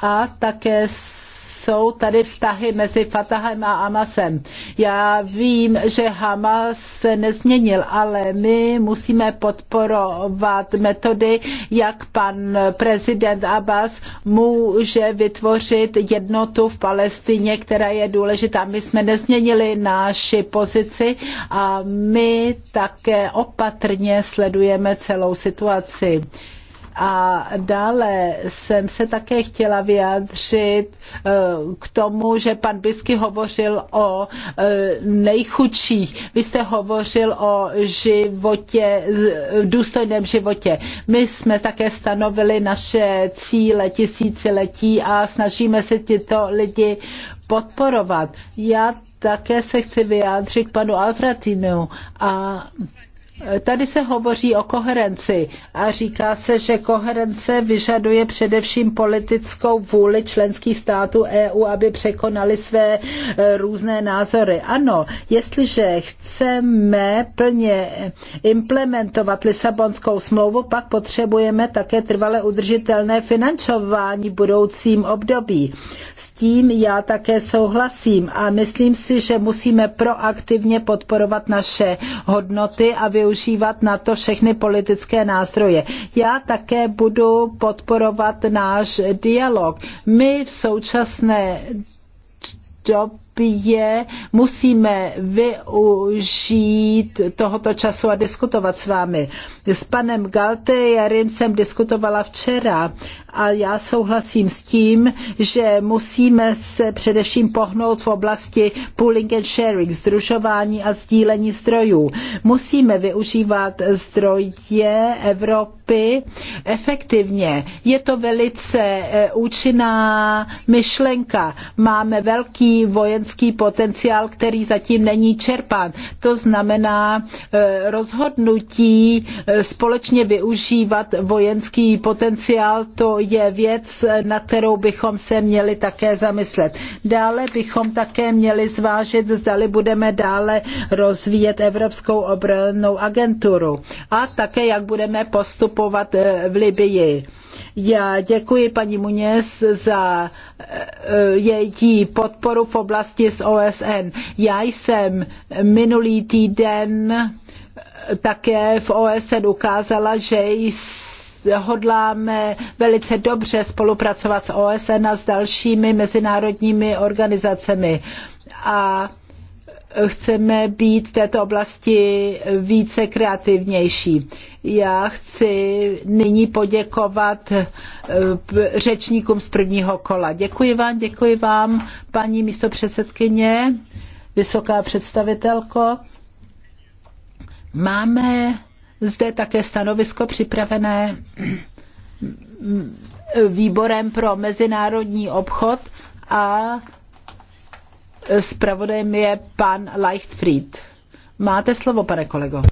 a také jsou tady vztahy mezi Fatahem a Hamasem. Já vím, že Hamas se nezměnil, ale my musíme podporovat metody, jak pan prezident Abbas může vytvořit jednotu v Palestině, která je důležitá. My jsme nezměnili naši pozici a my také opatrně sledujeme celou situaci. A dále jsem se také chtěla vyjádřit eh, k tomu, že pan Bisky hovořil o eh, nejchudších. Vy jste hovořil o životě, důstojném životě. My jsme také stanovili naše cíle tisíciletí a snažíme se tyto lidi podporovat. Já také se chci vyjádřit k panu Alfratinu a Tady se hovoří o koherenci a říká se, že koherence vyžaduje především politickou vůli členských států EU, aby překonali své e, různé názory. Ano, jestliže chceme plně implementovat Lisabonskou smlouvu, pak potřebujeme také trvale udržitelné financování v budoucím období tím já také souhlasím a myslím si, že musíme proaktivně podporovat naše hodnoty a využívat na to všechny politické nástroje. Já také budu podporovat náš dialog. My v současné době Evropě musíme využít tohoto času a diskutovat s vámi. S panem Galtierem jsem diskutovala včera a já souhlasím s tím, že musíme se především pohnout v oblasti pooling and sharing, združování a sdílení zdrojů. Musíme využívat zdroje Evropy efektivně. Je to velice eh, účinná myšlenka. Máme velký vojenský ekonomický potenciál, který zatím není čerpán. To znamená eh, rozhodnutí eh, společně využívat vojenský potenciál, to je věc, eh, na kterou bychom se měli také zamyslet. Dále bychom také měli zvážit, zdali budeme dále rozvíjet Evropskou obrannou agenturu a také, jak budeme postupovat v Libii. Já děkuji paní Muněz za eh, její podporu v oblasti s OSN. Já jsem minulý týden také v OSN ukázala, že hodláme velice dobře spolupracovat s OSN a s dalšími mezinárodními organizacemi. A chceme být v této oblasti více kreativnější. Já chci nyní poděkovat eh, řečníkům z prvního kola. Děkuji vám, děkuji vám, paní místopředsedkyně, vysoká představitelko. Máme zde také stanovisko připravené výborem pro mezinárodní obchod a zpravodajem je pan Leichtfried. Máte slovo, pane kolego.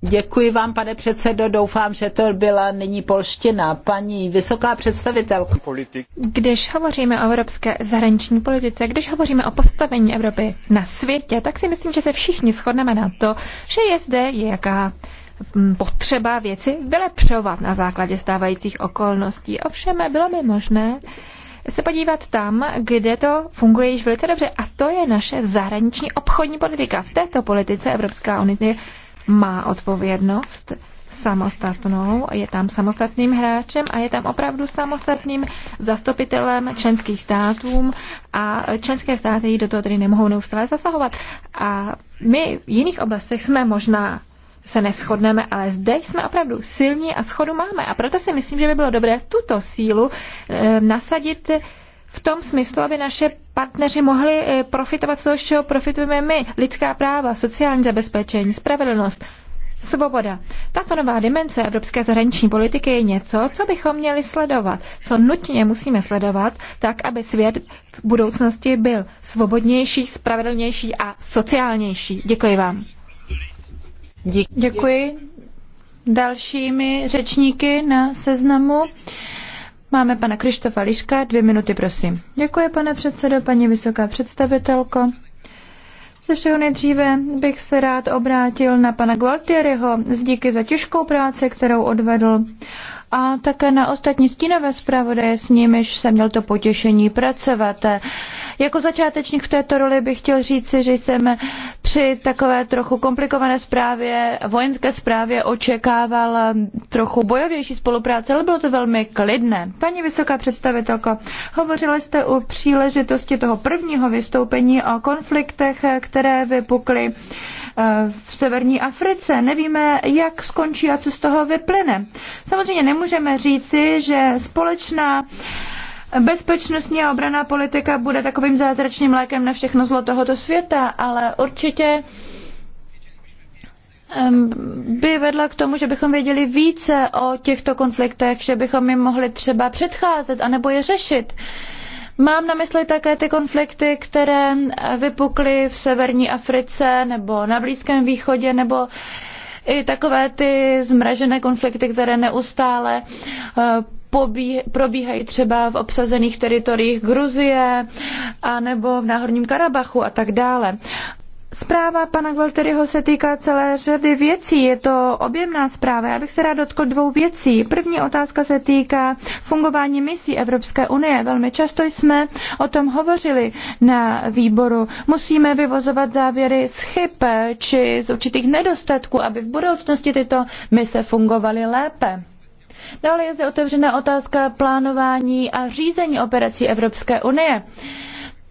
Děkuji vám, pane předsedo. Doufám, že to byla nyní polština. Paní vysoká představitelka. Když hovoříme o evropské zahraniční politice, když hovoříme o postavení Evropy na světě, tak si myslím, že se všichni shodneme na to, že je zde jaká potřeba věci vylepšovat na základě stávajících okolností. Ovšem bylo mi možné se podívat tam, kde to funguje již velice dobře a to je naše zahraniční obchodní politika. V této politice Evropská unie má odpovědnost samostatnou, je tam samostatným hráčem a je tam opravdu samostatným zastupitelem členských státům a členské státy do toho tedy nemohou neustále zasahovat. A my v jiných oblastech jsme možná se neschodneme, ale zde jsme opravdu silní a schodu máme. A proto si myslím, že by bylo dobré tuto sílu e, nasadit v tom smyslu, aby naše partneři mohli eh, profitovat z toho, z čeho profitujeme my. Lidská práva, sociální zabezpečení, spravedlnost, svoboda. Tato nová dimenze evropské zahraniční politiky je něco, co bychom měli sledovat, co nutně musíme sledovat, tak, aby svět v budoucnosti byl svobodnější, spravedlnější a sociálnější. Děkuji vám. Děkuji. Dalšími řečníky na seznamu máme pana Krištofa Liška. Dvě minuty, prosím. Děkuji, pane předsedo, paní vysoká představitelko. Ze všeho nejdříve bych se rád obrátil na pana Gualtieriho s díky za těžkou práci, kterou odvedl a také na ostatní stínové zpravodaje, s nimiž jsem měl to potěšení pracovat. Jako začátečník v této roli bych chtěl říci, že jsem při takové trochu komplikované zprávě, vojenské zprávě očekával trochu bojovější spolupráce, ale bylo to velmi klidné. Paní vysoká představitelko, hovořila jste u příležitosti toho prvního vystoupení o konfliktech, které vypukly Eh, v severní Africe. Nevíme, jak skončí a co z toho vyplyne. Samozřejmě nemůžeme říci, že společná bezpečnostní a obraná politika bude takovým zázračným lékem na všechno zlo tohoto světa, ale určitě by vedla k tomu, že bychom věděli více o těchto konfliktech, že bychom jim mohli třeba předcházet anebo je řešit. Uh, Mám na mysli také ty konflikty, které vypukly v severní Africe nebo na Blízkém východě nebo i takové ty zmražené konflikty, které neustále eh, probíhají třeba v obsazených teritoriích Gruzie a nebo v Náhorním Karabachu a tak dále. Zpráva pana Gualteriho se týká celé řady věcí. Je to objemná zpráva. Já bych se rád dotkl dvou věcí. První otázka se týká fungování misí Evropské unie. Velmi často jsme o tom hovořili na výboru. Musíme vyvozovat závěry z chyb či z určitých nedostatků, aby v budoucnosti tyto mise fungovaly lépe. Dále je zde otevřená otázka plánování a řízení operací Evropské unie.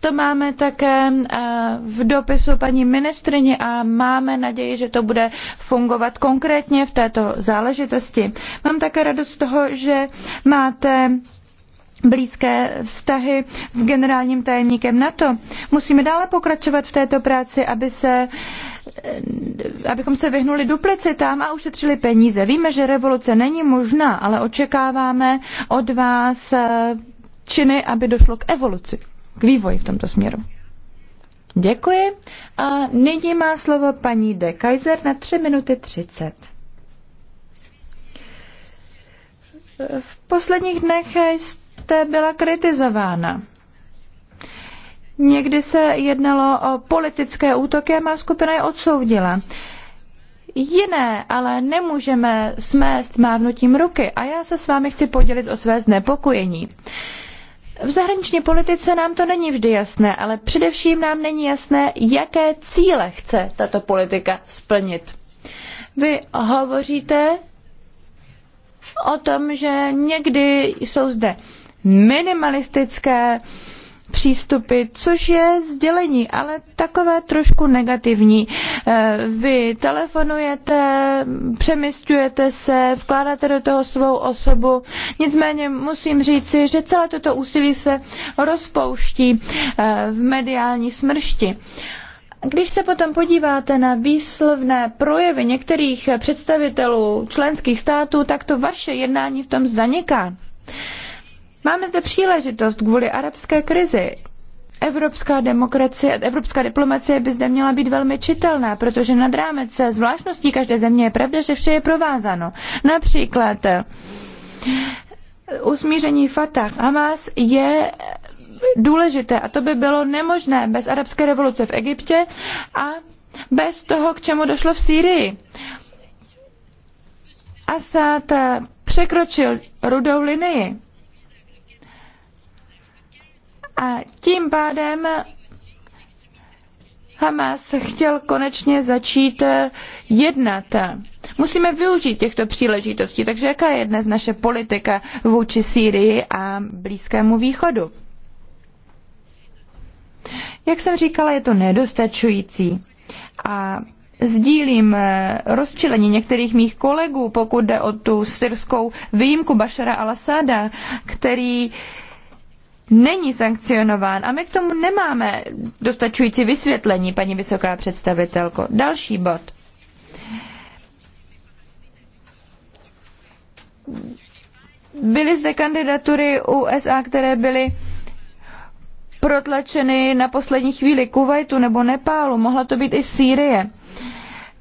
To máme také eh, v dopisu paní ministrině a máme naději, že to bude fungovat konkrétně v této záležitosti. Mám také radost z toho, že máte blízké vztahy s generálním tajemníkem NATO. Musíme dále pokračovat v této práci, aby se, eh, abychom se vyhnuli duplicitám a ušetřili peníze. Víme, že revoluce není možná, ale očekáváme od vás eh, činy, aby došlo k evoluci k vývoji v tomto směru. Děkuji. A nyní má slovo paní De Kaiser na 3 minuty 30. V posledních dnech jste byla kritizována. Někdy se jednalo o politické útoky a má skupina je odsoudila. Jiné ale nemůžeme smést mávnutím ruky a já se s vámi chci podělit o své znepokojení. Uh, v zahraniční politice nám to není vždy jasné, ale především nám není jasné, jaké cíle chce tato politika splnit. Vy hovoříte o tom, že někdy jsou zde minimalistické přístupy, což je sdělení, ale takové trošku negativní. Eh, vy telefonujete, přemysťujete se, vkládáte do toho svou osobu, nicméně musím říci, že celé toto úsilí se rozpouští eh, v mediální smršti. Když se potom podíváte na výslovné projevy některých představitelů členských států, tak to vaše jednání v tom zaniká. Máme zde příležitost kvůli arabské krizi. Evropská demokracie, evropská diplomacie by zde měla být velmi čitelná, protože nad rámec se zvláštností každé země je pravda, že vše je provázáno. Například eh, usmíření Fatah Hamas je důležité a to by bylo nemožné bez arabské revoluce v Egyptě a bez toho, k čemu došlo v Sýrii. Asad eh, překročil rudou linii a tím pádem Hamas chtěl konečně začít eh, jednat. Musíme využít těchto příležitostí. Takže jaká je dnes naše politika vůči Sýrii a Blízkému východu? Jak jsem říkala, je to nedostačující. A sdílím eh, rozčilení některých mých kolegů, pokud jde o tu syrskou výjimku Bašara al-Assada, který není sankcionován a my k tomu nemáme dostačující vysvětlení, paní vysoká představitelko. Další bod. Byly zde kandidatury USA, které byly protlačeny na poslední chvíli Kuwaitu nebo Nepálu, mohla to být i Sýrie.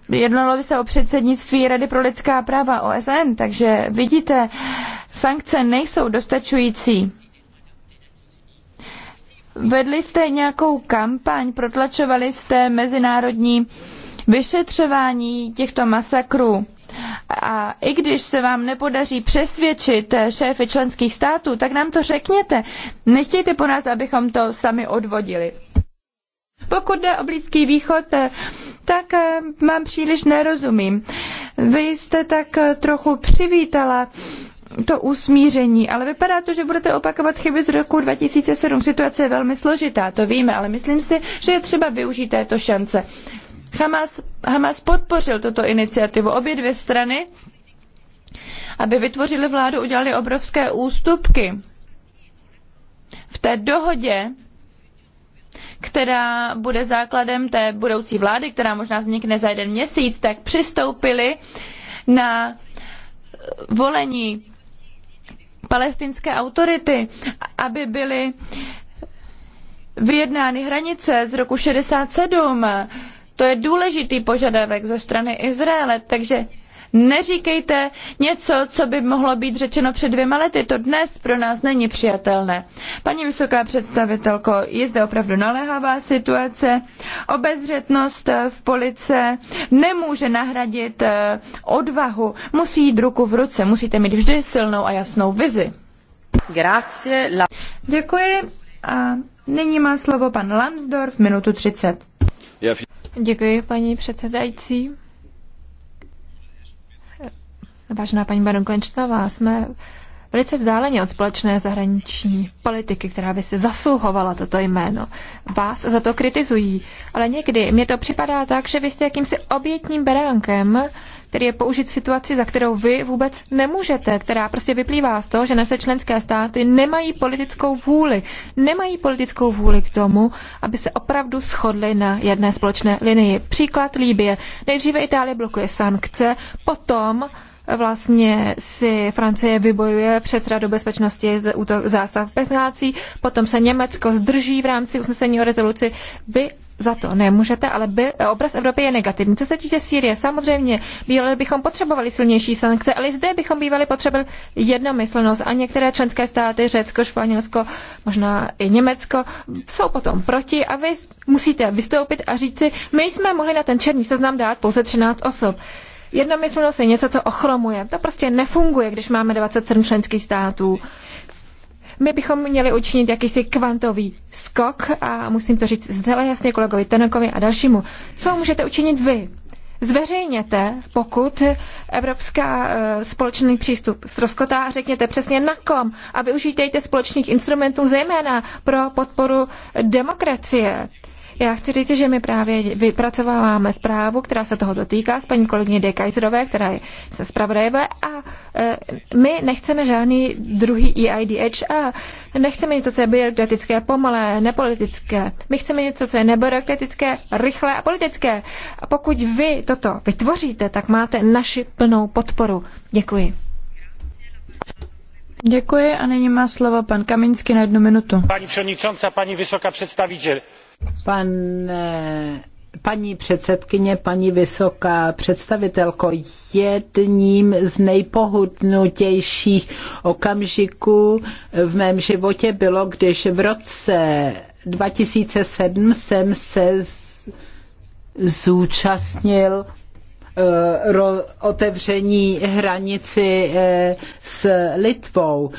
Jednalo by se o předsednictví Rady pro lidská práva OSN, takže vidíte, sankce nejsou dostačující. Vedli jste nějakou kampaň, protlačovali jste mezinárodní vyšetřování těchto masakrů. A i když se vám nepodaří přesvědčit šéfy členských států, tak nám to řekněte. Nechtějte po nás, abychom to sami odvodili. Pokud jde o Blízký východ, tak eh, vám příliš nerozumím. Vy jste tak eh, trochu přivítala to usmíření, ale vypadá to, že budete opakovat chyby z roku 2007. Situace je velmi složitá, to víme, ale myslím si, že je třeba využít této šance. Hamas, Hamas podpořil tuto iniciativu. Obě dvě strany, aby vytvořili vládu, udělali obrovské ústupky. V té dohodě která bude základem té budoucí vlády, která možná vznikne za jeden měsíc, tak přistoupili na volení palestinské autority, aby byly vyjednány hranice z roku 67. To je důležitý požadavek ze strany Izraele, takže neříkejte něco, co by mohlo být řečeno před dvěma lety. To dnes pro nás není přijatelné. Paní vysoká představitelko, je zde opravdu naléhavá situace. Obezřetnost eh, v police nemůže nahradit eh, odvahu. Musí jít ruku v ruce. Musíte mít vždy silnou a jasnou vizi. Grazie. La... Děkuji. A nyní má slovo pan Lambsdorff, minutu 30. Děkuji, paní předsedající. Vážená paní Baronkončtová, jsme velice vzdáleně od společné zahraniční politiky, která by si zasluhovala toto jméno. Vás za to kritizují, ale někdy mě to připadá tak, že vy jste jakýmsi obětním beránkem, který je použit v situaci, za kterou vy vůbec nemůžete, která prostě vyplývá z toho, že naše členské státy nemají politickou vůli. Nemají politickou vůli k tomu, aby se opravdu shodly na jedné společné linii. Příklad Líbie. Nejdříve Itálie blokuje sankce, potom vlastně si Francie vybojuje před Radou bezpečnosti z útok zásah v Beznácí, potom se Německo zdrží v rámci usnesení o rezoluci. Vy za to nemůžete, ale by, obraz Evropy je negativní. Co se týče Sýrie, samozřejmě bývali bychom potřebovali silnější sankce, ale zde bychom bývali potřebovali jednomyslnost a některé členské státy, Řecko, Španělsko, možná i Německo, jsou potom proti a vy musíte vystoupit a říci, my jsme mohli na ten černý seznam dát pouze 13 osob. Jednomyslnost je něco, co ochromuje. To prostě nefunguje, když máme 27 členských států. My bychom měli učinit jakýsi kvantový skok a musím to říct zcela jasně kolegovi Tenokovi a dalšímu. Co můžete učinit vy? Zveřejněte, pokud evropská eh, společný přístup ztroskotá, řekněte přesně na kom a využítejte společných instrumentů zejména pro podporu demokracie. Já chci říct, že my právě vypracováváme zprávu, která se toho dotýká s paní kolegyně D. Kajzerové, která je se zpravodajové a e, my nechceme žádný druhý EIDH a nechceme něco, co je byrokratické, pomalé, nepolitické. My chceme něco, co je nebyrokratické, rychlé a politické. A pokud vy toto vytvoříte, tak máte naši plnou podporu. Děkuji. Děkuji a nyní má slovo pan Kaminsky na jednu minutu. Pani przewodnicząca, pani vysoká představitel paní předsedkyně, paní vysoká představitelko, jedním z nejpohodnutějších okamžiků v mém životě bylo, když v roce 2007 jsem se zúčastnil Eh, otevření hranici eh, s Litvou.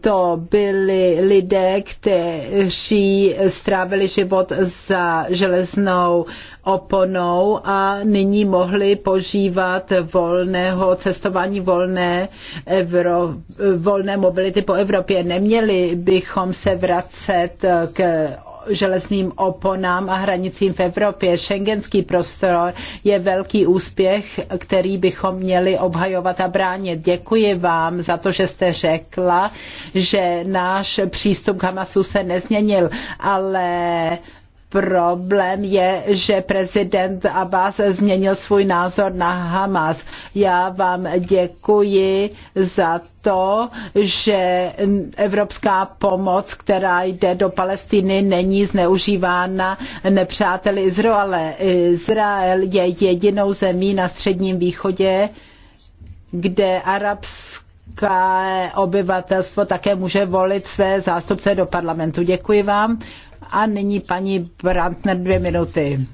To byli lidé, kteří strávili život za železnou oponou a nyní mohli požívat volného cestování volné, Evro, volné mobility po Evropě. Neměli bychom se vracet k železným oponám a hranicím v Evropě. Schengenský prostor je velký úspěch, který bychom měli obhajovat a bránit. Děkuji vám za to, že jste řekla, že náš přístup k Hamasu se nezměnil, ale Problém je, že prezident Abbas změnil svůj názor na Hamas. Já vám děkuji za to, že evropská pomoc, která jde do Palestiny, není zneužívána nepřáteli Izraele. Izrael je jedinou zemí na Středním východě, kde arabské obyvatelstvo také může volit své zástupce do parlamentu. Děkuji vám. A nyní paní Brantner dvě minuty.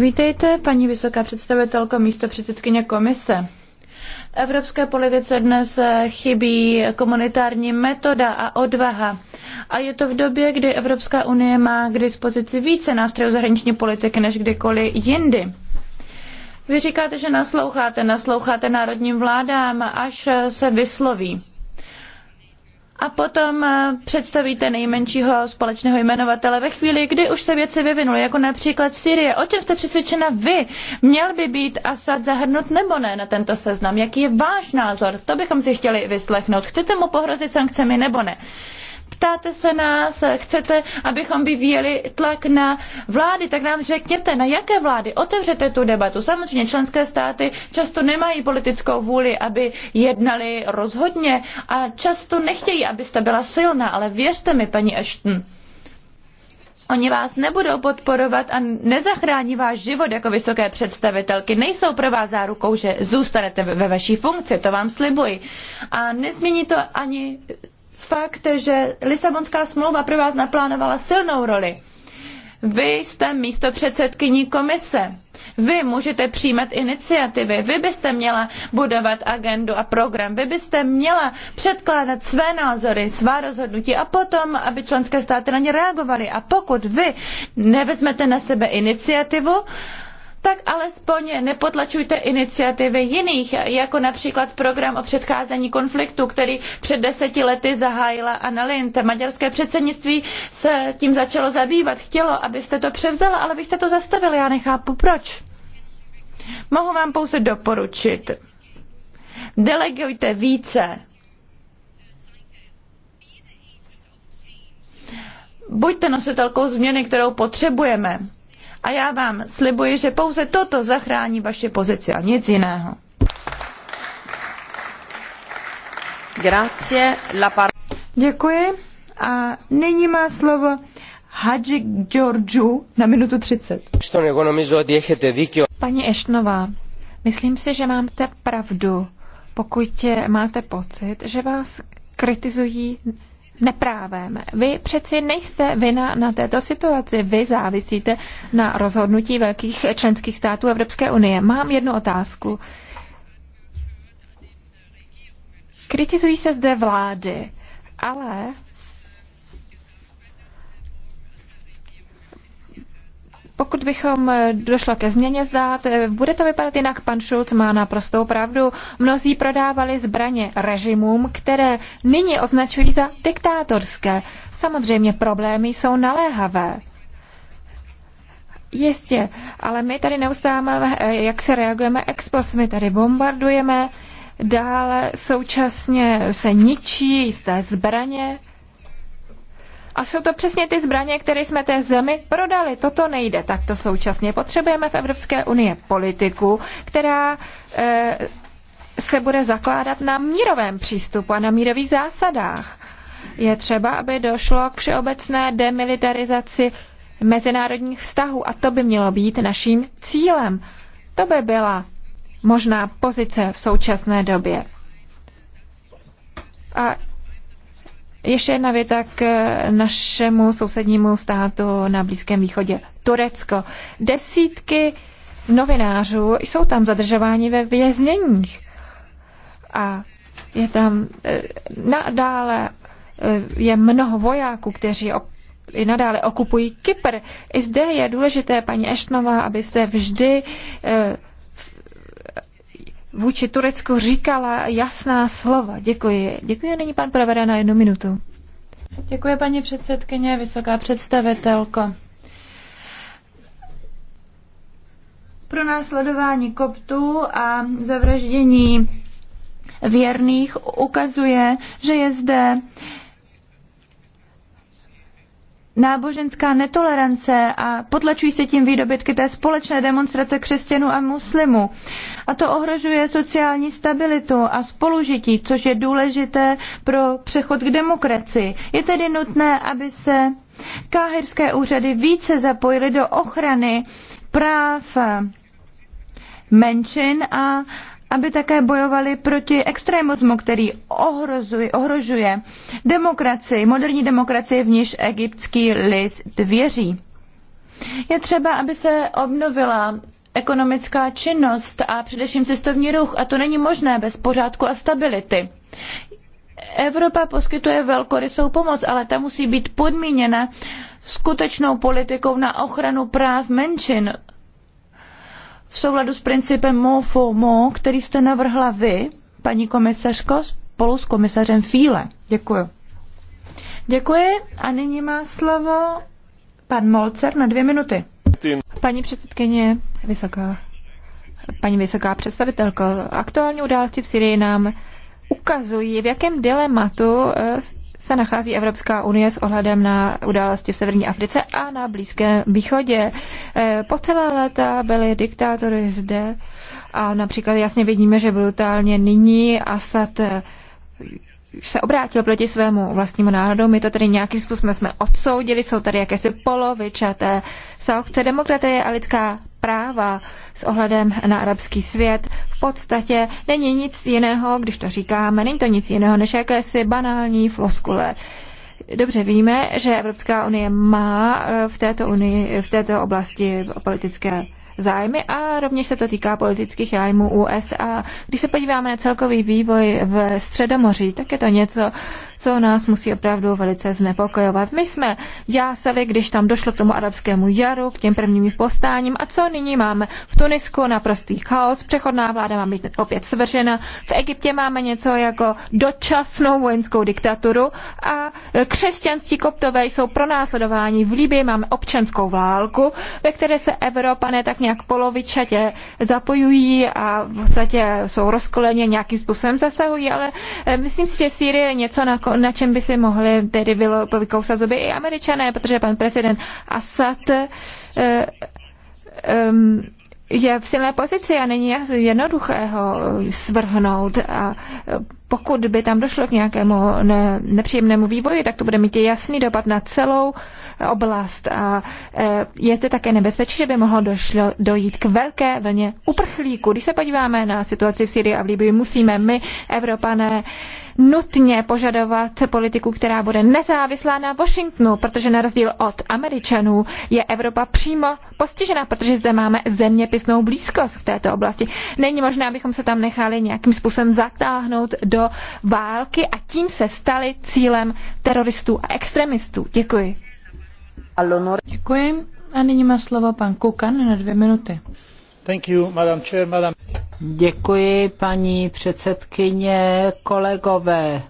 Vítejte, paní vysoká představitelko, místo předsedkyně komise. Evropské politice dnes chybí komunitární metoda a odvaha. A je to v době, kdy Evropská unie má k dispozici více nástrojů zahraniční politiky než kdykoliv jindy. Vy říkáte, že nasloucháte, nasloucháte národním vládám, až se vysloví a potom eh, představíte nejmenšího společného jmenovatele ve chvíli, kdy už se věci vyvinuly, jako například Syrie. O čem jste přesvědčena vy? Měl by být Asad zahrnut nebo ne na tento seznam? Jaký je váš názor? To bychom si chtěli vyslechnout. Chcete mu pohrozit sankcemi nebo ne? Ptáte se nás, chcete, abychom vyvíjeli tlak na vlády, tak nám řekněte, na jaké vlády otevřete tu debatu. Samozřejmě členské státy často nemají politickou vůli, aby jednali rozhodně a často nechtějí, abyste byla silná, ale věřte mi, paní Ashton, Oni vás nebudou podporovat a nezachrání váš život jako vysoké představitelky. Nejsou pro vás zárukou, že zůstanete ve vaší funkci, to vám slibuji. A nezmění to ani fakt, že Lisabonská smlouva pro vás naplánovala silnou roli. Vy jste místo předsedkyní komise. Vy můžete přijímat iniciativy, vy byste měla budovat agendu a program, vy byste měla předkládat své názory, svá rozhodnutí a potom, aby členské státy na ně reagovaly. A pokud vy nevezmete na sebe iniciativu, tak alespoň nepotlačujte iniciativy jiných, jako například program o předcházení konfliktu, který před deseti lety zahájila Anna Lind. Maďarské předsednictví se tím začalo zabývat. Chtělo, abyste to převzala, ale vy jste to zastavili. Já nechápu, proč. Mohu vám pouze doporučit. Delegujte více. Buďte nositelkou změny, kterou potřebujeme a já vám slibuji, že pouze toto zachrání vaše pozici a nic jiného. Grazie, la par- Děkuji a nyní má slovo Hadži Georgiou na minutu 30. Paní Eštnová, myslím si, že máte pravdu, pokud máte pocit, že vás kritizují neprávem. Vy přeci nejste vina na této situaci. Vy závisíte na rozhodnutí velkých členských států Evropské unie. Mám jednu otázku. Kritizují se zde vlády, ale Pokud bychom eh, došlo ke změně zdát, eh, bude to vypadat jinak. Pan Schulz má naprostou pravdu. Mnozí prodávali zbraně režimům, které nyní označují za diktátorské. Samozřejmě problémy jsou naléhavé. Jistě, ale my tady neustále, eh, jak se reagujeme ex post, my tady bombardujeme, dále současně se ničí jisté zbraně, a jsou to přesně ty zbraně, které jsme té zemi prodali. Toto nejde. Tak to současně potřebujeme v Evropské unii politiku, která e, se bude zakládat na mírovém přístupu a na mírových zásadách. Je třeba, aby došlo k všeobecné demilitarizaci mezinárodních vztahů a to by mělo být naším cílem. To by byla možná pozice v současné době. A ještě jedna věc k eh, našemu sousednímu státu na Blízkém východě. Turecko. Desítky novinářů jsou tam zadržováni ve vězněních. A je tam eh, nadále eh, je mnoho vojáků, kteří i nadále okupují Kypr. I zde je důležité, paní Eštnová, abyste vždy vůči Turecku říkala jasná slova. Děkuji. Děkuji, není pan Pravera na jednu minutu. Děkuji, paní předsedkyně, vysoká představitelko. Pro následování koptů a zavraždění věrných ukazuje, že je zde náboženská netolerance a potlačují se tím výdobytky té společné demonstrace křesťanů a muslimů. A to ohrožuje sociální stabilitu a spolužití, což je důležité pro přechod k demokracii. Je tedy nutné, aby se káhirské úřady více zapojily do ochrany práv menšin a aby také bojovali proti extremismu, který ohrozuje, ohrožuje demokracii, moderní demokracii, v níž egyptský lid věří. Je třeba, aby se obnovila ekonomická činnost a především cestovní ruch a to není možné bez pořádku a stability. Evropa poskytuje velkorysou pomoc, ale ta musí být podmíněna skutečnou politikou na ochranu práv menšin v souladu s principem more for mo, který jste navrhla vy, paní komisařko, spolu s komisařem Fíle. Děkuji. Děkuji a nyní má slovo pan Molcer na dvě minuty. Paní předsedkyně, vysoká, paní vysoká představitelko, aktuální události v Syrii nám ukazují, v jakém dilematu eh, se nachází Evropská unie s ohledem na události v Severní Africe a na Blízkém východě. Eh, po celé léta byly diktátory zde a například jasně vidíme, že brutálně nyní Asad eh, se obrátil proti svému vlastnímu národu. My to tedy nějakým způsobem jsme odsoudili, jsou tady jakési polovičaté sankce demokratie a lidská práva s ohledem na arabský svět v podstatě není nic jiného, když to říkáme, není to nic jiného než jakési banální floskule. Dobře víme, že Evropská unie má eh, v této, unii, v této oblasti politické zájmy a rovněž se to týká politických zájmů USA. Když se podíváme na celkový vývoj v Středomoří, tak je to něco, co nás musí opravdu velice znepokojovat. My jsme jásali, když tam došlo k tomu arabskému jaru, k těm prvním postáním a co nyní máme v Tunisku naprostý chaos, přechodná vláda má být opět svržena, v Egyptě máme něco jako dočasnou vojenskou diktaturu a křesťanství koptové jsou pronásledováni. V Libii máme občanskou válku, ve které se Evropané tak nějak polovičatě zapojují a v podstatě jsou rozkoleně nějakým způsobem zasahují, ale eh, myslím si, že Sýrie je něco na na čem by si mohli tedy vykousat zuby i američané, protože pan prezident Assad um, je v silné pozici a není jednoduché ho eh, svrhnout. A eh, pokud by tam došlo k nějakému ne, nepříjemnému vývoji, tak to bude mít jasný dopad na celou oblast. A je zde také nebezpečí, že by mohlo došlo, dojít k velké vlně uprchlíků. Když se podíváme na situaci v Syrii a v Libii, musíme my, Evropané, nutně požadovat politiku, která bude nezávislá na Washingtonu, protože na rozdíl od Američanů je Evropa přímo postižena, protože zde máme zeměpisnou blízkost v této oblasti. Není možné, abychom se tam nechali nějakým způsobem zatáhnout do války a tím se stali cílem teroristů a extremistů. Děkuji. Děkuji. A nyní má slovo pan Kukan na dvě minuty. Děkuji, paní předsedkyně, kolegové.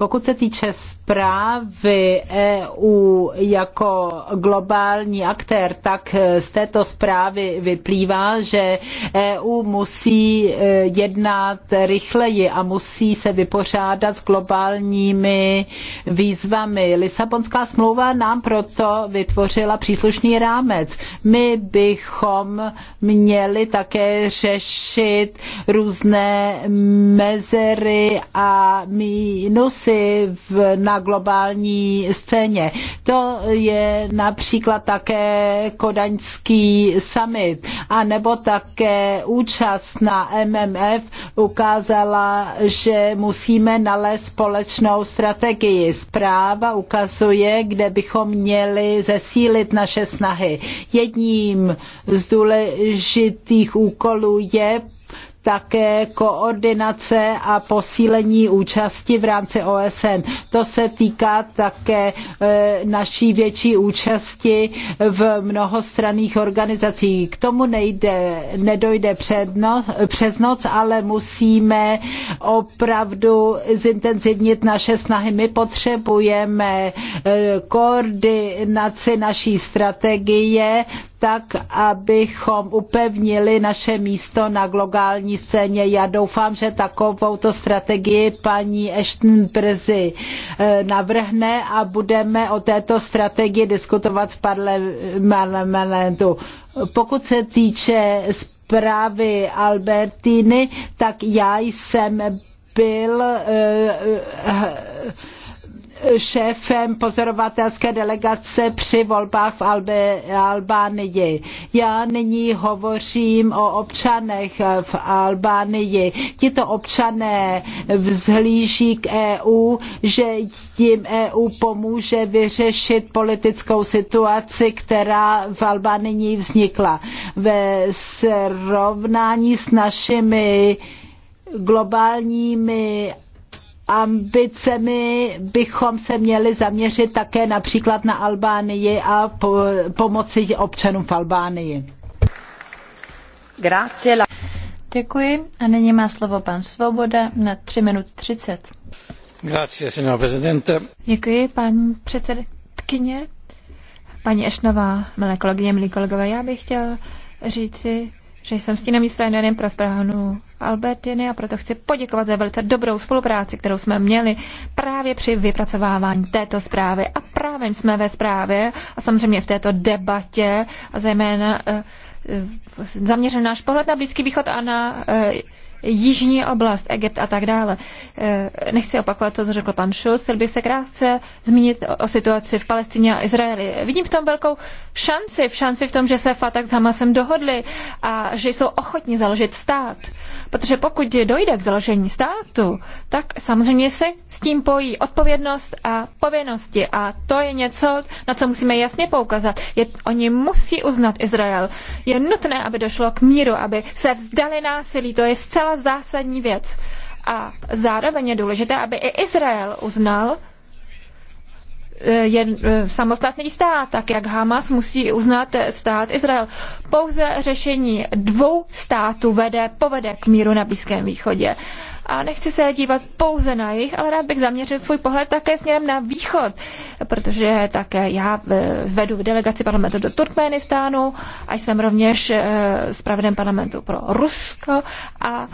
Pokud se týče zprávy EU jako globální aktér, tak z této zprávy vyplývá, že EU musí eh, jednat rychleji a musí se vypořádat s globálními výzvami. Lisabonská smlouva nám proto vytvořila příslušný rámec. My bychom měli také řešit různé mezery a mínusy situaci v, na globální scéně. To je například také kodaňský summit, a nebo také účast na MMF ukázala, že musíme nalézt společnou strategii. Zpráva ukazuje, kde bychom měli zesílit naše snahy. Jedním z důležitých úkolů je také koordinace a posílení účasti v rámci OSN. To se týká také e, naší větší účasti v mnohostranných organizacích. K tomu nejde, nedojde předno, přes noc, ale musíme opravdu zintenzivnit naše snahy. My potřebujeme e, koordinaci naší strategie, tak, abychom upevnili naše místo na globální scéně. Já doufám, že takovouto strategii paní Ashton brzy eh, navrhne a budeme o této strategii diskutovat v parlamentu. Pokud se týče zprávy Albertiny, tak já jsem byl eh, eh, šéfem pozorovatelské delegace při volbách v Albe, Albánii. Já nyní hovořím o občanech v Albánii. Tito občané vzhlíží k EU, že jim EU pomůže vyřešit politickou situaci, která v Albánii vznikla. Ve srovnání s našimi globálními ambicemi bychom se měli zaměřit také například na Albánii a po, pomoci občanům v Albánii. Děkuji a nyní má slovo pan Svoboda na 3 minut 30. Grazie, signor Presidente. Děkuji, pan předsedkyně. Paní Ešnová, milé kolegyně, milí kolegové, já bych chtěl říci, že jsem s tím jménem pro zprávu Albertiny a proto chci poděkovat za velice dobrou spolupráci, kterou jsme měli právě při vypracovávání této zprávy. A právě jsme ve zprávě a samozřejmě v této debatě a zejména eh, eh, zaměřen náš pohled na Blízký východ a na eh, jižní oblast, Egypt a tak dále. Eh, nechci opakovat to, co řekl pan Schulz, chtěl bych se krátce zmínit o situaci v Palestině a Izraeli. Vidím v tom velkou šanci, v šanci v tom, že se Fatah s Hamasem dohodli a že jsou ochotni založit stát. Protože pokud dojde k založení státu, tak samozřejmě se s tím pojí odpovědnost a povinnosti. A to je něco, na co musíme jasně poukazat. Je, oni musí uznat Izrael. Je nutné, aby došlo k míru, aby se vzdali násilí. To je zcela zcela zásadní věc. A zároveň je důležité, aby i Izrael uznal, Eh, je eh, samostatný stát, tak jak Hamas musí uznat stát Izrael. Pouze řešení dvou států vede, povede k míru na Blízkém východě. A nechci se dívat pouze na jich, ale rád bych zaměřil svůj pohled také směrem na východ, protože také já eh, vedu delegaci parlamentu do Turkmenistánu a jsem rovněž zpravodajem parlamentu pro Rusko a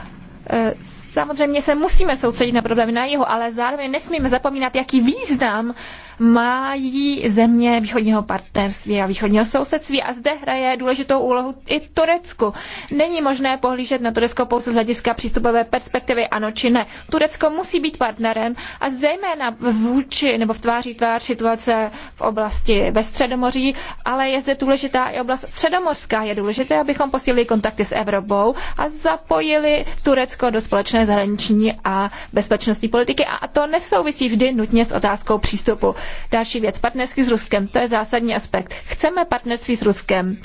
samozřejmě se musíme soustředit na problémy na jihu, ale zároveň nesmíme zapomínat, jaký význam mají země východního partnerství a východního sousedství a zde hraje důležitou úlohu i Turecku. Není možné pohlížet na Turecko pouze z hlediska přístupové perspektivy ano či ne. Turecko musí být partnerem a zejména vůči nebo v tváří tvář situace v oblasti ve Středomoří, ale je zde důležitá i oblast Středomorská. Je důležité, abychom posílili kontakty s Evropou a zapojili Turecko do společné zahraniční a bezpečnostní politiky a to nesouvisí vždy nutně s otázkou přístupu. Další věc, partnerství s Ruskem, to je zásadní aspekt. Chceme partnerství s Ruskem.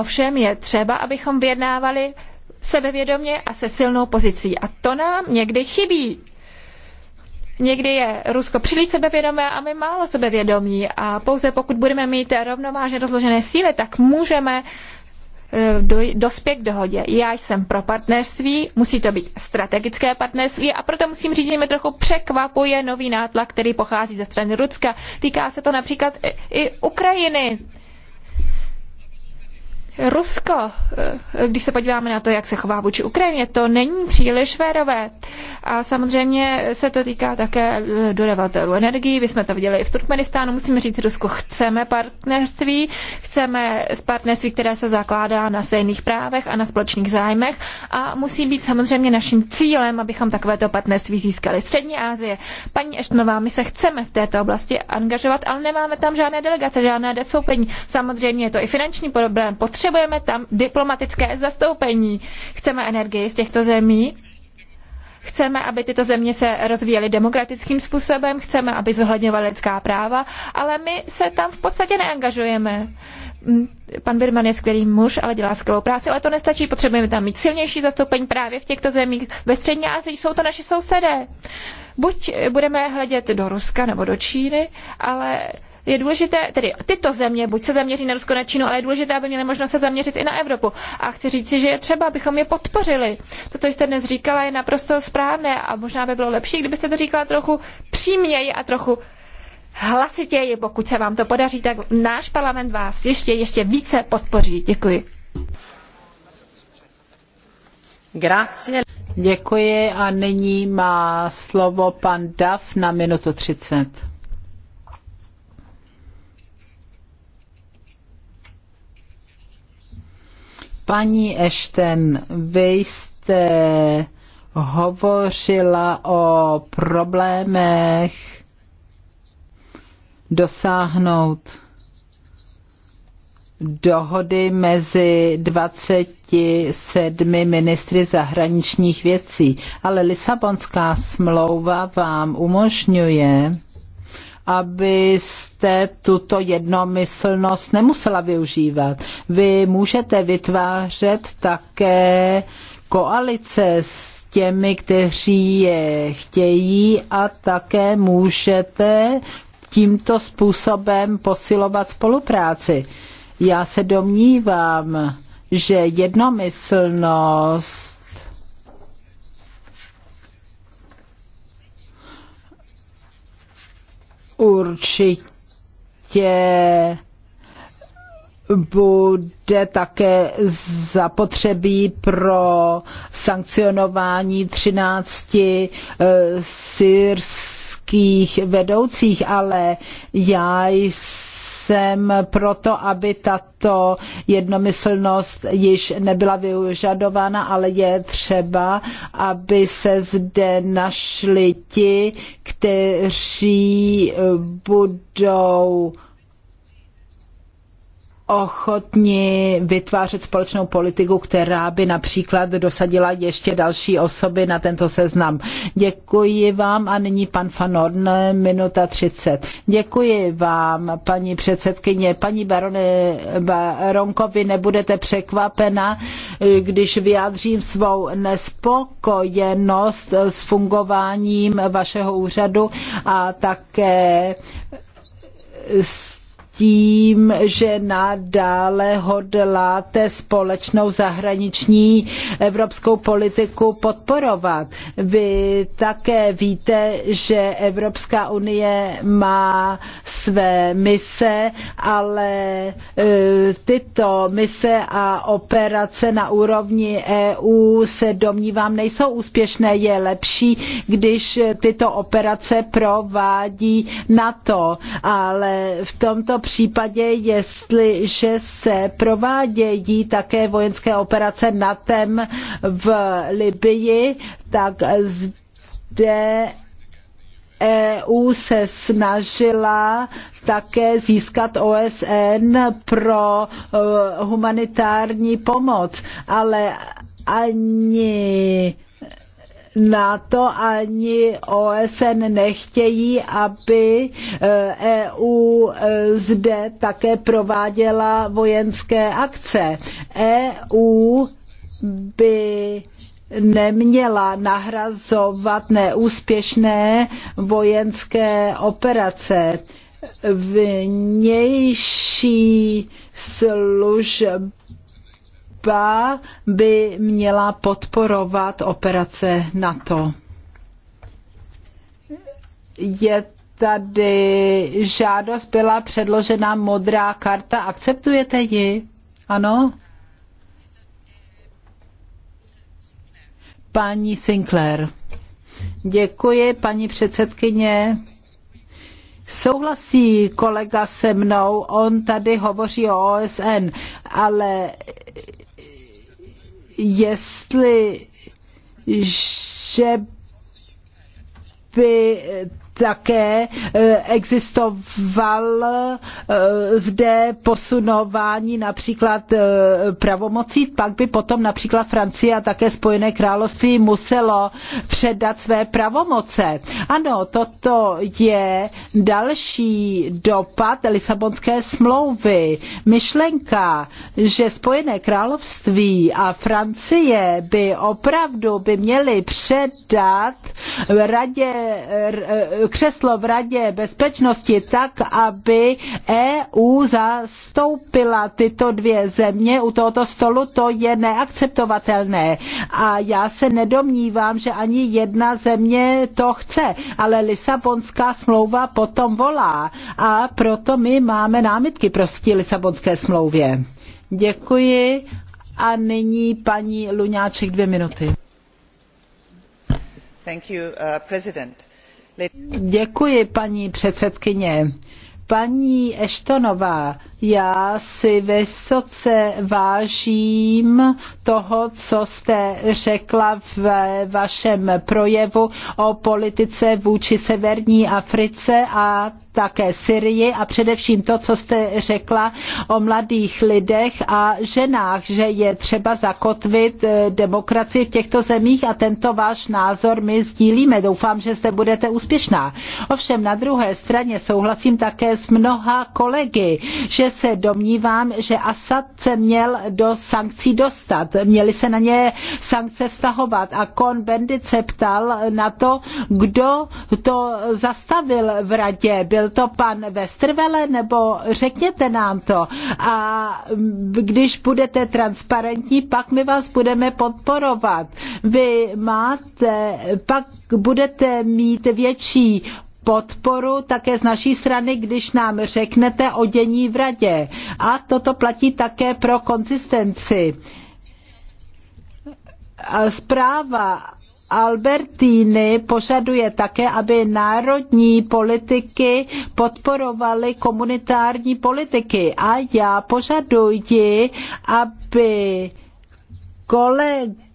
Ovšem je třeba, abychom vyjednávali sebevědomě a se silnou pozicí. A to nám někdy chybí. Někdy je Rusko příliš sebevědomé a my málo sebevědomí. A pouze pokud budeme mít rovnovážně rozložené síly, tak můžeme uh, Eh, dospět k dohodě. Já jsem pro partnerství, musí to být strategické partnerství a proto musím říct, že mě trochu překvapuje nový nátlak, který pochází ze strany Ruska. Týká se to například i Ukrajiny. Rusko, eh, když se podíváme na to, jak se chová vůči Ukrajině, to není příliš férové. A samozřejmě se to týká také eh, dodavatelů energií. My jsme to viděli i v Turkmenistánu. Musíme říct Rusku, chceme partnerství, chceme partnerství, které se zakládá na stejných právech a na společných zájmech a musí být samozřejmě naším cílem, abychom takovéto partnerství získali. Střední Asie. Paní Eštnová, my se chceme v této oblasti angažovat, ale nemáme tam žádné delegace, žádné desoupení. Samozřejmě je to i finanční problém. Potřeba Potřebujeme tam diplomatické zastoupení. Chceme energii z těchto zemí, Chceme, aby tyto země se rozvíjely demokratickým způsobem, chceme, aby zohledňovaly lidská práva, ale my se tam v podstatě neangažujeme. Mm, pan Birman je skvělý muž, ale dělá skvělou práci, ale to nestačí. Potřebujeme tam mít silnější zastoupení právě v těchto zemích. Ve střední Asii jsou to naši sousedé. Buď budeme hledět do Ruska nebo do Číny, ale je důležité, tedy tyto země, buď se zaměří na Rusko, na Čínu, ale je důležité, aby měly možnost se zaměřit i na Evropu. A chci říci, že je třeba, abychom je podpořili. To, co jste dnes říkala, je naprosto správné a možná by bylo lepší, kdybyste to říkala trochu přímněji a trochu hlasitěji, pokud se vám to podaří, tak náš parlament vás ještě, ještě více podpoří. Děkuji. Grazie. Děkuji a nyní má slovo pan Dav na minutu 30. Paní Ešten, vy jste hovořila o problémech dosáhnout dohody mezi 27 ministry zahraničních věcí. Ale Lisabonská smlouva vám umožňuje abyste tuto jednomyslnost nemusela využívat. Vy můžete vytvářet také koalice s těmi, kteří je chtějí a také můžete tímto způsobem posilovat spolupráci. Já se domnívám, že jednomyslnost určitě bude také zapotřebí pro sankcionování 13 eh, syrských vedoucích, ale já jsem jsem proto, aby tato jednomyslnost již nebyla vyžadována, ale je třeba, aby se zde našli ti, kteří budou ochotni vytvářet společnou politiku, která by například dosadila ještě další osoby na tento seznam. Děkuji vám a nyní pan Fanorn, minuta 30. Děkuji vám, paní předsedkyně. Paní barone, baronko, vy nebudete překvapena, když vyjádřím svou nespokojenost s fungováním vašeho úřadu a také s tím, že nadále hodláte společnou zahraniční evropskou politiku podporovat. Vy také víte, že Evropská unie má své mise, ale e, tyto mise a operace na úrovni EU se domnívám nejsou úspěšné. Je lepší, když tyto operace provádí NATO, ale v tomto případě, jestliže se provádějí také vojenské operace NATEM v Libyi, tak zde EU se snažila také získat OSN pro e, humanitární pomoc, ale ani NATO ani OSN nechtějí, aby EU e e, zde také prováděla vojenské akce. EU by neměla nahrazovat neúspěšné vojenské operace. Vnější služby Kuba by měla podporovat operace NATO. Je tady žádost byla předložena modrá karta. Akceptujete ji? Ano? Paní Sinclair. Děkuji, paní předsedkyně. Souhlasí kolega se mnou, on tady hovoří o OSN, ale jestli že by také eh, existoval eh, zde posunování například eh, pravomocí, pak by potom například Francie a také Spojené království muselo předat své pravomoce. Ano, toto je další dopad Lisabonské smlouvy. Myšlenka, že Spojené království a Francie by opravdu by měly předat radě křeslo v Radě bezpečnosti tak, aby EU zastoupila tyto dvě země u tohoto stolu, to je neakceptovatelné. A já se nedomnívám, že ani jedna země to chce, ale Lisabonská smlouva potom volá a proto my máme námitky proti Lisabonské smlouvě. Děkuji a nyní paní Luňáček dvě minuty. Thank you, uh, President Děkuji, paní předsedkyně. Paní Eštonová, já si vysoce vážím toho, co jste řekla v vašem projevu o politice vůči Severní Africe a také Syrii a především to, co jste řekla o mladých lidech a ženách, že je třeba zakotvit eh, demokracii v těchto zemích a tento váš názor my sdílíme. Doufám, že zde budete úspěšná. Ovšem na druhé straně souhlasím také s mnoha kolegy, že se domnívám, že Assad se měl do sankcí dostat. Měly se na ně sankce vztahovat. A Kon Bendit se ptal na to, kdo to zastavil v radě. Byl to pan Westervele, nebo řekněte nám to. A když budete transparentní, pak my vás budeme podporovat. Vy máte, pak budete mít větší podporu také z naší strany, když nám řeknete o dění v radě. A toto platí také pro konzistenci. Zpráva Albertini požaduje také, aby národní politiky podporovaly komunitární politiky. A já požaduji, aby kolegy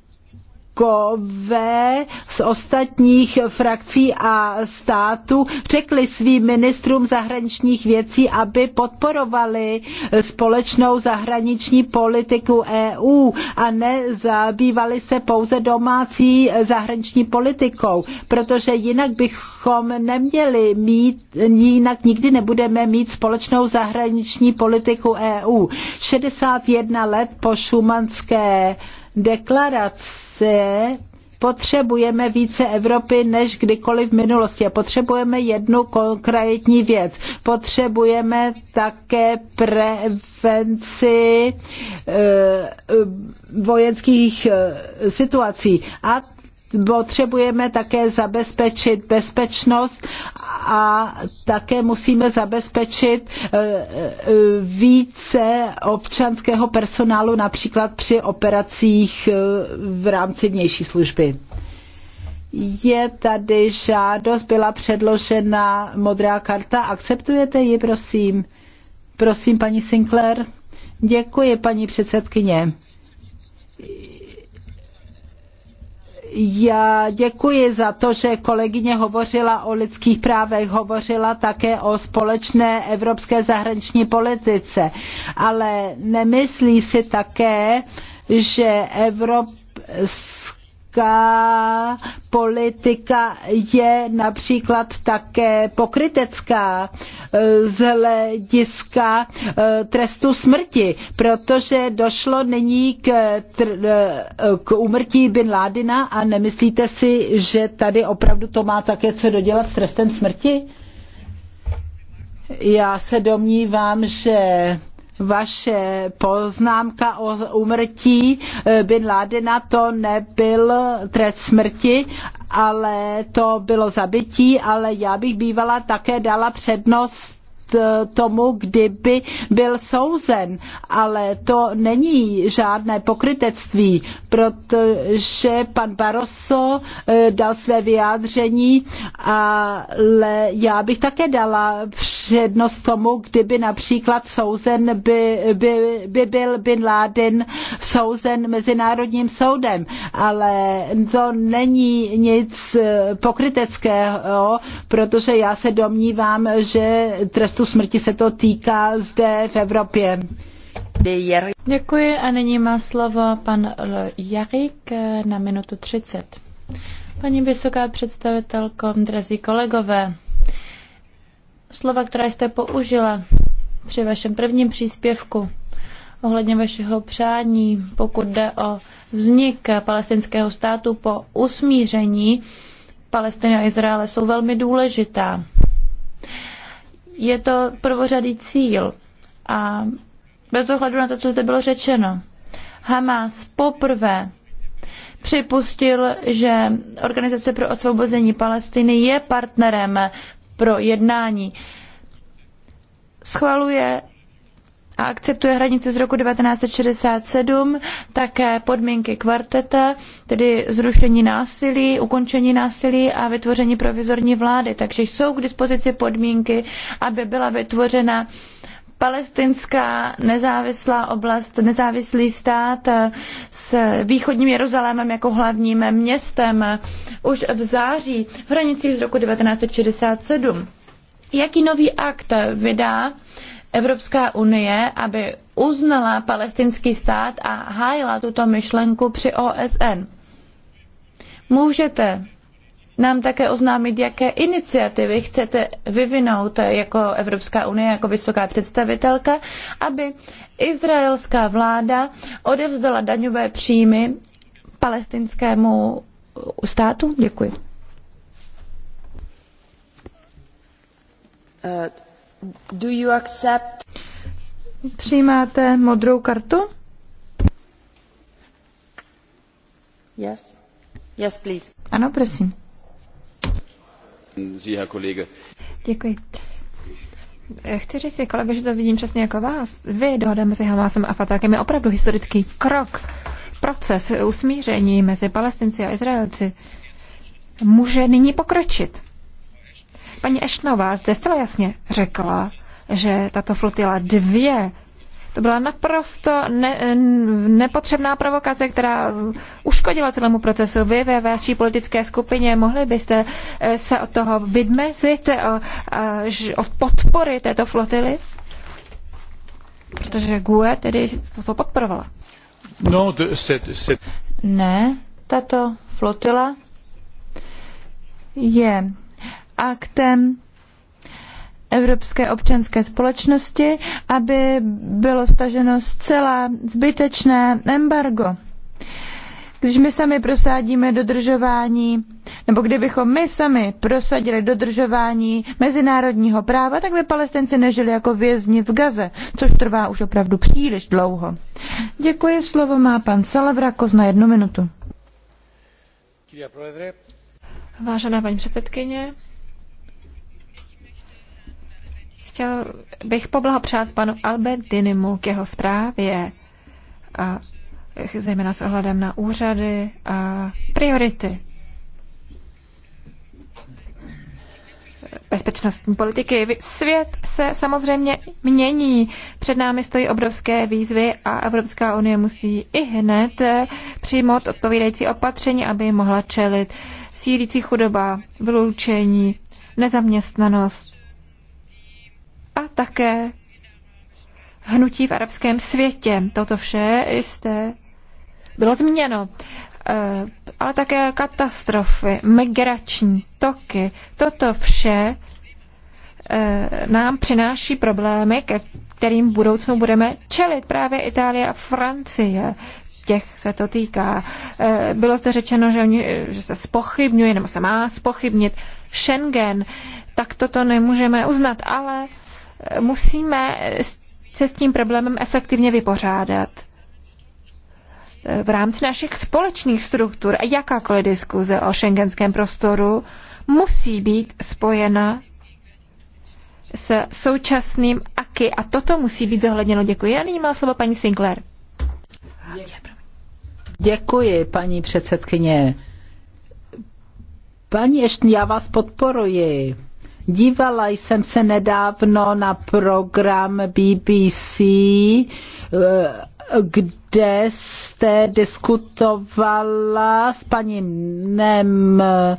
kolegové z ostatních frakcí a států řekli svým ministrům zahraničních věcí, aby podporovali společnou zahraniční politiku EU a nezabývali se pouze domácí zahraniční politikou, protože jinak bychom neměli mít, jinak nikdy nebudeme mít společnou zahraniční politiku EU. 61 let po šumanské deklarace potřebujeme více Evropy než kdykoliv v minulosti. potřebujeme jednu konkrétní věc. Potřebujeme také prevenci eh, eh, vojenských eh, situací. A potřebujeme také zabezpečit bezpečnost a také musíme zabezpečit eh, eh, více občanského personálu, například při operacích eh, v rámci vnější služby. Je tady žádost, byla předložena modrá karta. Akceptujete ji, prosím? Prosím, paní Sinclair. Děkuji, paní předsedkyně já děkuji za to, že kolegyně hovořila o lidských právech, hovořila také o společné evropské zahraniční politice, ale nemyslí si také, že Evropská jaká politika je například také pokrytecká eh, z hlediska eh, trestu smrti, protože došlo nyní k, eh, k úmrtí Bin Ládina a nemyslíte si, že tady opravdu to má také co dodělat s trestem smrti? Já se domnívám, že vaše poznámka o umrtí eh, Bin Ládena, to nebyl trest smrti, ale to bylo zabití, ale já bych bývala také dala přednost tomu, kdyby byl souzen. Ale to není žádné pokrytectví, protože pan Barroso eh, dal své vyjádření, ale já bych také dala přednost tomu, kdyby například souzen by, by, by byl Bin Laden souzen Mezinárodním soudem. Ale to není nic eh, pokryteckého, protože já se domnívám, že trestu trestu smrti se to týká zde v Evropě. Děkuji a nyní má slovo pan Jarik na minutu 30. Paní vysoká představitelko, drazí kolegové, slova, která jste použila při vašem prvním příspěvku ohledně vašeho přání, pokud jde o vznik palestinského státu po usmíření Palestiny a Izraele, jsou velmi důležitá je to prvořadý cíl. A bez ohledu na to, co zde bylo řečeno, Hamas poprvé připustil, že Organizace pro osvobození Palestiny je partnerem pro jednání. Schvaluje a akceptuje hranice z roku 1967, také podmínky kvarteta, tedy zrušení násilí, ukončení násilí a vytvoření provizorní vlády. Takže jsou k dispozici podmínky, aby byla vytvořena palestinská nezávislá oblast, nezávislý stát s východním Jeruzalémem jako hlavním městem už v září v hranicích z roku 1967. Jaký nový akt vydá Evropská unie, aby uznala palestinský stát a hájila tuto myšlenku při OSN. Můžete nám také oznámit, jaké iniciativy chcete vyvinout jako Evropská unie, jako vysoká představitelka, aby izraelská vláda odevzdala daňové příjmy palestinskému státu? Děkuji. Uh do you accept... Přijímáte modrou kartu? Yes. Yes, please. Ano, prosím. Sie, Herr Kollege. Děkuji. Chci říct si, kolego, že to vidím přesně jako vás. Vy, dohoda mezi Hamásem a Fatákem je opravdu historický krok. Proces usmíření mezi Palestinci a Izraelci může nyní pokročit. Paní Ešnová zde zcela jasně řekla, že tato flotila dvě to byla naprosto ne, nepotřebná provokace, která uškodila celému procesu. Vy ve vaší politické skupině mohli byste eh, se od toho vydmezit, od podpory této flotily? Protože GUE tedy to podporovala. No, the, the... Ne, tato flotila je aktem Evropské občanské společnosti, aby bylo staženo zcela zbytečné embargo. Když my sami prosádíme dodržování, nebo kdybychom my sami prosadili dodržování mezinárodního práva, tak by palestinci nežili jako vězni v Gaze, což trvá už opravdu příliš dlouho. Děkuji, slovo má pan Salavrakos na jednu minutu. Vážená paní předsedkyně, Chtěl bych poblahopřát panu Albertinimu k jeho zprávě, a zejména s ohledem na úřady a priority bezpečnostní politiky. Svět se samozřejmě mění. Před námi stojí obrovské výzvy a Evropská unie musí i hned přijmout odpovídající opatření, aby mohla čelit sílící chudoba, vyloučení, nezaměstnanost, a také hnutí v arabském světě. Toto vše jste bylo zmíněno. Eh, ale také katastrofy, migrační toky, toto vše eh, nám přináší problémy, ke kterým v budoucnu budeme čelit. Právě Itálie a Francie, těch se to týká. Eh, bylo zde řečeno, že, oni, že se spochybňuje, nebo se má spochybnit Schengen, tak toto nemůžeme uznat, ale musíme se s tím problémem efektivně vypořádat v rámci našich společných struktur a jakákoliv diskuze o šengenském prostoru musí být spojena s současným AKY a toto musí být zohledněno. Děkuji. A nyní má slovo paní Sinclair. Děkuji, paní předsedkyně. Paní Ešten, já vás podporuji. Dívala jsem se nedávno na program BBC, eh, kde jste diskutovala s paním Nem eh,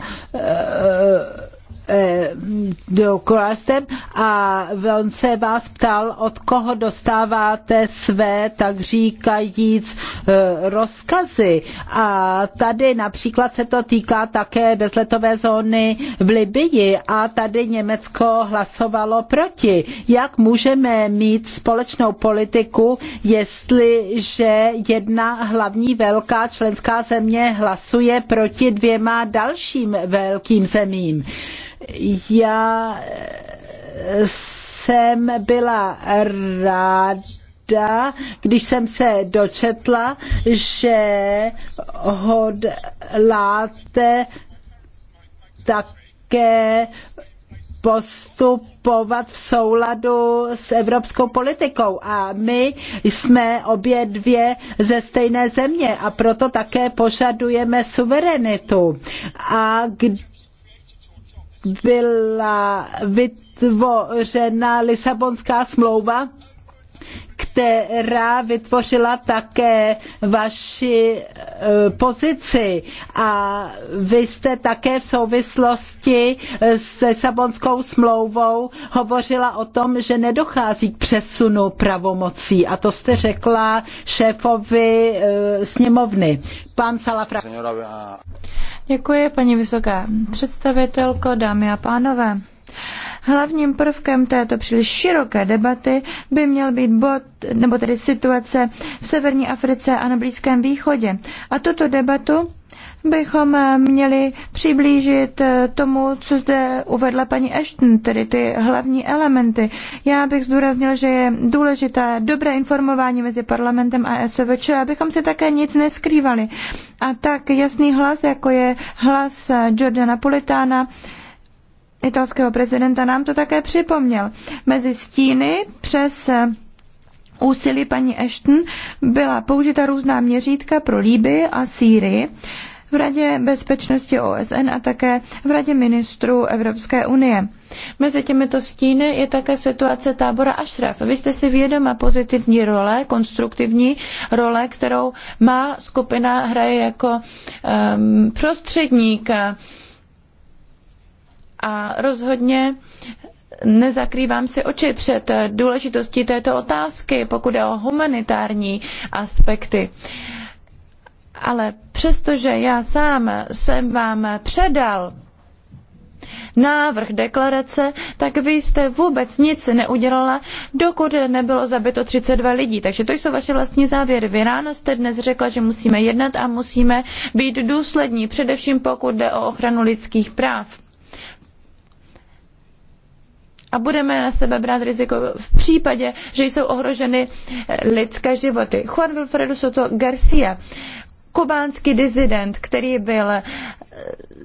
Eh, do Kolastem a on se vás ptal, od koho dostáváte své, tak říkajíc, eh, rozkazy. A tady například se to týká také bezletové zóny v Libyi a tady Německo hlasovalo proti. Jak můžeme mít společnou politiku, jestliže jedna hlavní velká členská země hlasuje proti dvěma dalším velkým zemím? Já eh, jsem byla ráda, když jsem se dočetla, že hodláte také postupovat v souladu s evropskou politikou. A my jsme obě dvě ze stejné země a proto také požadujeme suverenitu. A kdy byla vytvořena Lisabonská smlouva, která vytvořila také vaši eh, pozici a vy jste také v souvislosti se Sabonskou smlouvou hovořila o tom, že nedochází k přesunu pravomocí a to jste řekla šéfovi eh, sněmovny. Pan Salafra. Děkuji, paní vysoká představitelko, dámy a pánové. Hlavním prvkem této příliš široké debaty by měl být bod, nebo tedy situace v severní Africe a na Blízkém východě. A tuto debatu bychom eh, měli přiblížit eh, tomu, co zde uvedla paní Ashton, tedy ty hlavní elementy. Já bych zdůraznil, že je důležité dobré informování mezi parlamentem a SVČ, abychom se také nic neskrývali. A tak jasný hlas, jako je hlas eh, Jordana Politána, italského prezidenta, nám to také připomněl. Mezi stíny přes úsilí paní Ashton byla použita různá měřítka pro Líby a Sýrii v Radě bezpečnosti OSN a také v Radě ministrů Evropské unie. Mezi těmito stíny je také situace tábora Ashraf. Vy jste si vědoma pozitivní role, konstruktivní role, kterou má skupina hraje jako um, prostředník a rozhodně nezakrývám si oči před důležitostí této otázky, pokud je o humanitární aspekty. Uh, ale přestože já sám jsem vám předal návrh deklarace, tak vy jste vůbec nic neudělala, dokud nebylo zabito 32 lidí. Takže to jsou vaše vlastní závěry. Vy ráno jste dnes řekla, že musíme jednat a musíme být důslední, především pokud jde o ochranu lidských práv. A budeme na sebe brát riziko v případě, že jsou ohroženy lidské životy. Juan Wilfredo Soto Garcia kubánský dizident, který byl eh,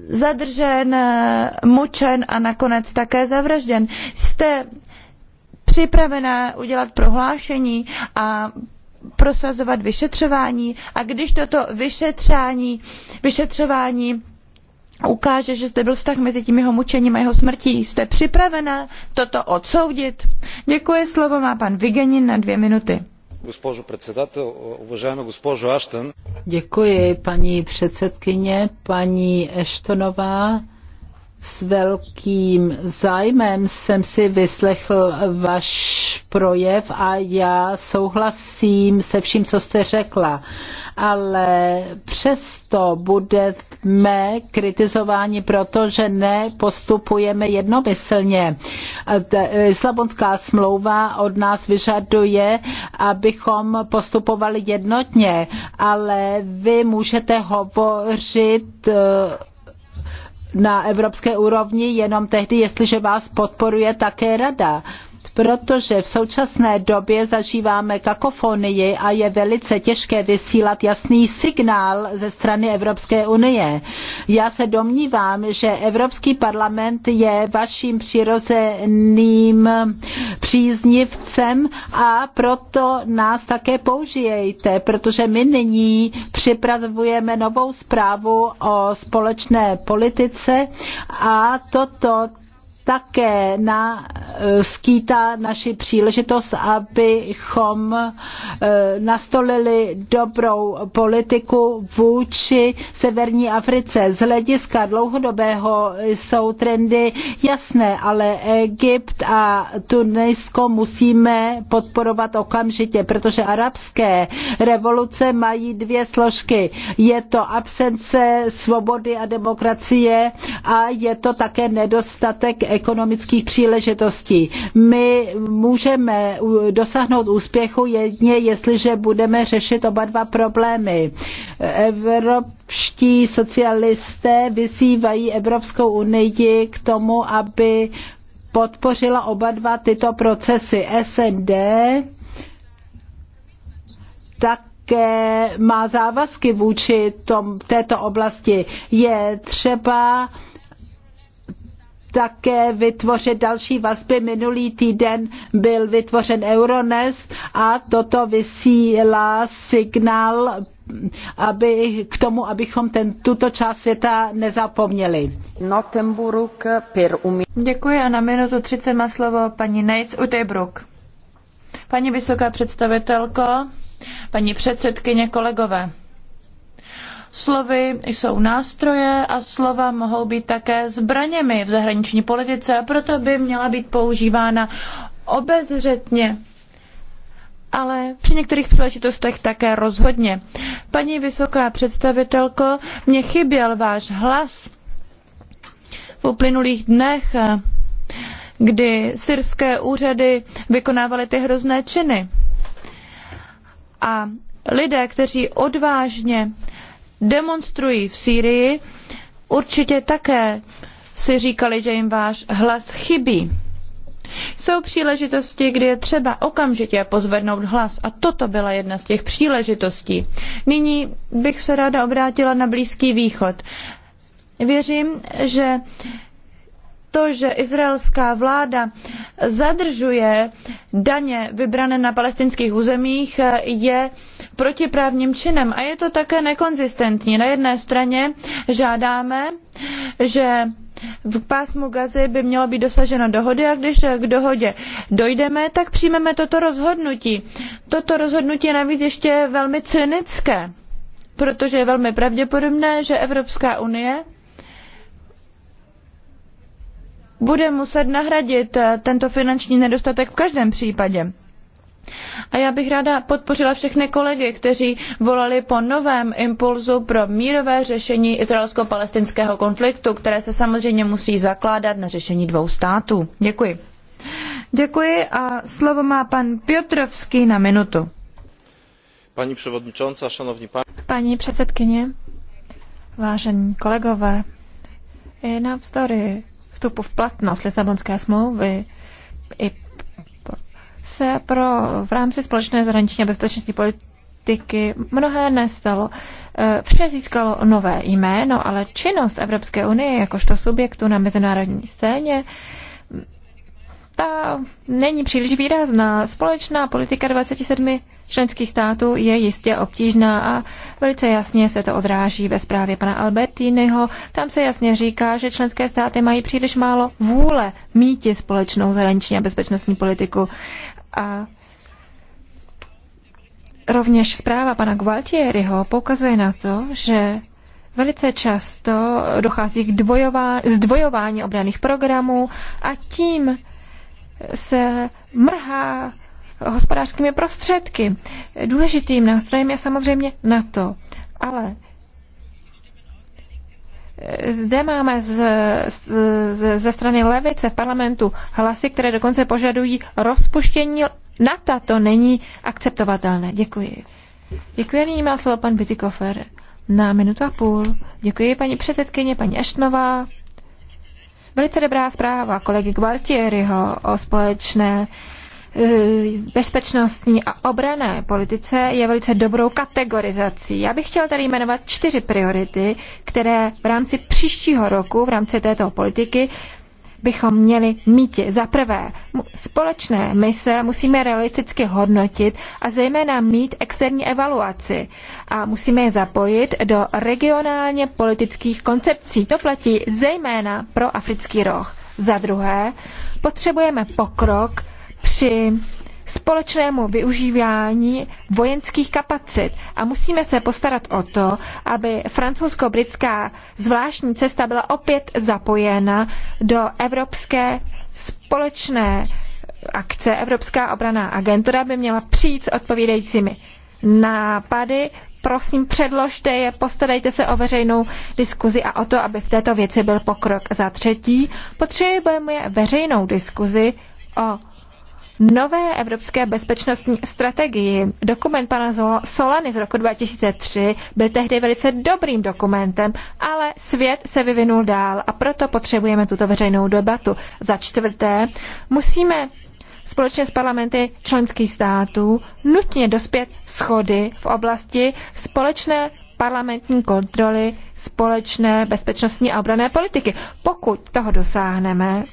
zadržen, eh, mučen a nakonec také zavražděn. Jste připravená udělat prohlášení a prosazovat vyšetřování a když toto vyšetřání, vyšetřování ukáže, že zde byl vztah mezi tím jeho mučením a jeho smrtí. Jste připravena toto odsoudit? Děkuji, slovo má pan Vigenin na dvě minuty госпожо председател. Уважаема госпожо Аштън. Děkuji, paní předsedkyně, paní Eštonová s velkým zájmem jsem si vyslechl váš projev a já souhlasím se vším, co jste řekla. Ale přesto budeme kritizováni proto, že nepostupujeme jednomyslně. Slabonská smlouva od nás vyžaduje, abychom postupovali jednotně, ale vy můžete hovořit eh, na evropské úrovni jenom tehdy, jestliže vás podporuje také rada protože v současné době zažíváme kakofonii a je velice těžké vysílat jasný signál ze strany Evropské unie. Já se domnívám, že Evropský parlament je vaším přirozeným příznivcem a proto nás také použijejte, protože my nyní připravujeme novou zprávu o společné politice a toto také na, eh, skýtá naši příležitost, abychom eh, nastolili dobrou politiku vůči Severní Africe. Z hlediska dlouhodobého jsou trendy jasné, ale Egypt a Tunisko musíme podporovat okamžitě, protože arabské revoluce mají dvě složky. Je to absence svobody a demokracie a je to také nedostatek ekonomických příležitostí. My můžeme dosáhnout úspěchu jedně, jestliže budeme řešit oba dva problémy. Evropští socialisté vysívají Evropskou unii k tomu, aby podpořila oba dva tyto procesy. SND tak má závazky vůči tom, této oblasti. Je třeba také vytvořit další vazby. Minulý týden byl vytvořen Euronest a toto vysílá signál aby, k tomu, abychom ten, tuto část světa nezapomněli. per Děkuji a na minutu 30 má slovo paní Nejc Utebruk. Paní vysoká představitelko, paní předsedkyně, kolegové. Slovy jsou nástroje a slova mohou být také zbraněmi v zahraniční politice a proto by měla být používána obezřetně ale při některých příležitostech také rozhodně. Paní vysoká představitelko, mě chyběl váš hlas v uplynulých dnech, kdy syrské úřady vykonávaly ty hrozné činy. A lidé, kteří odvážně demonstrují v Sýrii, určitě také si říkali, že jim váš hlas chybí. Jsou příležitosti, kdy je třeba okamžitě pozvednout hlas a toto byla jedna z těch příležitostí. Nyní bych se ráda obrátila na Blízký východ. Věřím, že to, že izraelská vláda zadržuje daně vybrané na palestinských územích, je protiprávním činem a je to také nekonzistentní. Na jedné straně žádáme, že v pásmu Gazy by mělo být dosaženo dohody a když k dohodě dojdeme, tak přijmeme toto rozhodnutí. Toto rozhodnutí je navíc ještě velmi cynické, protože je velmi pravděpodobné, že Evropská unie bude muset nahradit eh, tento finanční nedostatek v každém případě. A já bych ráda podpořila všechny kolegy, kteří volali po novém impulzu pro mírové řešení izraelsko-palestinského konfliktu, které se samozřejmě musí zakládat na řešení dvou států. Děkuji. Děkuji a slovo má pan Piotrovský na minutu. Paní převodničonca, šanovní pan... Paní předsedkyně, vážení kolegové, na navzdory vstupu v platnost Lisabonské smlouvy i se pro v rámci společné zahraniční a bezpečnostní politiky mnohé nestalo. Eh, vše získalo nové jméno, ale činnost Evropské unie jakožto subjektu na mezinárodní scéně ta není příliš výrazná. Společná politika 27 členských států je jistě obtížná a velice jasně se to odráží ve zprávě pana Albertiniho. Tam se jasně říká, že členské státy mají příliš málo vůle míti společnou zahraniční a bezpečnostní politiku. A rovněž zpráva pana Gualtieriho poukazuje na to, že velice často dochází k dvojová, zdvojování obraných programů a tím se mrhá hospodářskými prostředky. Důležitým nástrojem je samozřejmě NATO, ale zde máme z, z, z, ze strany levice v parlamentu hlasy, které dokonce požadují rozpuštění NATO. To není akceptovatelné. Děkuji. Děkuji, nyní má slovo pan Bytikofer na minutu a půl. Děkuji paní předsedkyně, paní Eštnová. Velice dobrá zpráva kolegy Gualtieriho o společné Eh, bezpečnostní a obrané politice je velice dobrou kategorizací. Já bych chtěl tady jmenovat čtyři priority, které v rámci příštího roku, v rámci této politiky, bychom měli mít. Za prvé, společné mise musíme realisticky hodnotit a zejména mít externí evaluaci a musíme je zapojit do regionálně politických koncepcí. To platí zejména pro africký roh. Za druhé, potřebujeme pokrok při společnému využívání vojenských kapacit a musíme se postarat o to, aby francouzsko-britská zvláštní cesta byla opět zapojena do evropské společné akce. Evropská obraná agentura by měla přijít s odpovídajícími nápady. Prosím, předložte je, postarejte se o veřejnou diskuzi a o to, aby v této věci byl pokrok. Za třetí, potřebujeme veřejnou diskuzi o nové evropské bezpečnostní strategii. Dokument pana Solany z roku 2003 byl tehdy velice dobrým dokumentem, ale svět se vyvinul dál a proto potřebujeme tuto veřejnou debatu. Za čtvrté, musíme společně s parlamenty členských států nutně dospět schody v oblasti společné parlamentní kontroly společné bezpečnostní a obranné politiky. Pokud toho dosáhneme,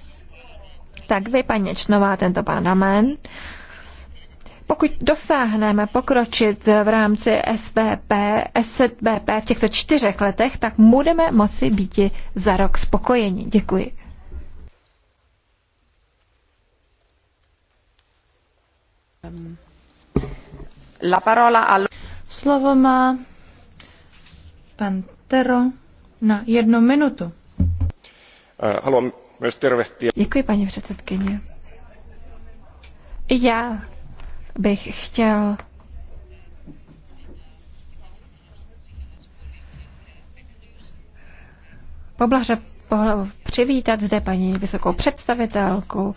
tak vy, paní Čnová, tento parlament, pokud dosáhneme pokročit v rámci SBP, SZBP v těchto čtyřech letech, tak budeme moci být za rok spokojeni. Děkuji. La parola al... Slovo má pan Tero na jednu minutu. Uh, eh, hello. Děkuji, paní předsedkyně. I já bych chtěl poblaře přivítat zde paní vysokou představitelku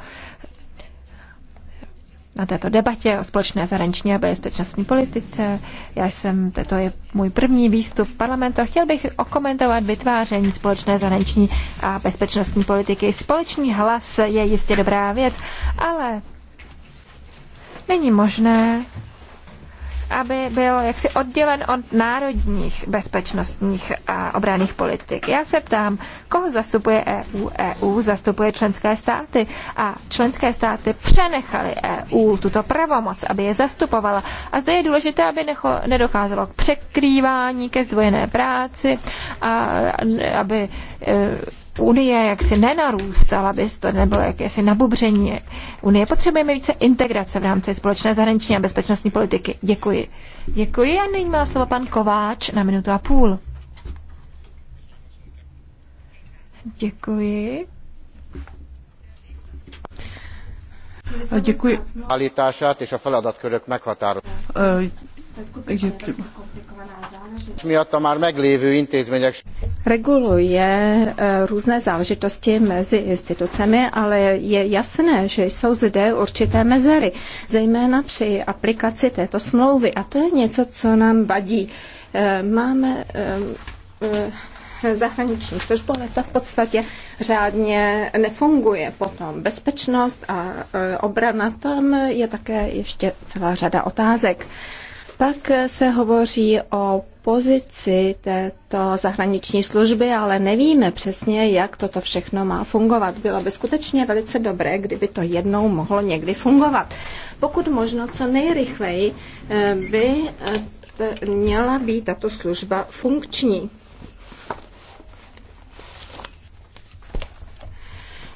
na této debatě o společné zahraniční a bezpečnostní politice. Já jsem, to je můj první výstup v parlamentu a chtěl bych okomentovat vytváření společné zahraniční a bezpečnostní politiky. Společný hlas je jistě dobrá věc, ale není možné, aby byl jaksi oddělen od národních bezpečnostních a obranných politik. Já se ptám, koho zastupuje EU? EU zastupuje členské státy a členské státy přenechaly EU tuto pravomoc, aby je zastupovala. A zde je důležité, aby necho, nedokázalo k překrývání, ke zdvojené práci a aby e, Unie jaksi nenarůstala, aby to nebylo jakési nabubření Unie. Potřebujeme více integrace v rámci společné zahraniční a bezpečnostní politiky. Děkuji. Děkuji a nyní má slovo pan Kováč na minutu a půl. Děkuji. Děkuji. Děkuji je třeba miatt már meglévő intézmények reguluje eh, různé záležitosti mezi institucemi, ale je jasné, že jsou zde určité mezery, zejména při aplikaci této smlouvy. A to je něco, co nám vadí. Eh, máme eh, zahraniční službu, ale ta v podstatě řádně nefunguje. Potom bezpečnost a obrana, tam je také ještě celá řada otázek. Pak se hovoří o pozici této zahraniční služby, ale nevíme přesně, jak toto všechno má fungovat. Bylo by skutečně velice dobré, kdyby to jednou mohlo někdy fungovat. Pokud možno co nejrychleji eh, by eh, měla být tato služba funkční.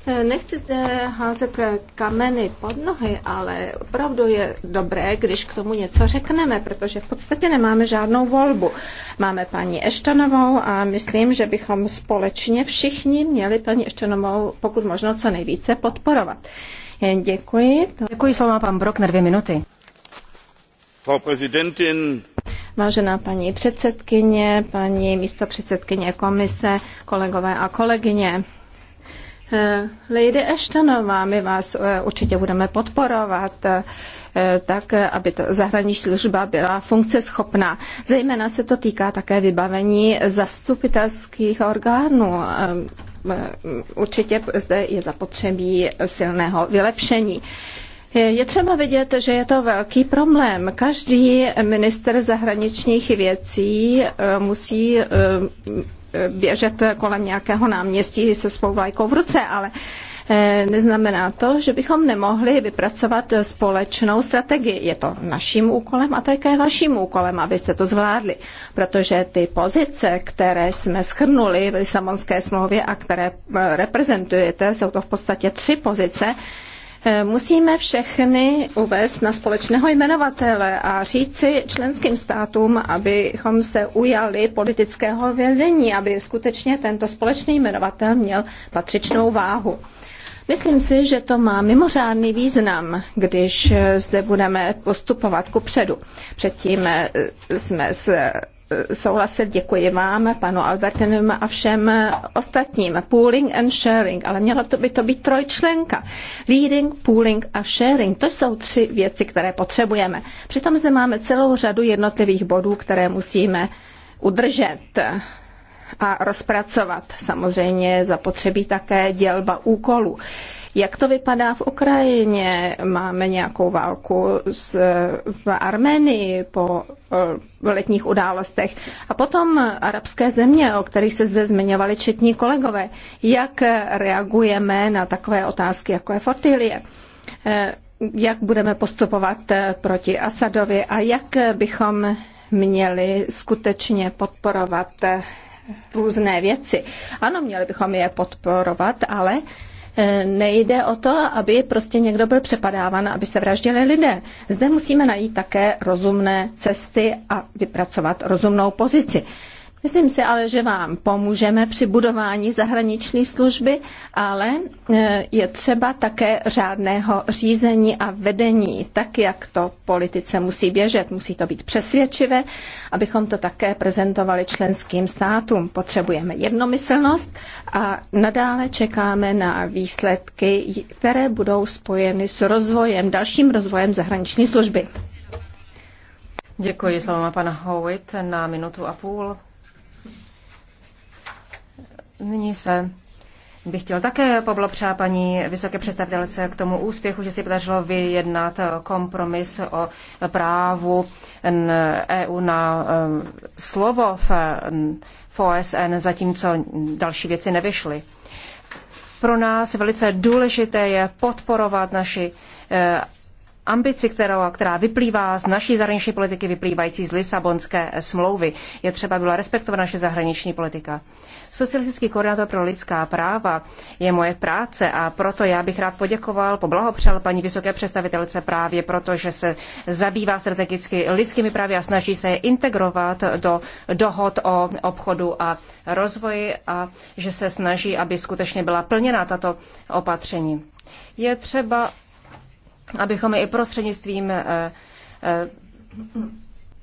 Eh, nechci zde házet eh, kameny pod nohy, ale opravdu je dobré, když k tomu něco řekneme, protože v podstatě nemáme žádnou volbu. Máme paní Eštanovou a myslím, že bychom společně všichni měli paní Eštanovou pokud možno co nejvíce podporovat. Jen eh, děkuji. Děkuji slova pan Brok na dvě minuty. Frau Präsidentin, Vážená paní předsedkyně, paní místopředsedkyně komise, kolegové a kolegyně, Eh, Lady Ashtonová, my vás eh, určitě budeme podporovat eh, tak, aby ta zahraniční služba byla funkce schopná. Zejména se to týká také vybavení zastupitelských orgánů. Určitě zde je zapotřebí silného vylepšení. Je třeba vidět, že je to velký problém. Každý minister zahraničních věcí musí běžet kolem nějakého náměstí se svou vlajkou v ruce, ale eh, neznamená to, že bychom nemohli vypracovat společnou strategii. Je to naším úkolem a také vaším úkolem, abyste to zvládli, protože ty pozice, které jsme schrnuli v Lisabonské smlouvě a které eh, reprezentujete, jsou to v podstatě tři pozice, Eh, musíme všechny uvést na společného jmenovatele a říci členským státům, abychom se ujali politického vězení, aby skutečně tento společný jmenovatel měl patřičnou váhu. Myslím si, že to má mimořádný význam, když eh, zde budeme postupovat ku předu. Předtím eh, jsme s souhlasit. Děkuji vám, panu Albertinem a všem ostatním. Pooling and sharing, ale měla to by to být trojčlenka. Leading, pooling a sharing. To jsou tři věci, které potřebujeme. Přitom zde máme celou řadu jednotlivých bodů, které musíme udržet a rozpracovat. Samozřejmě zapotřebí také dělba úkolů. Jak to vypadá v Ukrajině? Máme nějakou válku s, v Armenii po eh, letních událostech. A potom arabské země, o kterých se zde zmiňovali četní kolegové. Jak reagujeme na takové otázky, jako je Fortilie? Eh, jak budeme postupovat eh, proti Asadovi a jak bychom měli skutečně podporovat různé věci. Ano, měli bychom je podporovat, ale E, nejde o to, aby prostě někdo byl přepadáván, aby se vraždili lidé. Zde musíme najít také rozumné cesty a vypracovat rozumnou pozici. Myslím si ale, že vám pomůžeme při budování zahraniční služby, ale e, je třeba také řádného řízení a vedení, tak jak to politice musí běžet. Musí to být přesvědčivé, abychom to také prezentovali členským státům. Potřebujeme jednomyslnost a nadále čekáme na výsledky, které budou spojeny s rozvojem, dalším rozvojem zahraniční služby. Děkuji, slovo má pana Howitt na minutu a půl nyní se bych chtěl také poblopřát paní vysoké představitelce k tomu úspěchu, že si podařilo vyjednat kompromis o právu EU na slovo v, v OSN, zatímco další věci nevyšly. Pro nás velice důležité je podporovat naši eh, ambici, která, která vyplývá z naší zahraniční politiky, vyplývající z Lisabonské smlouvy. Je třeba byla respektována naše zahraniční politika. Socialistický koordinátor pro lidská práva je moje práce a proto já bych rád poděkoval, poblahopřál paní vysoké představitelce právě proto, že se zabývá strategicky lidskými právy a snaží se je integrovat do dohod o obchodu a rozvoji a že se snaží, aby skutečně byla plněna tato opatření. Je třeba abychom i prostřednictvím eh, eh,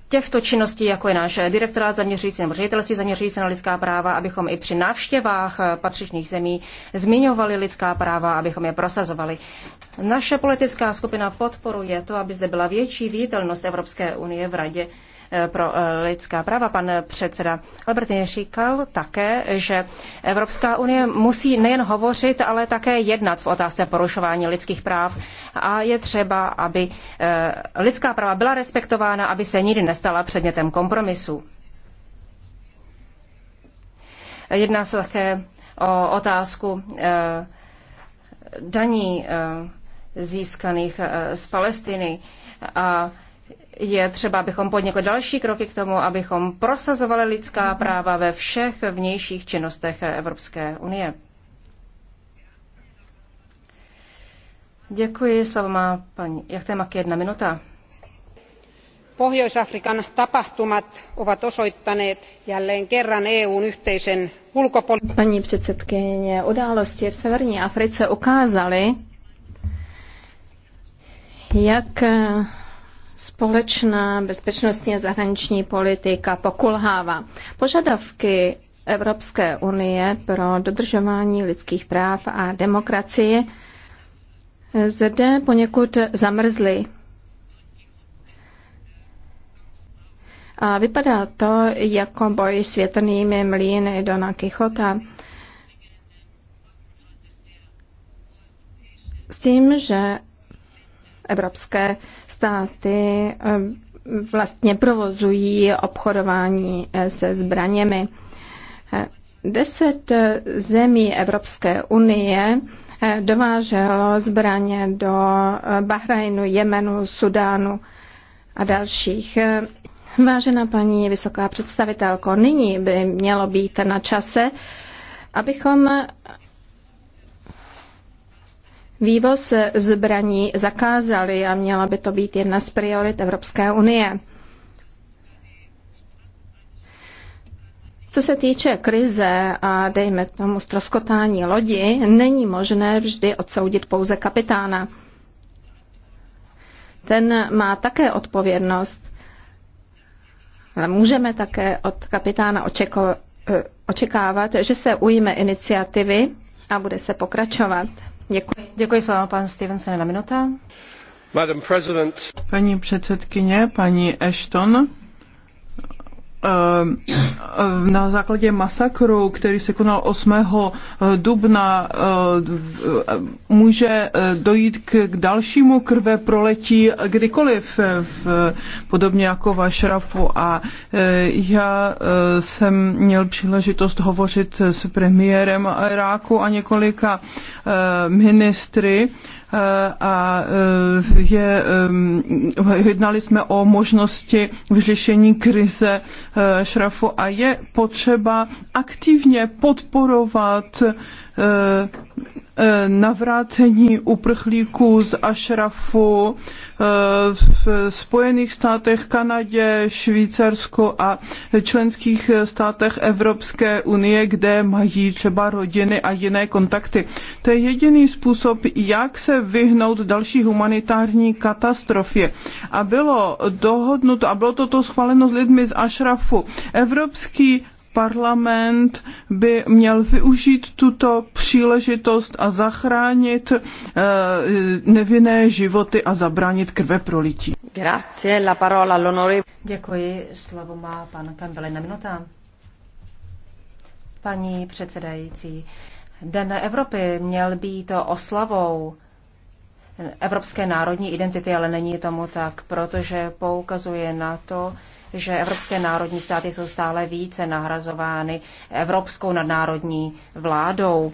těchto činností, jako je náš direktorát zaměřující se, nebo ředitelství zaměřující se na lidská práva, abychom i při návštěvách eh, patřičných zemí zmiňovali lidská práva, abychom je prosazovali. Naše politická skupina podporuje to, aby zde byla větší viditelnost Evropské unie v Radě Eh, pro eh, lidská práva. Pan předseda Albertini říkal také, že Evropská unie musí nejen hovořit, ale také jednat v otázce porušování lidských práv a je třeba, aby eh, lidská práva byla respektována, aby se nikdy nestala předmětem kompromisu. Jedná se také o otázku daní získaných z Palestiny a je třeba, abychom podnikli další kroky k tomu, abychom prosazovali lidská práva ve všech vnějších činnostech Evropské unie. Děkuji, slovo má paní. Jak to je jedna minuta? Pohjois-Afrikan tapahtumat ovat osoittaneet jälleen kerran EUn yhteisen ulkopolitiikan. Paní předsedkyně, události v severní Africe ukázaly, jak Společná bezpečnostně zahraniční politika pokulhává. Požadavky Evropské unie pro dodržování lidských práv a demokracie zde poněkud zamrzly. A vypadá to jako boj s větrnými mlíny Dona Kichota. S tím, že evropské státy eh, vlastně provozují obchodování eh, se zbraněmi. Eh, deset zemí Evropské unie dováželo zbraně do Bahrajnu, Jemenu, Sudánu a dalších. Vážená paní vysoká představitelko, nyní by mělo být na čase, abychom Vývoz zbraní zakázali a měla by to být jedna z priorit Evropské unie. Co se týče krize a dejme tomu stroskotání lodi, není možné vždy odsoudit pouze kapitána. Ten má také odpovědnost, ale můžeme také od kapitána očeko, eh, očekávat, že se ujme iniciativy a bude se pokračovat. Děkuji. Děkuji slovo, pan Stevenson, na minuta. Paní předsedkyně, paní Ashton, Eh, na základě masakru, který se konal 8. Eh, dubna, eh, může dojít k dalšímu krve proletí kdykoliv, v, podobně jako v Ašrafu. A já jsem měl příležitost hovořit s premiérem Iráku a několika ministry, Eh, a eh, je, eh, jednali jsme o možnosti vyřešení krize šrafu a je potřeba aktivně podporovat Eh, navrácení uprchlíků z Ašrafu eh, v Spojených státech, Kanadě, Švýcarsku a členských státech Evropské unie, kde mají třeba rodiny a jiné kontakty. To je jediný způsob, jak se vyhnout další humanitární katastrofě. A bylo dohodnuto, a bylo toto schváleno s lidmi z Ašrafu. Evropský parlament by měl využít tuto příležitost a zachránit eh, nevinné životy a zabránit krve prolití. Grazie, la parola Děkuji, slovo má pan Campbell na Paní předsedající, Den Evropy měl být oslavou evropské národní identity, ale není tomu tak, protože poukazuje na to, že evropské národní státy jsou stále více nahrazovány evropskou nadnárodní vládou.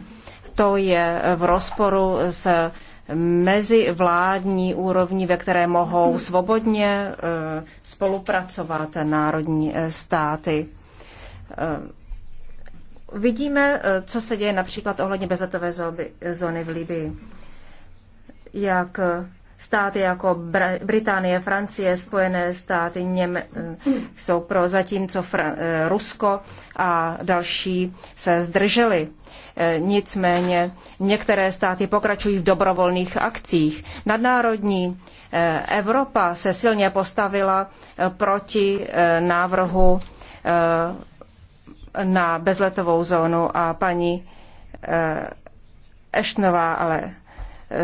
To je v rozporu s mezivládní úrovní, ve které mohou svobodně eh, spolupracovat národní eh, státy. Eh, vidíme, co se děje například ohledně bezletové zóny v Libii jak státy jako Británie, Francie, Spojené státy Něm, jsou pro, zatímco Fr- eh, Rusko a další se zdrželi. Eh, nicméně některé státy pokračují v dobrovolných akcích. Nadnárodní eh, Evropa se silně postavila proti návrhu na bezletovou zónu a paní Eštnová ale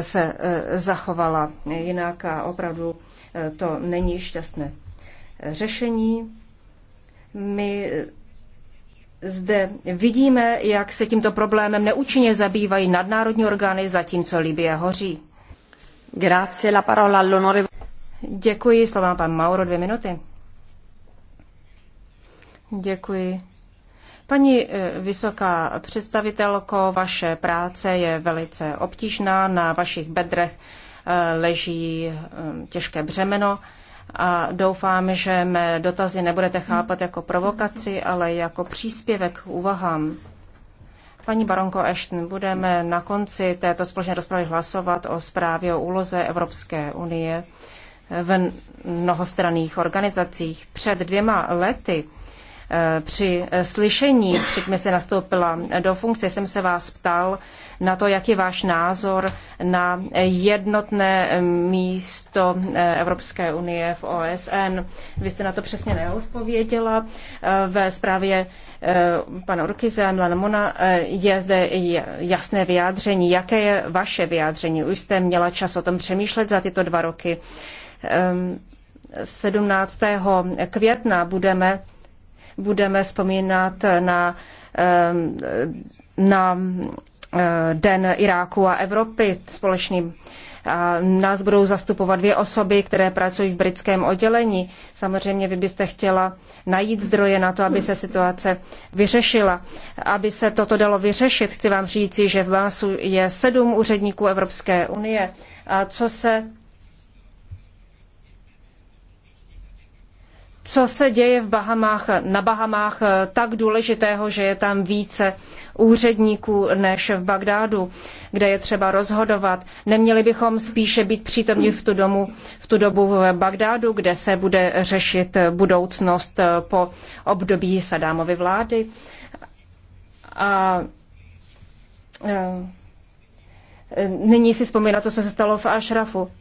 se e, zachovala jinak a opravdu e, to není šťastné řešení. My zde vidíme, jak se tímto problémem neúčinně zabývají nadnárodní orgány, zatímco Libie hoří. Grazie la parola all'onore. Děkuji, slova pan Mauro, dvě minuty. Děkuji. Paní eh, vysoká představitelko, vaše práce je velice obtížná, na vašich bedrech eh, leží eh, těžké břemeno a doufám, že mé dotazy nebudete chápat jako provokaci, ale jako příspěvek k úvahám. Paní baronko Ashton, budeme na konci této společné rozpravy hlasovat o zprávě o úloze Evropské unie v mnohostranných organizacích. Před dvěma lety Eh, při eh, slyšení, předtím se nastoupila eh, do funkce, jsem se vás ptal na to, jaký je váš názor na jednotné místo Evropské unie v OSN. Vy jste na to přesně neodpověděla. Ve zprávě pana Urkize a Mona je zde jasné vyjádření. Jaké je vaše vyjádření? Už jste měla čas o tom přemýšlet za tyto dva roky. 17. Ehm, května budeme budeme vzpomínat na, na eh, Den Iráku a Evropy společným. A nás budou zastupovat dvě osoby, které pracují v britském oddělení. Samozřejmě vy byste chtěla najít zdroje na to, aby se situace vyřešila. Aby se toto dalo vyřešit, chci vám říci, že v vás je sedm úředníků Evropské unie. A co se co se děje v Bahamách, na Bahamách eh, tak důležitého, že je tam více úředníků než v Bagdádu, kde je třeba rozhodovat. Neměli bychom spíše být přítomni v tu, domu, v tu dobu v Bagdádu, kde se bude řešit budoucnost eh, po období Sadámovy vlády. A, a eh, Nyní si vzpomíná to, co se stalo v Ašrafu.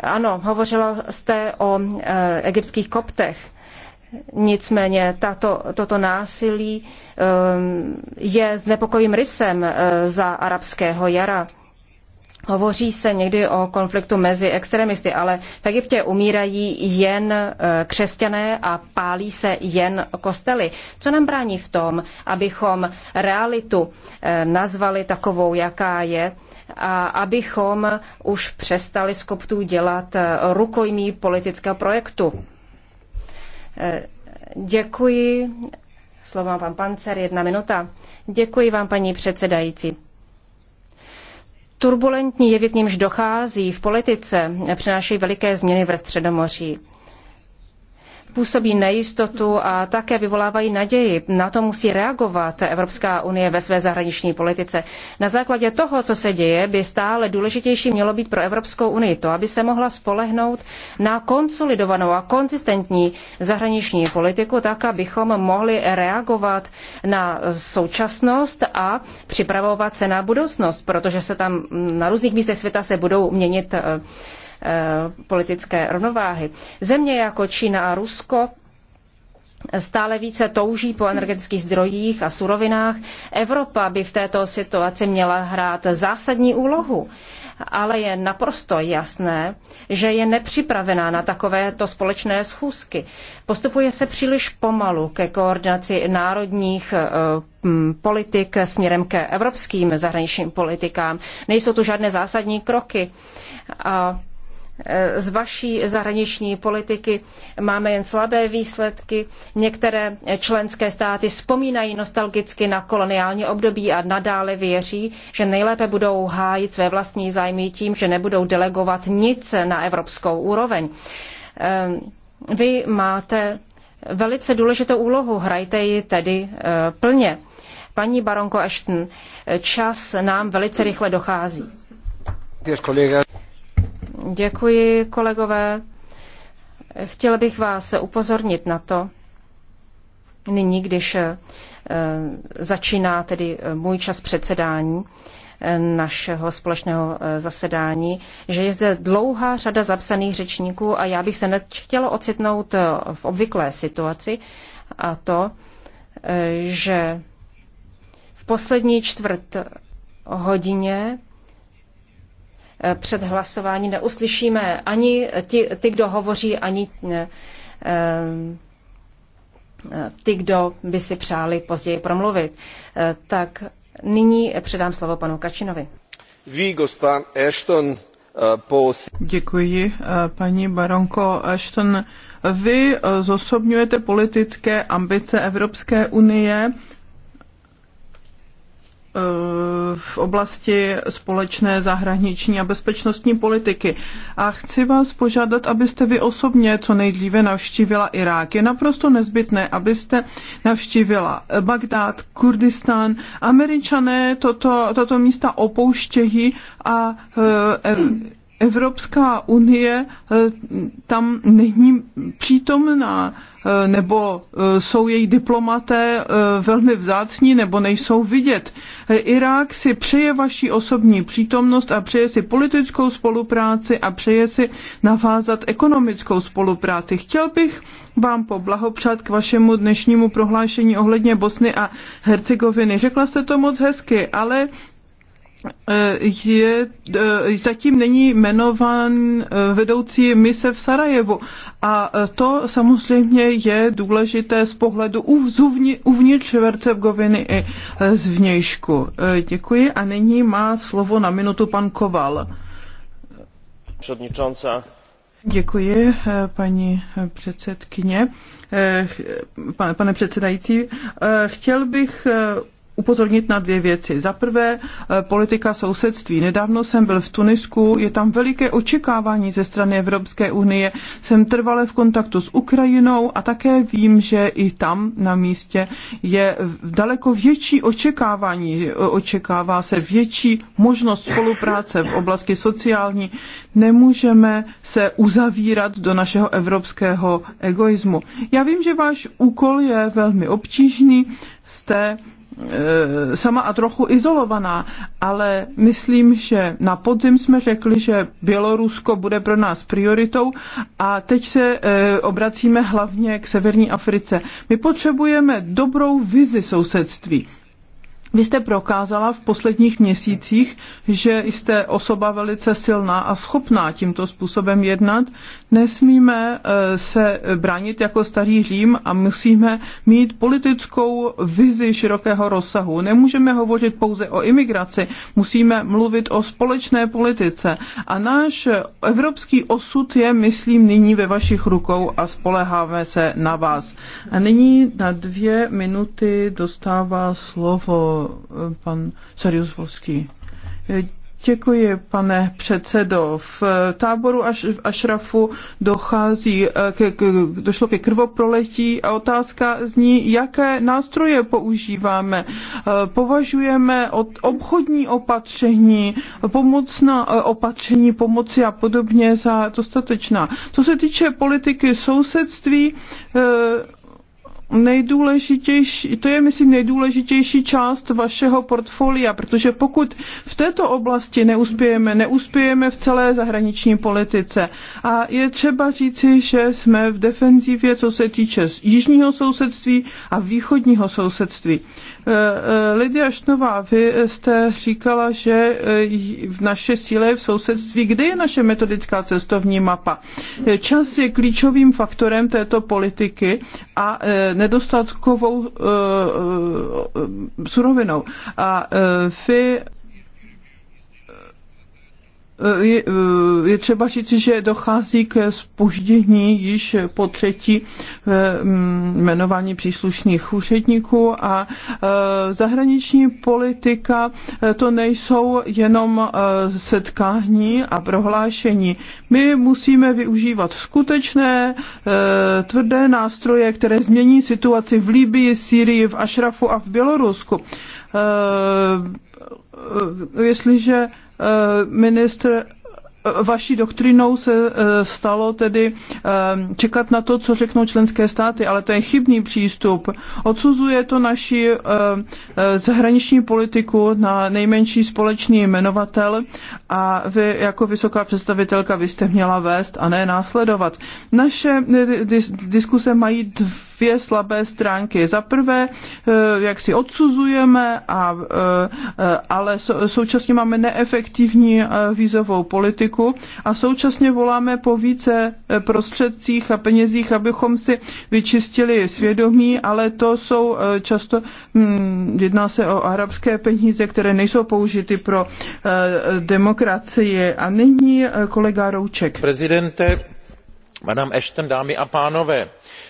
Ano, hovořila jste o e, egyptských koptech. Nicméně tato, toto násilí e, je znepokojivým rysem e, za arabského jara. Hovoří se někdy o konfliktu mezi extremisty, ale v Egyptě umírají jen křesťané a pálí se jen kostely. Co nám brání v tom, abychom realitu nazvali takovou, jaká je? a abychom už přestali z koptů dělat eh, rukojmí politického projektu. Eh, děkuji. Slovo má pan Pancer, jedna minuta. Děkuji vám, paní předsedající. Turbulentní jevy, k nímž dochází v politice, eh, přináší veliké změny ve Středomoří působí nejistotu a také vyvolávají naději. Na to musí reagovat Evropská unie ve své zahraniční politice. Na základě toho, co se děje, by stále důležitější mělo být pro Evropskou unii to, aby se mohla spolehnout na konsolidovanou a konzistentní zahraniční politiku, tak abychom mohli reagovat na současnost a připravovat se na budoucnost, protože se tam na různých místech světa se budou měnit eh, Eh, politické rovnováhy. Země jako Čína a Rusko stále více touží po energetických zdrojích a surovinách. Evropa by v této situaci měla hrát zásadní úlohu, ale je naprosto jasné, že je nepřipravená na takovéto společné schůzky. Postupuje se příliš pomalu ke koordinaci národních eh, politik směrem ke evropským zahraničním politikám. Nejsou tu žádné zásadní kroky. A z vaší zahraniční politiky máme jen slabé výsledky. Některé členské státy vzpomínají nostalgicky na koloniální období a nadále věří, že nejlépe budou hájit své vlastní zájmy tím, že nebudou delegovat nic na evropskou úroveň. Ehm, vy máte velice důležitou úlohu, hrajte ji tedy eh, plně. Paní baronko Ashton, čas nám velice rychle dochází. Děkuji, kolegové. Chtěl bych vás upozornit na to, nyní, když eh, začíná tedy eh, můj čas předsedání eh, našeho společného zasedání, že je zde dlouhá řada zapsaných řečníků a já bych se nechtěla ocitnout v obvyklé situaci a to, že v poslední čtvrt hodině Eh, před hlasováním neuslyšíme ani ty, ty kdo hovoří, ani eh, eh, ty, kdo by si přáli později promluvit. Tak nyní předám slovo panu Kačinovi. Vy, gospán Ashton, Děkuji, paní baronko Ashton. Vy zosobňujete politické ambice Evropské unie v oblasti společné zahraniční a bezpečnostní politiky. A chci vás požádat, abyste vy osobně co nejdříve navštívila Irák. Je naprosto nezbytné, abyste navštívila Bagdád, Kurdistán. Američané toto, toto místa opouštějí a eh, Evropská unie eh, tam není přítomná Eh, nebo eh, jsou její diplomaté eh, velmi vzácní, nebo nejsou vidět. Irák si přeje vaší osobní přítomnost a přeje si politickou spolupráci a přeje si navázat ekonomickou spolupráci. Chtěl bych vám poblahopřát k vašemu dnešnímu prohlášení ohledně Bosny a Hercegoviny. Řekla jste to moc hezky, ale je, eh, zatím není jmenován eh, vedoucí mise v Sarajevu. A eh, to samozřejmě je důležité z pohledu uvnitř Vercevgoviny i zvnějšku. Děkuji a nyní má slovo na minutu pan Koval. Předničonca. Děkuji, paní předsedkyně. Pane, pane předsedající, chtěl bych upozornit na dvě věci. Za prvé, eh, politika sousedství. Nedávno jsem byl v Tunisku, je tam veliké očekávání ze strany Evropské unie. Jsem trvale v kontaktu s Ukrajinou a také vím, že i tam na místě je daleko větší očekávání. Eh, očekává se větší možnost spolupráce v oblasti sociální. Nemůžeme se uzavírat do našeho evropského egoismu. Já vím, že váš úkol je velmi obtížný. Jste Eh, sama a trochu izolovaná, ale myslím, že na podzim jsme řekli, že Bělorusko bude pro nás prioritou a teď se eh, obracíme hlavně k Severní Africe. My potřebujeme dobrou vizi sousedství. Vy jste prokázala v posledních měsících, že jste osoba velice silná a schopná tímto způsobem jednat. Nesmíme eh, se bránit jako starý Řím a musíme mít politickou vizi širokého rozsahu. Nemůžeme hovořit pouze o imigraci, musíme mluvit o společné politice. A náš evropský osud je, myslím, nyní ve vašich rukou a spoleháme se na vás. A nyní na dvě minuty dostává slovo pan Sarius Volský. Děkuji, pane předsedo. V táboru až v Ašrafu dochází eh, ke, k, došlo ke krvoproletí a otázka zní, jaké nástroje používáme. Eh, považujeme od obchodní opatření, pomocná eh, opatření pomoci a podobně za dostatečná. Co se týče politiky sousedství, nejdůležitější, to je, myslím, nejdůležitější část vašeho portfolia, protože pokud v této oblasti neuspějeme, neuspějeme v celé zahraniční politice. A je třeba říci, že jsme v defenzivě, co se týče jižního sousedství a východního sousedství. Eh, eh, Lidia Šnová, vy jste říkala, že eh, v naše síle je v sousedství. Kde je naše metodická cestovní mapa? Čas je klíčovým faktorem této politiky a nedostatkovou surovinou. A vy je, třeba říci, že dochází k spoždění již po třetí eh, mm, jmenování příslušných úředníků a eh, zahraniční politika eh, to nejsou jenom setkání a prohlášení. My musíme využívat skutečné tvrdé nástroje, které změní situaci v Líbii, Sýrii, v Ašrafu a v Bělorusku. Jestliže Eh, ministr eh, vaší doktrínou se eh, stalo tedy čekat na to, co řeknou členské státy, ale to je chybný přístup. Odsuzuje to naši zahraniční politiku na nejmenší společný jmenovatel a vy jako vysoká představitelka byste měla vést a ne následovat. Naše diskuse mají dv dvě slabé stránky. Za prvé, eh, jak si odsuzujeme, a, eh, eh, ale současně máme neefektivní vízovou politiku a současně voláme po více prostředcích a penězích, abychom si vyčistili svědomí, ale to jsou často, hm, jedná se o arabské peníze, které nejsou použity pro demokracii. A nyní kolega Rouček. Prezidente, madame Ashton, dámy a pánové,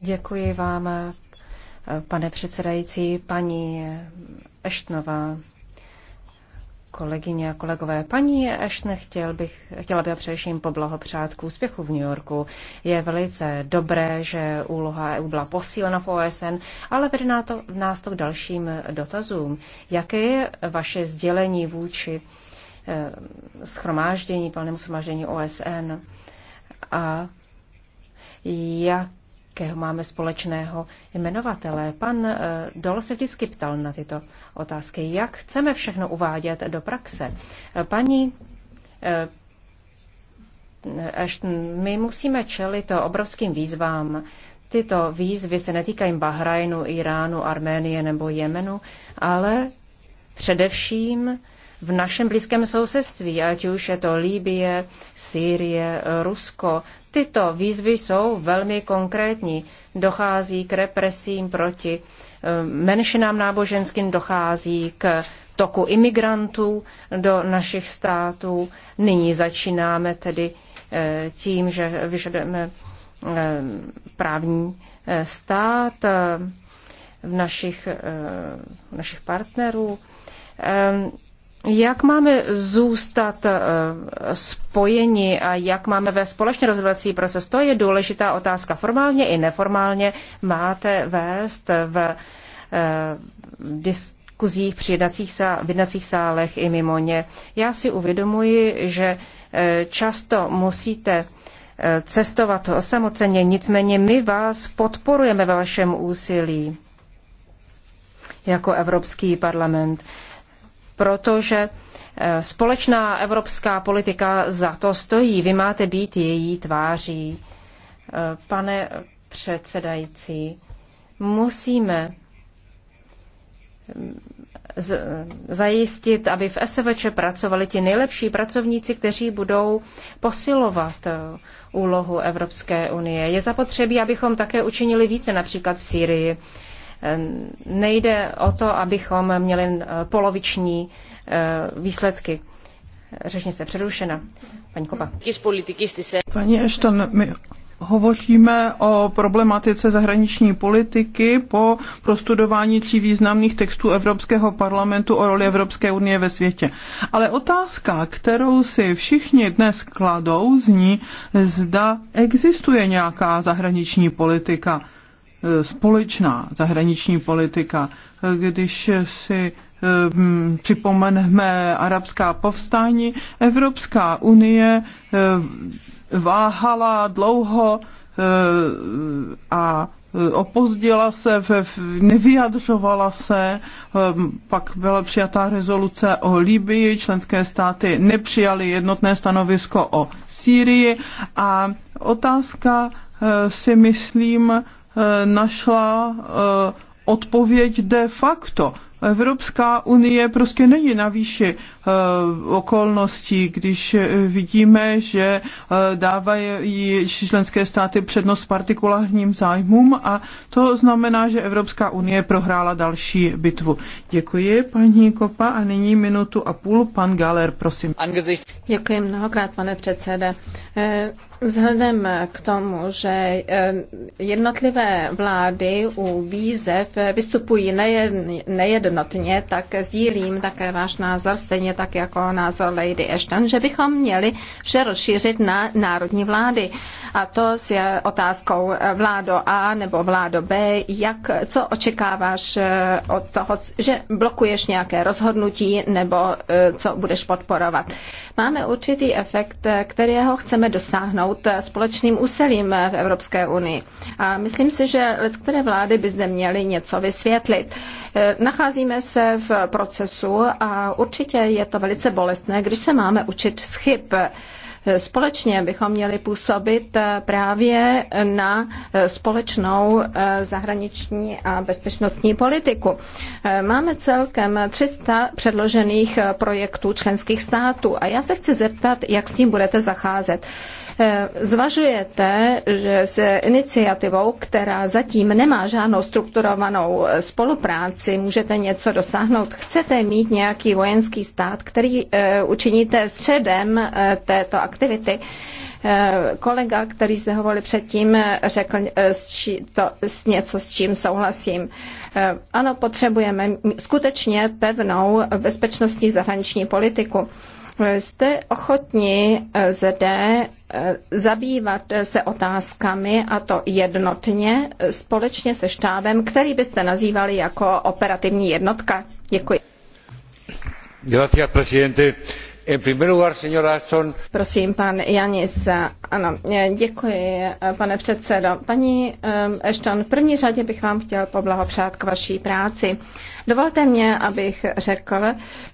Děkuji vám, pane předsedající, paní Eštnová, kolegyně a kolegové. Paní Eštne, chtěl bych, chtěla bych především poblahopřát k úspěchu v New Yorku. Je velice dobré, že úloha EU byla posílena v OSN, ale vede nás to, nás to k dalším dotazům. Jaké je vaše sdělení vůči eh, schromáždění, plnému schromáždění OSN? A jakého máme společného jmenovatele. Pan eh, Dol se vždycky ptal na tyto otázky, jak chceme všechno uvádět do praxe. Eh, paní eh, my musíme čelit obrovským výzvám. Tyto výzvy se netýkají Bahrajnu, Iránu, Arménie nebo Jemenu, ale především v našem blízkém sousedství, ať už je to Líbie, Sýrie, Rusko. Tyto výzvy jsou velmi konkrétní. Dochází k represím proti eh, menšinám náboženským, dochází k toku imigrantů do našich států. Nyní začínáme tedy eh, tím, že vyžadujeme eh, právní stát v našich, našich partnerů. Ehm, jak máme zůstat eh, spojeni a jak máme ve společně rozhodovací proces, to je důležitá otázka. Formálně i neformálně máte vést v eh, diskuzích při v jednacích sálech i mimo ně. Já si uvědomuji, že eh, často musíte cestovat osamoceně, nicméně my vás podporujeme ve vašem úsilí jako Evropský parlament protože eh, společná evropská politika za to stojí. Vy máte být její tváří. Eh, pane předsedající, musíme eh, zajistit, aby v SVČ pracovali ti nejlepší pracovníci, kteří budou posilovat úlohu Evropské unie. Je zapotřebí, abychom také učinili více například v Sýrii. Ehm, nejde o to, abychom měli eh, poloviční eh, výsledky. Řečnice přerušena. Paní Kopa. Paní Ešton, my Hovoříme o problematice zahraniční politiky po prostudování tří významných textů Evropského parlamentu o roli Evropské unie ve světě. Ale otázka, kterou si všichni dnes kladou, zní, zda existuje nějaká zahraniční politika společná zahraniční politika. Když si eh, připomeneme arabská povstání, Evropská unie eh, váhala dlouho eh, a opozdila se, nevyjadřovala se, pak byla přijatá rezoluce o Libii, členské státy nepřijaly jednotné stanovisko o Sýrii a otázka si myslím, Eh, našla eh, odpověď de facto. Evropská unie prostě není na výši eh, okolností, když vidíme, že dávají členské státy přednost partikulárním zájmům a to znamená, že Evropská unie prohrála další bitvu. Děkuji, paní Kopa, a nyní minutu a půl, pan Galer, prosím. Děkuji mnohokrát, pane předsede. Vzhledem k tomu, že eh, jednotlivé vlády u výzev vystupují nejednotně, tak sdílím také váš názor, stejně tak jako názor Lady Ashton, že bychom měli vše rozšířit na národní vlády. A to s eh, otázkou eh, vládo A nebo vládo B, jak, co očekáváš od toho, že blokuješ nějaké rozhodnutí nebo co budeš podporovat. Máme určitý efekt, kterého chceme dosáhnout dosáhnout společným úsilím v Evropské unii. A myslím si, že lidské vlády by zde měly něco vysvětlit. E, nacházíme se v procesu a určitě je to velice bolestné, když se máme učit z chyb e, společně bychom měli působit e, právě na společnou zahraniční a bezpečnostní politiku. Máme celkem 300 předložených projektů členských států a já se chci zeptat, jak s tím budete zacházet. Eh, zvažujete, že s iniciativou, která zatím nemá žádnou strukturovanou eh, spolupráci, můžete něco dosáhnout? Chcete mít nějaký vojenský stát, který eh, učiníte středem této aktivity? kolega, který zde hovoril předtím, řekl s či, to, s něco, s čím souhlasím. Ano, potřebujeme skutečně pevnou bezpečnostní zahraniční politiku. Jste ochotni eh, zde eh, zabývat eh, se otázkami a to jednotně společně se štábem, který byste nazývali jako operativní jednotka? Děkuji. Gracias, presidente. Prosím, pan Janis. Ano, děkuji, pane předsedo. Paní Ashton, v první řadě bych vám chtěl poblahopřát k vaší práci. Dovolte mě, abych řekl,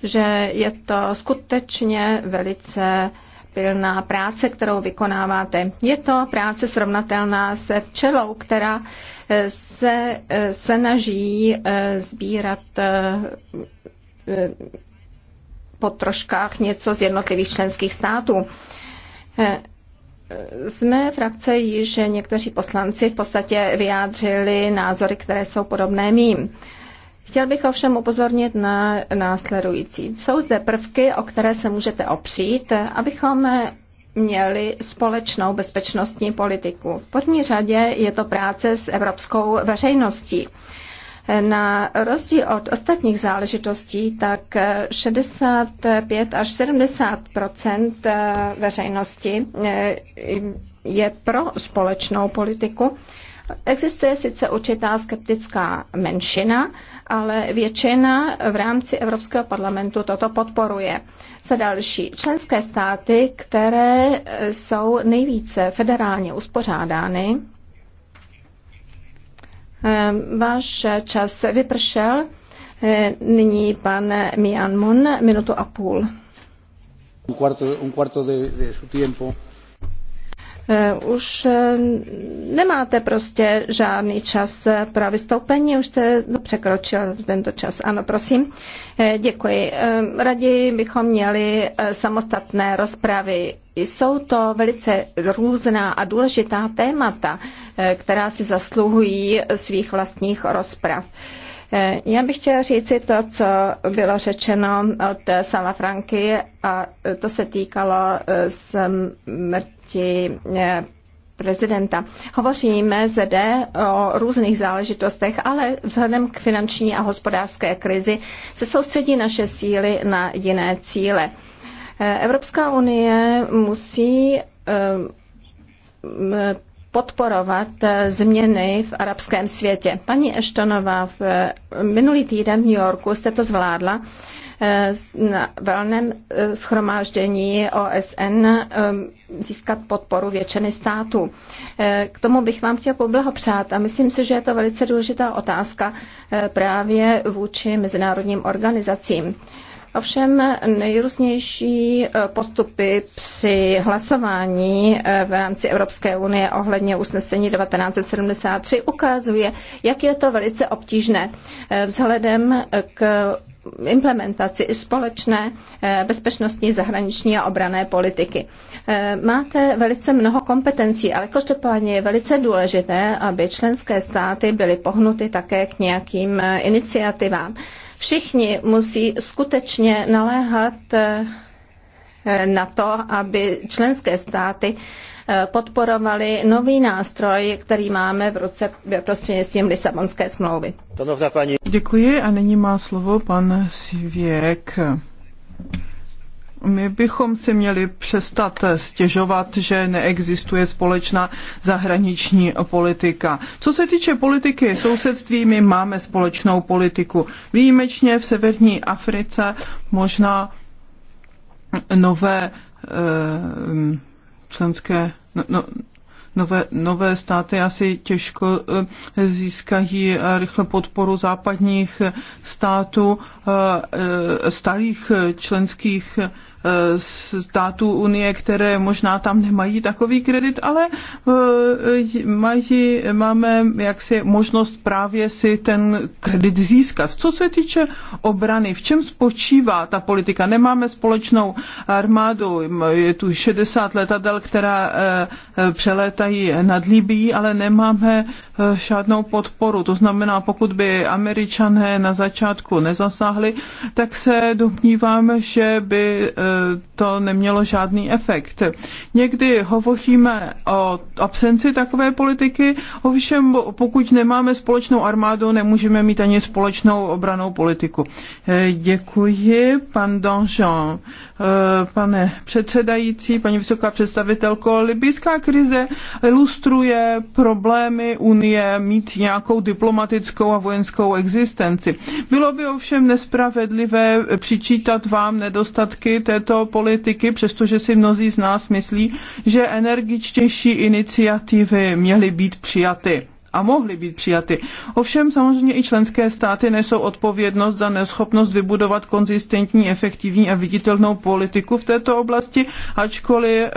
že je to skutečně velice pilná práce, kterou vykonáváte. Je to práce srovnatelná se včelou, která eh, eh, se snaží eh, sbírat po troškách něco z jednotlivých členských států. Z eh, mé frakce již někteří poslanci v podstatě vyjádřili názory, které jsou podobné mým. Chtěl bych ovšem upozornit na následující. Jsou zde prvky, o které se můžete opřít, abychom měli společnou bezpečnostní politiku. V první řadě je to práce s evropskou veřejností. Na rozdíl od ostatních záležitostí, tak 65 až 70 eh, veřejnosti eh, je pro společnou politiku. Existuje sice určitá skeptická menšina, ale většina v rámci Evropského parlamentu toto podporuje. Za další, členské státy, které jsou nejvíce federálně uspořádány, Ehm, váš čas vypršel. Ehm, nyní pan Mian Mun, minutu a půl. Un cuarto, un cuarto de, de su tiempo. Eh, už eh, nemáte prostě žádný čas pro vystoupení, už jste překročil tento čas. Ano, prosím. Eh, děkuji. Raději bychom měli samostatné rozpravy. Jsou to velice různá a důležitá témata, která si zasluhují svých vlastních rozprav. Eh, já bych chtěla říci to, co bylo řečeno od Sala Franky a to se týkalo eh, smrti eh, prezidenta. Hovoříme zde o různých záležitostech, ale vzhledem k finanční a hospodářské krizi se soustředí naše síly na jiné cíle. Evropská unie musí podporovat eh, změny v arabském světě. Paní Eštonová, v eh, minulý týden v New Yorku jste to zvládla eh, na velném schromáždění OSN získat podporu většiny států. K tomu bych vám chtěl poblahopřát a myslím si, že je to velice důležitá otázka právě vůči mezinárodním organizacím. Ovšem nejrůznější eh, postupy při hlasování eh, v rámci Evropské unie ohledně usnesení 1973 ukazuje, jak je to velice obtížné eh, vzhledem k implementaci společné bezpečnostní, zahraniční a obrané politiky. Máte velice mnoho kompetencí, ale každopádně je velice důležité, aby členské státy byly pohnuty také k nějakým iniciativám. Všichni musí skutečně naléhat eh, na to, aby členské státy eh, podporovali nový nástroj, který máme v ruce eh, prostřednictvím Lisabonské smlouvy. Děkuji a nyní má slovo pan Svěk. My bychom si měli přestat stěžovat, že neexistuje společná zahraniční politika. Co se týče politiky sousedství, my máme společnou politiku. Výjimečně v severní Africe možná nové eh, členské no, no, nové, nové státy asi těžko eh, získají eh, rychle podporu západních eh, států, starých členských Eh, států Unie, které možná tam nemají takový kredit, ale eh, mají, máme jaksi možnost právě si ten kredit získat. Co se týče obrany, v čem spočívá ta politika? Nemáme společnou armádu, je tu 60 letadel, která eh, přelétají nad Libí, ale nemáme žádnou podporu. To znamená, pokud by američané na začátku nezasáhli, tak se domníváme, že by to nemělo žádný efekt. Někdy hovoříme o absenci takové politiky, ovšem pokud nemáme společnou armádu, nemůžeme mít ani společnou obranou politiku. Děkuji, pan Donjon. Eh, pane předsedající, paní vysoká představitelko, libyská krize ilustruje problémy Unie mít nějakou diplomatickou a vojenskou existenci. Bylo by ovšem nespravedlivé přičítat vám nedostatky té této politiky, přestože si mnozí z nás myslí, že energičtější iniciativy měly být přijaty a mohly být přijaty. Ovšem samozřejmě i členské státy nesou odpovědnost za neschopnost vybudovat konzistentní, efektivní a viditelnou politiku v této oblasti, ačkoliv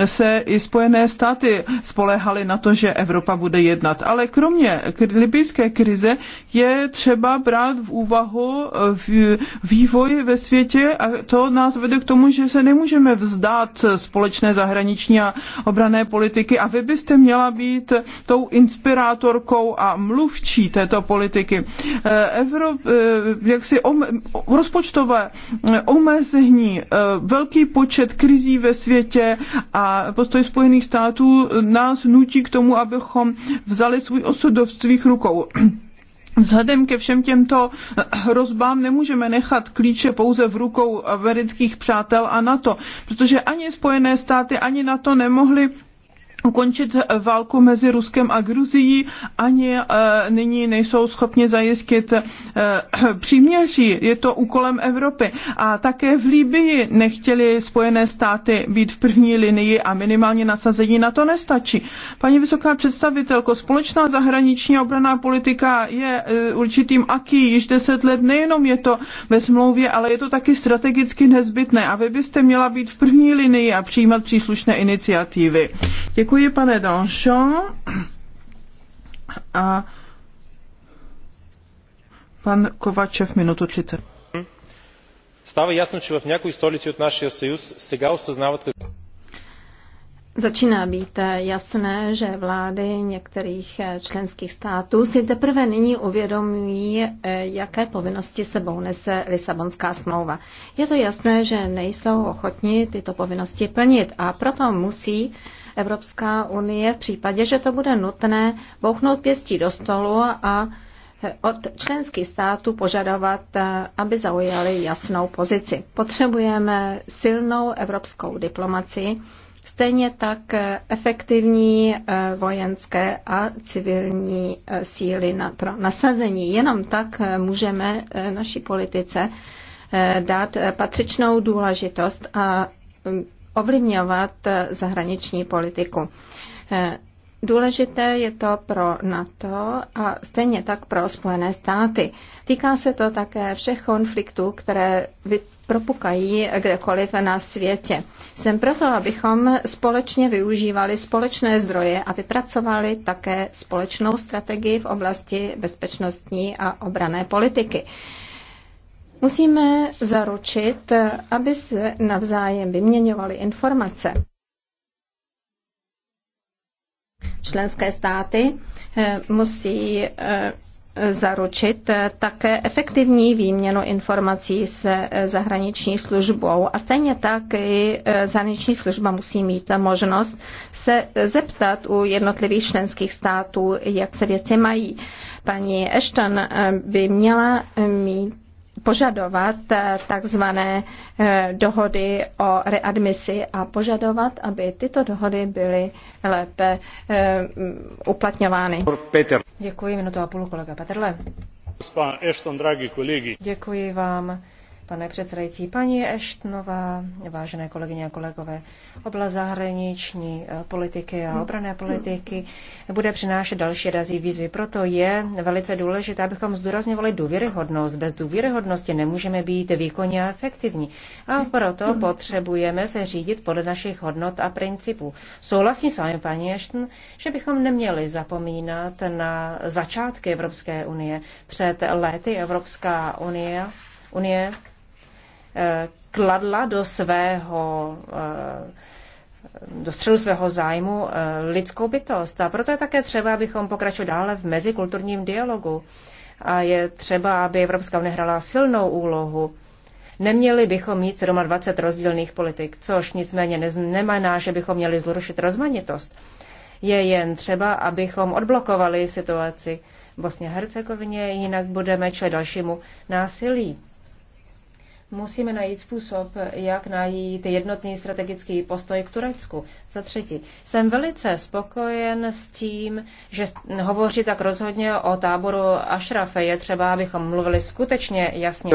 eh, se i Spojené státy spolehaly na to, že Evropa bude jednat. Ale kromě libijské krize je třeba brát v úvahu eh, vývoj ve světě a to nás vede k tomu, že se nemůžeme vzdát společné zahraniční a obrané politiky a vy byste měla být tou inspirací koordinátorkou a mluvčí této politiky. Eh, Evro, eh, jak si om, rozpočtové eh, omezení, velký počet krizí ve světě a postoj Spojených států nás nutí k tomu, abychom vzali svůj osud do svých rukou. Vzhledem ke všem těmto hrozbám nemůžeme nechat klíče pouze v rukou amerických přátel a NATO, protože ani Spojené státy, ani NATO nemohli ukončit válku mezi Ruskem a Gruzií, ani eh, nyní nejsou schopni zajistit eh, příměří. Je to úkolem Evropy. A také v Líbii nechtěli Spojené státy být v první linii a minimálně nasazení na to nestačí. Paní vysoká představitelko, společná zahraniční obraná politika je eh, určitým aký již deset let. Nejenom je to ve smlouvě, ale je to taky strategicky nezbytné. A vy byste měla být v první linii a přijímat příslušné iniciativy. Děkuji Děkuji, pane Donchon. A pan Kovačev, minutu 30. Stává jasno, že v някои stolici od našeho sejus se осъзнават как... Jako- Začíná být jasné, že vlády některých členských států si teprve nyní uvědomují, jaké povinnosti sebou nese Lisabonská smlouva. Je to jasné, že nejsou ochotni tyto povinnosti plnit a proto musí uh, Evropská unie v případě, že to bude nutné, bouchnout pěstí do stolu a od členských států požadovat, eh, aby zaujali jasnou pozici. Potřebujeme silnou evropskou diplomaci, stejně tak eh, efektivní eh, vojenské a civilní síly na, pro nasazení. Jenom tak můžeme naší politice dát patřičnou důležitost a mm, ovlivňovat eh, zahraniční politiku. Eh, důležité je to pro NATO a stejně tak pro Spojené státy. Týká se to také všech konfliktů, které propukají kdekoliv na světě. Jsem proto, abychom společně využívali společné zdroje a vypracovali také společnou strategii v oblasti bezpečnostní a obrané politiky. Musíme zaručit, aby se navzájem vyměňovaly informace. Členské státy eh, musí eh, zaručit eh, také efektivní výměnu informací se zahraniční službou. A stejně tak i zahraniční služba musí mít možnost se zeptat u jednotlivých členských států, jak se věci mají. Paní Ashton by měla mít požadovat eh, takzvané eh, dohody o readmisi a požadovat, aby tyto dohody byly lépe eh, uplatňovány. Peter. Děkuji, minuto a půl kolega Petrle. Děkuji vám. Pane předsedající, paní Eštnová, vážené kolegyně a kolegové, oblast zahraniční eh, politiky a obrané politiky bude přinášet další razí výzvy. Proto je velice důležité, abychom zdůrazňovali důvěryhodnost. Bez důvěryhodnosti nemůžeme být výkonně a efektivní. A proto potřebujeme se řídit podle našich hodnot a principů. Souhlasím s vámi, paní Eštn, že bychom neměli zapomínat na začátky Evropské unie. Před lety Evropská unie, unie Eh, kladla do svého eh, do středu svého zájmu eh, lidskou bytost. A proto je také třeba, abychom pokračovali dále v mezikulturním dialogu. A je třeba, aby Evropská unie hrála silnou úlohu. Neměli bychom mít 27 rozdílných politik, což nicméně neznamená, že bychom měli zrušit rozmanitost. Je jen třeba, abychom odblokovali situaci v Bosně-Hercegovině, jinak budeme čelit dalšímu násilí. Musíme najít způsob, jak najít jednotný strategický postoj k Turecku. Za třetí, jsem velice spokojen s tím, že hovoří tak rozhodně o táboru Ašrafe. Je třeba, abychom mluvili skutečně jasně.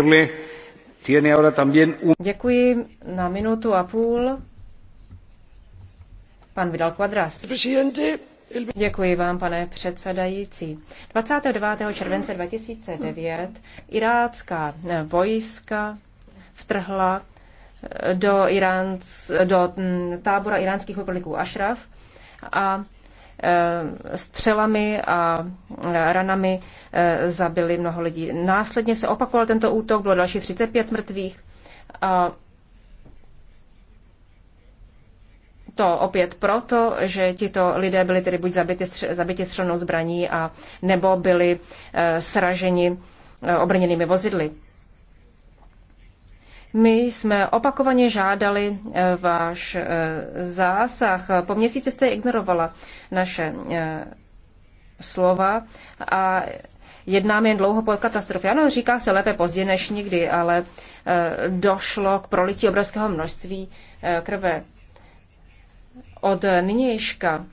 Děkuji na minutu a půl. Pan Vidal Quadras. Děkuji vám, pane předsedající. 29. července 2009 irácká vojska vtrhla eh, do, Iránc, do mm, tábora iránských okoliků Ashraf a eh, střelami a eh, ranami zabili mnoho lidí. Následně se opakoval tento útok, bylo dalších 35 mrtvých a to opět proto, že tito lidé byli tedy buď zabiti, zabiti střelnou zbraní a nebo byli sraženi obrněnými vozidly. My jsme opakovaně žádali eh, váš eh, zásah. Po měsíci jste ignorovala naše eh, slova a jednáme jen dlouho po katastrofě. Ano, říká se lépe pozdě než nikdy, ale došlo k prolití obrovského množství krve. Od nynějška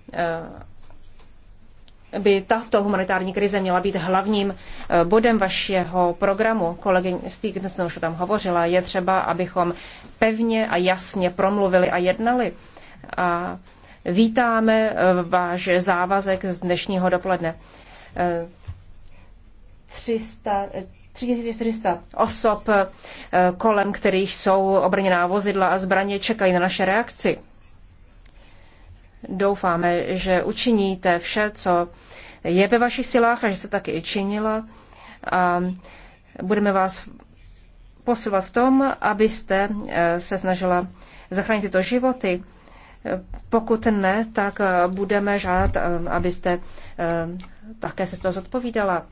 by tato humanitární krize měla být hlavním eh, bodem vašeho programu. Kolegyně Stignesnou už tam hovořila. Je třeba, abychom pevně a jasně promluvili a jednali. A vítáme eh, váš závazek z dnešního dopoledne. 300, eh, 3400 osob kolem, kterých jsou obrněná vozidla a zbraně, čekají na naše reakci. Doufáme, že učiníte vše, co je ve vašich silách a že se taky i činilo. A budeme vás posilovat v tom, abyste eh, se snažila zachránit tyto životy. Pokud ne, tak eh, budeme žádat, eh, abyste také se z toho zodpovídala.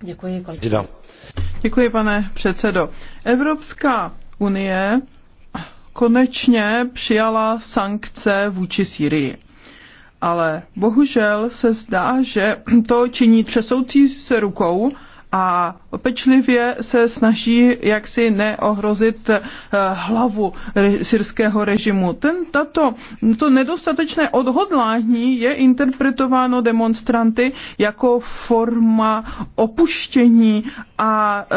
Děkuji, kolik. Děkuji, pane předsedo. Evropská unie konečně přijala sankce vůči Syrii. Ale bohužel se zdá, že to činí třesoucí se rukou a pečlivě se snaží jaksi neohrozit eh, hlavu syrského režimu. Ten, tato, to nedostatečné odhodlání je interpretováno demonstranty jako forma opuštění a, eh,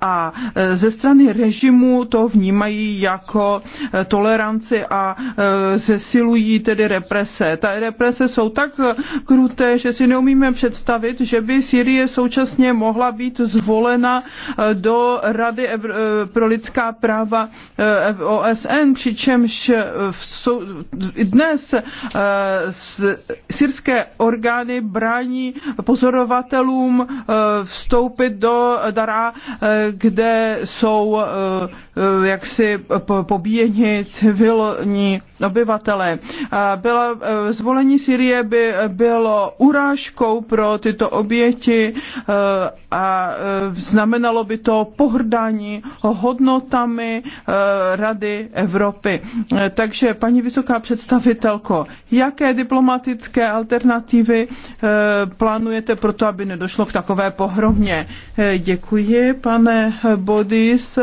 a eh, ze strany režimu to vnímají jako toleranci a zesilují tedy represe. Ta represe jsou tak kruté, že si neumíme představit, že by Syrie současně mohla mohla být zvolena eh, do Rady eh, pro lidská práva eh, OSN, přičemž dnes syrské orgány brání pozorovatelům vstoupit do Dara, kde jsou Eh, jaksi pobíjeni civilní obyvatelé. Byla, eh, zvolení Syrie by bylo urážkou pro tyto oběti eh, a znamenalo by to pohrdání hodnotami Rady Evropy. Takže, paní vysoká představitelko, jaké diplomatické alternativy plánujete pro to, aby nedošlo k takové pohromě? Děkuji, pane Bodis.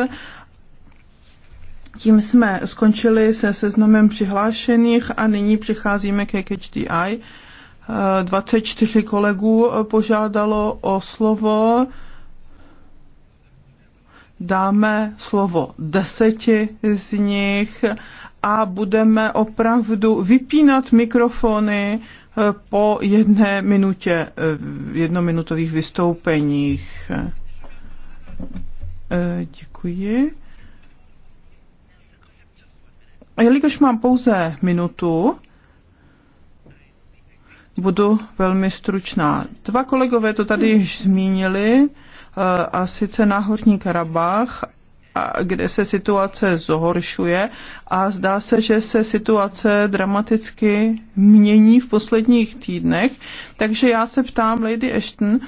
Tím jsme skončili se seznamem přihlášených a nyní přicházíme ke HDI. Eh, 24 kolegů požádalo o slovo. Dáme slovo deseti z nich a budeme opravdu vypínat mikrofony eh, po jedné minutě eh, jednominutových vystoupeních. Děkuji. A jelikož mám pouze minutu, budu velmi stručná. Dva kolegové to tady již zmínili, eh, a sice na Horní Karabách, kde se situace zhoršuje a zdá se, že se situace dramaticky mění v posledních týdnech. Takže já se ptám Lady Ashton,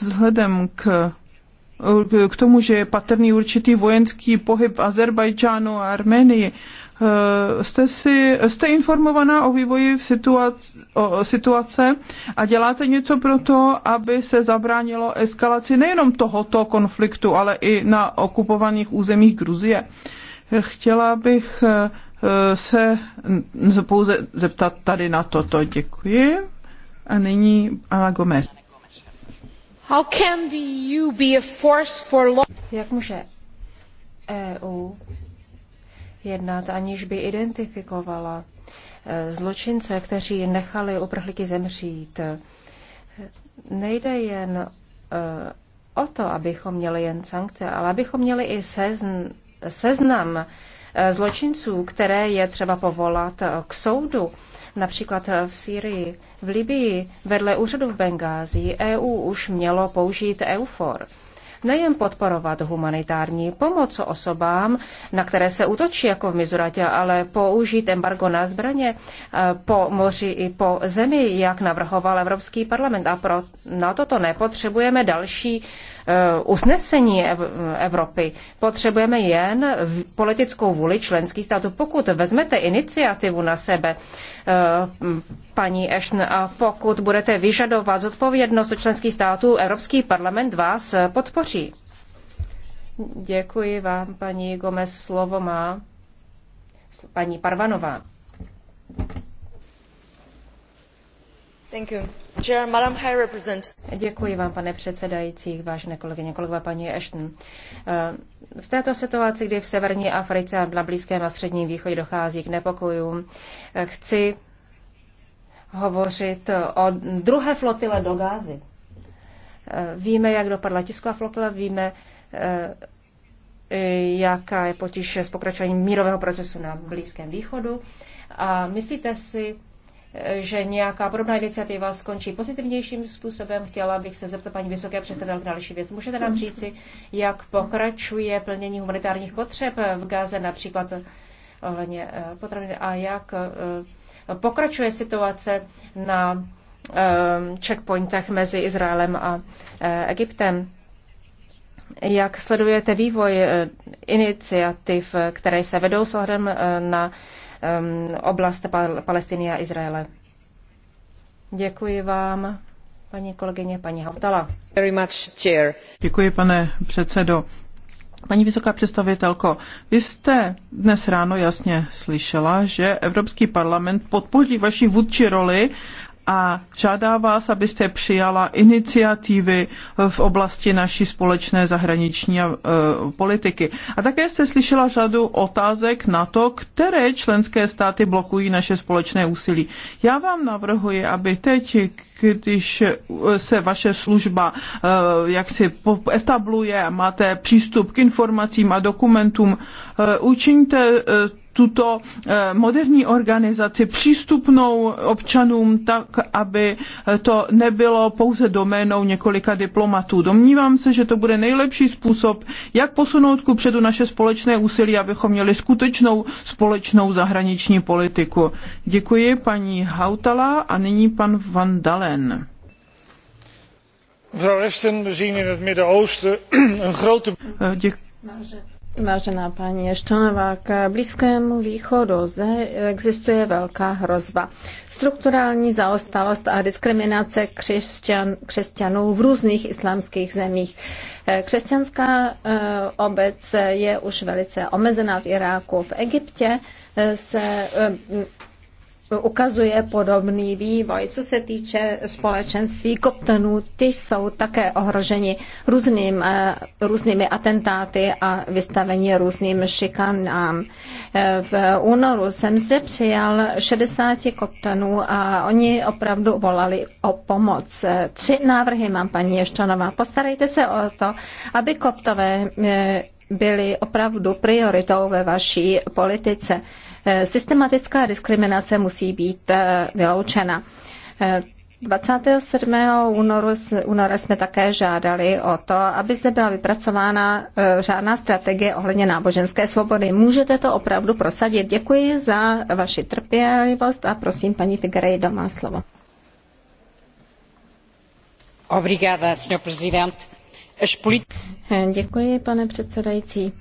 vzhledem k k tomu, že je patrný určitý vojenský pohyb v Azerbajdžánu a Arménii. Eh, jste, si, jste informovaná o vývoji v o situace a děláte něco pro to, aby se zabránilo eskalaci nejenom tohoto konfliktu, ale i na okupovaných územích Gruzie. Chtěla bych eh, se pouze zeptat tady na toto. Děkuji. A nyní Ana Gomez. How can the EU be a force for law? Jak může EU jednat, aniž by identifikovala eh, zločince, kteří nechali uprchlíky zemřít? Nejde jen eh, o to, abychom měli jen sankce, ale abychom měli i sezn, seznam eh, zločinců, které je třeba povolat k soudu například v Sýrii, v Libii, vedle úřadu v Bengázi, EU už mělo použít EUFOR. Nejen podporovat humanitární pomoc osobám, na které se útočí jako v Mizuratě, ale použít embargo na zbraně e, po moři i po zemi, jak navrhoval Evropský parlament. A pro, na toto nepotřebujeme další Eh, usnesení Evropy. Potřebujeme jen politickou vůli členských států. Pokud vezmete iniciativu na sebe, eh, paní Ashton, a pokud budete vyžadovat zodpovědnost členských států, Evropský parlament vás eh, podpoří. Děkuji vám, paní Gomez. Slovo má paní Parvanová. Děkuji vám, pane předsedající, vážené kolegyně, kolegové, paní Ashton. Eh, v této situaci, kdy v severní Africe a na Blízkém a Středním východě dochází k nepokojům, eh, chci hovořit o druhé flotile do Gázy. Eh, víme, jak dopadla tisková flotila, víme, jaká je potíž s pokračováním mírového procesu na Blízkém východu. A myslíte si, že nějaká podobná iniciativa skončí pozitivnějším způsobem. Chtěla bych se zeptat paní vysoké představitelky na další věc. Můžete nám říci, jak pokračuje plnění humanitárních potřeb v Gaze, například eh, ohledně eh, potraviny, a jak eh, pokračuje situace na checkpointech mezi Izraelem a Egyptem? Jak sledujete vývoj iniciativ, které se vedou s ohledem na Um, oblast Palestiny a Izraele. Děkuji vám, paní kolegyně, paní Hautala. Very much, chair. Děkuji, pane předsedo. Paní vysoká představitelko, vy jste dnes ráno jasně slyšela, že Evropský parlament podpoří vaši vůdčí roli a žádá vás, abyste přijala iniciativy v oblasti naší společné zahraniční e, politiky. A také jste slyšela řadu otázek na to, které členské státy blokují naše společné úsilí. Já vám navrhuji, aby teď, když se vaše služba e, jaksi etabluje a máte přístup k informacím a dokumentům, e, učiňte tuto eh, moderní organizaci přístupnou občanům tak, aby eh, to nebylo pouze doménou několika diplomatů. Domnívám se, že to bude nejlepší způsob, jak posunout ku předu naše společné úsilí, abychom měli skutečnou společnou zahraniční politiku. Děkuji paní Hautala a nyní pan Van Dalen. Mevrouw Ashton, we zien in het Midden-Oosten een grote... Eh, Vážená paní Ještanová, k Blízkému východu zde existuje velká hrozba. Strukturální zaostalost a diskriminace křesťan, křesťanů v různých islámských zemích. Křesťanská eh, obec je už velice omezená v Iráku. V Egyptě eh, se eh, ukazuje podobný vývoj. Co se týče společenství koptenů, ty jsou také ohroženi různým, eh, různými atentáty a vystavení různým šikanám. Eh, v únoru jsem zde přijal 60 koptenů a oni opravdu volali o pomoc. Eh, tři návrhy mám, paní Ještanová. Postarejte se o to, aby koptové byli opravdu prioritou ve vaší politice. Eh, systematická diskriminace musí být eh, vyloučena. 27. Eh, únoru, února jsme také žádali o to, aby zde byla vypracována řádná strategie ohledně náboženské svobody. Můžete to opravdu prosadit. Děkuji za vaši trpělivost a prosím paní Figarej doma slovo. Obrigada, senhor presidente. Děkuji, pane předsedající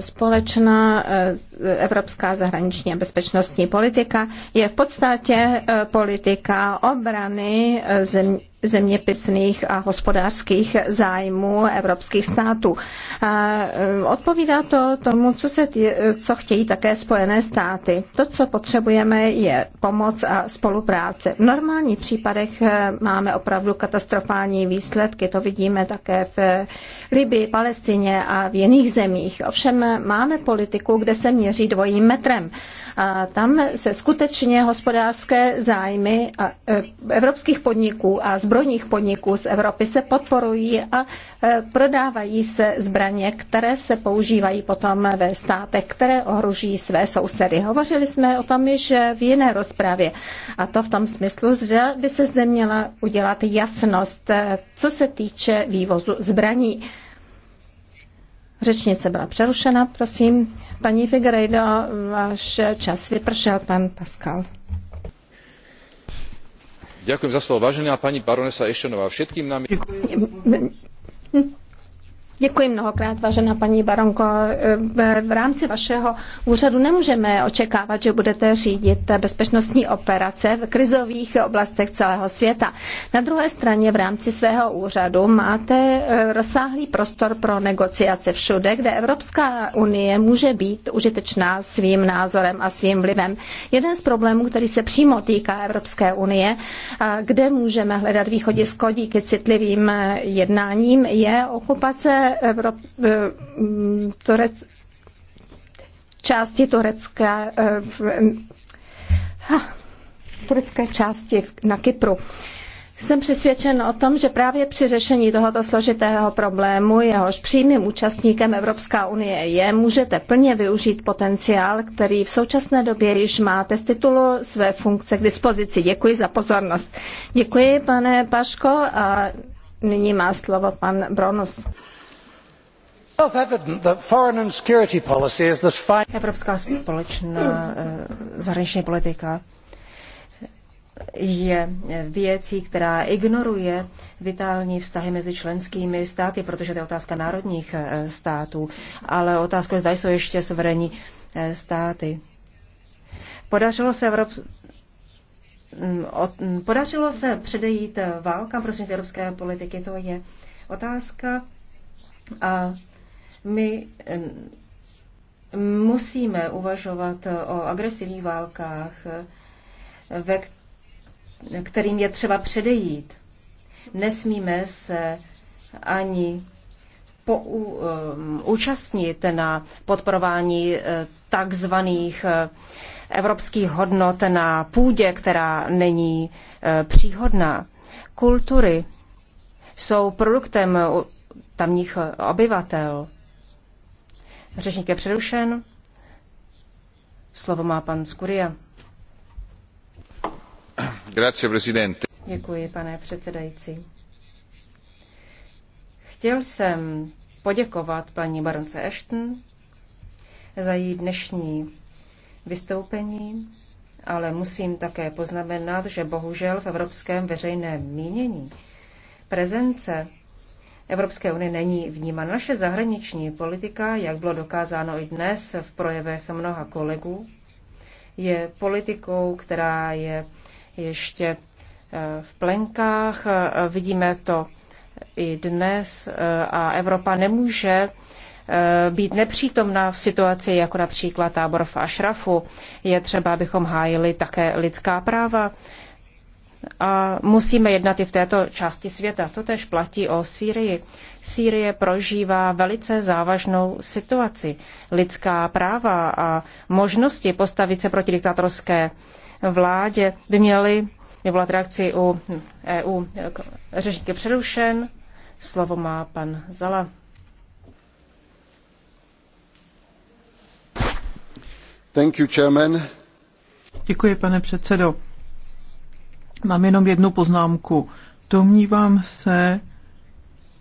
Společná eh, evropská zahraniční a bezpečnostní politika je v podstatě eh, politika obrany eh, země zeměpisných a hospodářských zájmů evropských států. A e, odpovídá to tomu, co, se tě, co chtějí také Spojené státy. To, co potřebujeme, je pomoc a spolupráce. V normálních případech e, máme opravdu katastrofální výsledky. To vidíme také v e, Libii, Palestině a v jiných zemích. Ovšem máme politiku, kde se měří dvojím metrem. A tam se skutečně hospodářské zájmy e, evropských podniků a zbrojních podniků z Evropy se podporují a e, prodávají se zbraně, které se používají potom ve státech, které ohrožují své sousedy. Hovořili jsme o tom již v jiné rozpravě. A to v tom smyslu, že by se zde měla udělat jasnost, e, co se týče vývozu zbraní. Řečnice byla přerušena, prosím. Paní Figueiredo, váš čas vypršel, pan Pascal. Ďakujem za slovo. Vážená pani baronesa Ešenová, všetkým nám... Děkuji. Děkuji mnohokrát, vážená paní Baronko. V rámci vašeho úřadu nemůžeme očekávat, že budete řídit bezpečnostní operace v krizových oblastech celého světa. Na druhé straně v rámci svého úřadu máte eh, rozsáhlý prostor pro negociace všude, kde Evropská unie může být užitečná svým názorem a svým vlivem. Jeden z problémů, který se přímo týká Evropské unie, kde můžeme hledat východisko díky citlivým eh, jednáním, je okupace Evrop, eh, mm, Turec, části Turecké, eh, turecké části na Kypru. Jsem přesvědčen o tom, že právě při řešení tohoto složitého problému, jehož přímým účastníkem Evropská unie je, můžete plně využít potenciál, který v současné době již máte z titulu své funkce k dispozici. Děkuji za pozornost. Děkuji, pane Paško, a nyní má slovo pan Bronus. Evropská společná eh, zahraniční politika je věcí, která ignoruje vitální vztahy mezi členskými státy, protože to je otázka národních eh, států, ale otázka je, zda jsou ještě suverénní eh, státy. Podařilo se Evrop- mm, mm, Podařilo se předejít válkám prostřednictvím evropské politiky, to je otázka. A my musíme uvažovat o agresivních válkách, ve kterým je třeba předejít. Nesmíme se ani po, um, účastnit na podporování eh, takzvaných eh, evropských hodnot na půdě, která není eh, příhodná. Kultury jsou produktem tamních obyvatel Řečník je přerušen. Slovo má pan Skuria. Grazie, presidente. Děkuji, pane předsedající. Chtěl jsem poděkovat paní baronce Ashton za její dnešní vystoupení, ale musím také poznamenat, že bohužel v evropském veřejném mínění prezence Evropské unie není vnímána. Naše zahraniční politika, jak bylo dokázáno i dnes v projevech mnoha kolegů, je politikou, která je ještě eh, v plenkách. Eh, vidíme to i dnes eh, a Evropa nemůže být nepřítomná v situaci jako například tábor v Ašrafu. Je třeba, abychom hájili také lidská práva a musíme jednat i v této části světa. To tež platí o Sýrii. Sýrie prožívá velice závažnou situaci. Lidská práva a možnosti postavit se proti diktatorské vládě by měly vyvolat reakci u EU. Řečník je přerušen. Slovo má pan Zala. Thank you, chairman. Děkuji, pane předsedo Mám jenom jednu poznámku. Domnívám se,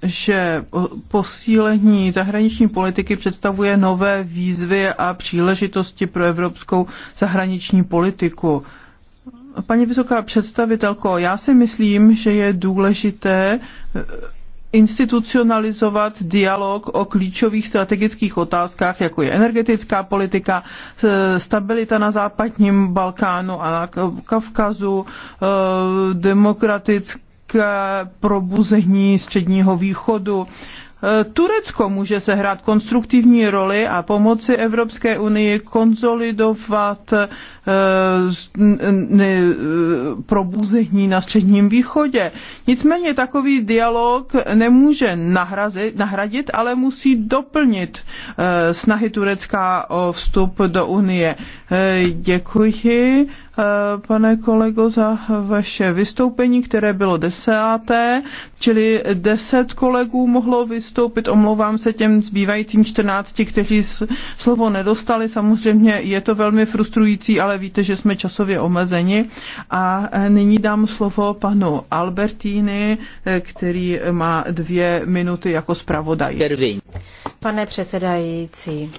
že posílení zahraniční politiky představuje nové výzvy a příležitosti pro evropskou zahraniční politiku. Paní vysoká představitelko, já si myslím, že je důležité institucionalizovat dialog o klíčových strategických otázkách, jako je energetická politika, e, stabilita na západním Balkánu a na Kavkazu, e, demokratické probuzení středního východu, e, Turecko může sehrát konstruktivní roli a pomoci Evropské unii uh, Eh, eh, probuzení na Středním východě. Nicméně takový dialog nemůže nahrazit, nahradit, ale musí doplnit eh, snahy Turecka o vstup do Unie. Děkuji, pane kolego, za vaše vystoupení, které bylo desáté, čili deset kolegů mohlo vystoupit. Omlouvám se těm zbývajícím čtrnácti, kteří slovo nedostali. Samozřejmě je to velmi frustrující, ale ale víte, že jsme časově omezeni. A e, nyní dám slovo panu Albertíny, e, který e, má dvě minuty jako zpravodaj. Pane předsedající,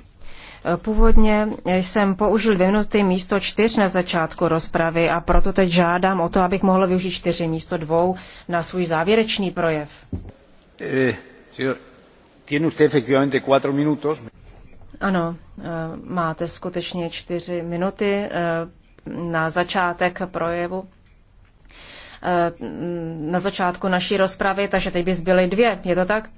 Původně jsem použil dvě minuty místo čtyř na začátku rozpravy a proto teď žádám o to, abych mohl využít čtyři místo dvou na svůj závěrečný projev. Eh, señor, tiene usted efectivamente cuatro minutos. Ano, eh, máte skutečně čtyři minuty eh, na začátek projevu eh, na začátku naší rozpravy, takže teď by zbyly dvě, je to tak?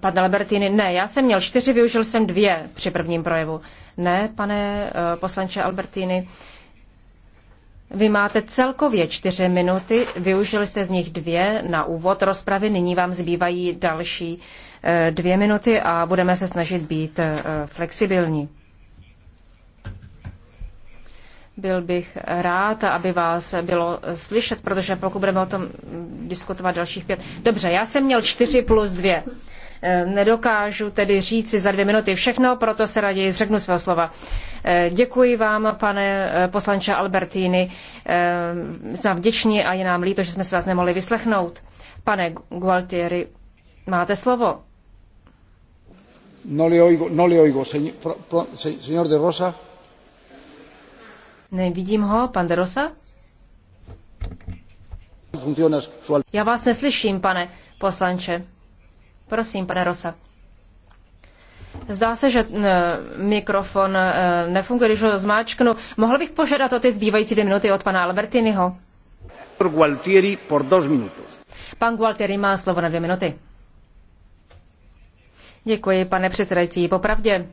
Pan Albertini, ne, já jsem měl čtyři, využil jsem dvě při prvním projevu. Ne, pane poslanče Albertini, vy máte celkově čtyři minuty, využili jste z nich dvě na úvod rozpravy, nyní vám zbývají další Eh, dvě minuty a budeme se snažit být eh, flexibilní. Byl bych rád, aby vás bylo eh, slyšet, protože pokud budeme o tom diskutovat dalších pět. Dobře, já jsem měl čtyři plus dvě. Nedokážu tedy říct si za dvě minuty všechno, proto se raději zřeknu svého slova. Děkuji vám, pane poslanče Albertini. Jsme vděční a je nám líto, že jsme se vás nemohli vyslechnout. Pane Gualtieri, máte slovo. No le oigo, no le oigo. Señor, pro, señor de Rosa. Nevidím ho, pan de Rosa. Já vás neslyším, pane poslanče. Prosím, pane Rosa. Zdá se, že eh, mikrofon eh, nefunguje, když ho zmáčknu. Mohl bych požádat o ty zbývající dvě minuty od pana Albertiniho? Pan Gualtieri má slovo na dvě minuty. Děkuji, pane předsedající. Popravdě,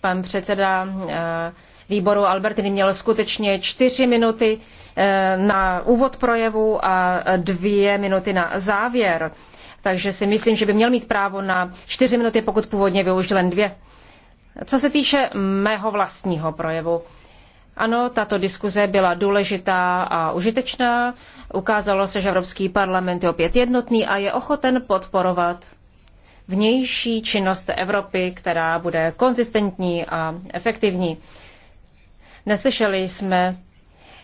pan předseda eh, výboru Albertiny měl skutečně čtyři minuty eh, na úvod projevu a dvě minuty na závěr. Takže si myslím, že by měl mít právo na čtyři minuty, pokud původně využil jen dvě. Co se týče mého vlastního projevu, ano, tato diskuze byla důležitá a užitečná. Ukázalo se, že Evropský parlament je opět jednotný a je ochoten podporovat vnější činnost Evropy, která bude konzistentní a efektivní. Neslyšeli jsme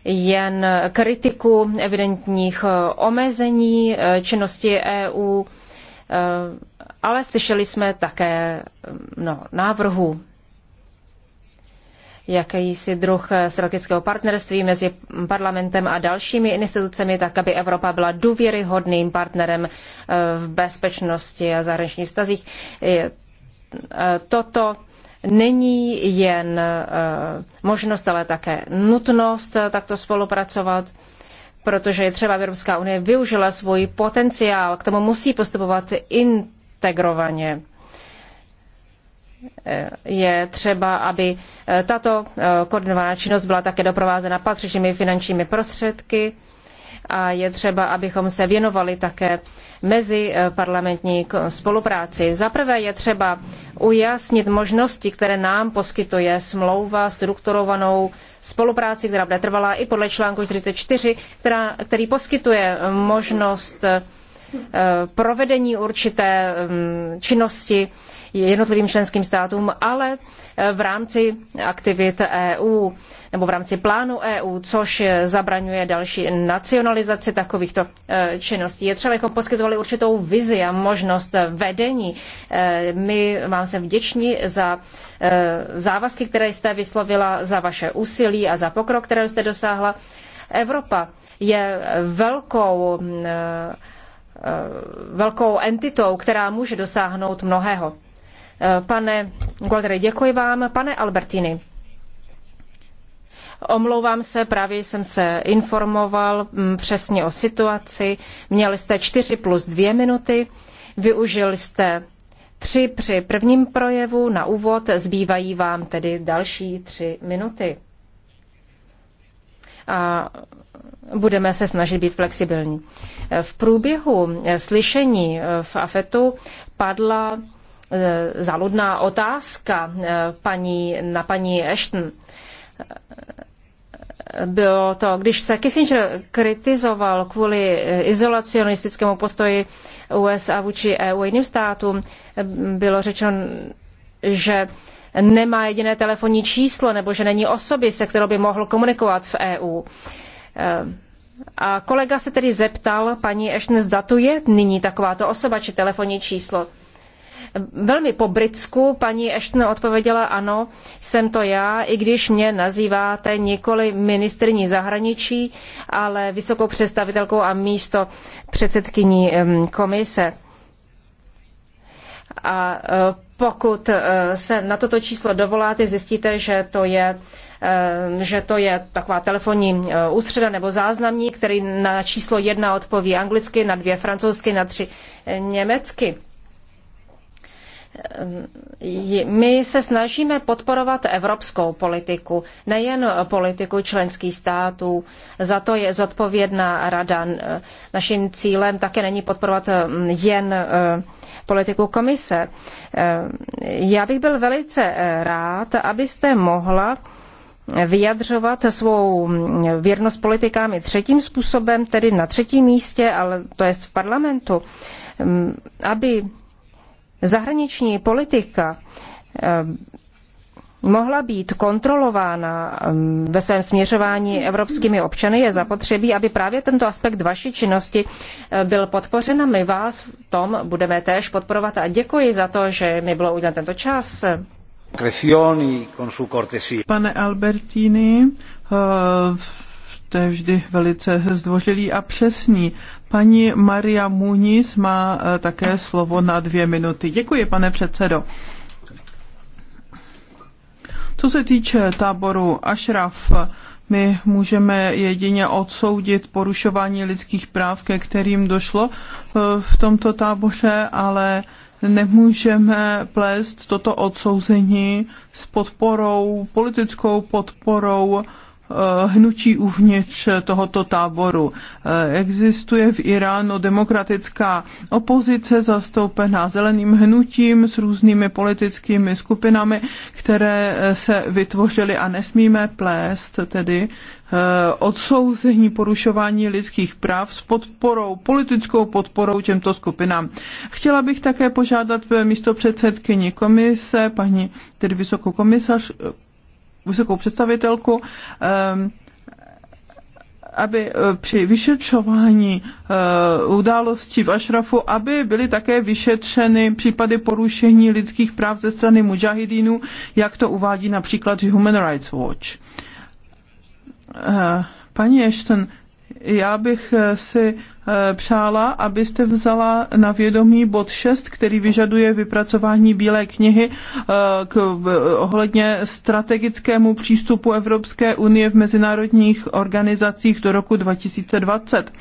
jen kritiku evidentních omezení eh, činnosti EU, eh, ale slyšeli jsme také eh, no, návrhů jakýsi druh strategického partnerství mezi parlamentem a dalšími institucemi, tak aby Evropa byla důvěryhodným partnerem eh, v bezpečnosti a zahraničních vztazích. Eh, toto není jen eh, možnost, ale také nutnost takto spolupracovat protože je třeba Evropská unie využila svůj potenciál. K tomu musí postupovat integrovaně je třeba, aby eh, tato eh, koordinovaná činnost byla také doprovázena patřičnými finančními prostředky a je třeba, abychom se věnovali také mezi eh, parlamentní spolupráci. Za prvé je třeba ujasnit možnosti, které nám poskytuje smlouva strukturovanou spolupráci, která bude trvalá i podle článku 44, která, který poskytuje možnost provedení určité mm, činnosti jednotlivým členským státům, ale eh, v rámci aktivit EU nebo v rámci plánu EU, což zabraňuje další nacionalizaci takovýchto eh, činností. Je třeba, jako poskytovali určitou vizi a možnost vedení. Eh, my vám se vděční za závazky, které jste vyslovila, za vaše úsilí a za pokrok, kterého jste dosáhla. Evropa je velkou velkou entitou, která může dosáhnout mnohého. Pane Goldery, děkuji vám. Pane Albertini, omlouvám se, právě jsem se informoval mm, přesně o situaci. Měli jste 4 plus 2 minuty, využil jste tři při prvním projevu na úvod, zbývají vám tedy další tři minuty. A budeme se snažit být flexibilní. V průběhu slyšení v AFETu padla Eh, záludná otázka eh, paní, na paní Ashton. Eh, bylo to, když se Kissinger kritizoval kvůli izolacionistickému postoji USA vůči EU a jiným státům, bylo řečeno, že nemá jediné telefonní číslo nebo že není osoby, se kterou by mohl komunikovat v EU. A kolega se tedy zeptal paní Ashton, zda tu je nyní takováto osoba či telefonní číslo velmi po britsku paní Ashton odpověděla ano, jsem to já, i když mě nazýváte nikoli ministrní zahraničí, ale vysokou představitelkou a místo předsedkyní komise. A e, pokud e, se na toto číslo dovoláte, zjistíte, že to je e, že to je taková telefonní ústředa nebo záznamník, který na číslo jedna odpoví anglicky, na dvě francouzsky, na tři německy. Ehm, my se snažíme podporovat evropskou politiku, nejen politiku členských států. Za to je zodpovědná rada. Naším cílem také není podporovat ehm, jen ehm, politiku komise. Já bych byl velice rád, abyste mohla vyjadřovat svou mm, věrnost politikám i třetím způsobem, tedy na třetím místě, ale to jest v parlamentu, aby zahraniční politika eh, mohla být kontrolována eh, ve svém směřování evropskými občany, je zapotřebí, aby právě tento aspekt vaší činnosti eh, byl podpořen a my vás v tom budeme též podporovat a děkuji za to, že mi bylo udělat tento čas. Pane Albertini, jste vždy velice zdvořilý a přesný. Paní Maria Muniz má eh, také slovo na dvě minuty. Děkuji, pane předsedo. Co se týče táboru Ašraf, my můžeme jedině odsoudit porušování lidských práv, ke kterým došlo eh, v tomto táboře, ale nemůžeme plést toto odsouzení s podporou, politickou podporou Eh, hnutí uvnitř tohoto táboru. Eh, existuje v Iránu demokratická opozice zastoupená zeleným hnutím s různými politickými skupinami, které eh, se vytvořily a nesmíme plést tedy odsouzení porušování lidských práv s podporou, politickou podporou těmto skupinám. Chtěla bych také požádat místo předsedkyni komise, paní tedy vysokou komisař, vysokou představitelku, ehm, aby eh, při vyšetřování eh, událostí v Ašrafu, aby byly také vyšetřeny případy porušení lidských práv ze strany mujahidínů, jak to uvádí například Human Rights Watch. Eh, paní Ashton, já bych eh, si eh, přála, abyste vzala na vědomí bod 6, který vyžaduje vypracování Bílé knihy eh, k, ohledně strategickému přístupu Evropské unie v mezinárodních organizacích do roku 2020.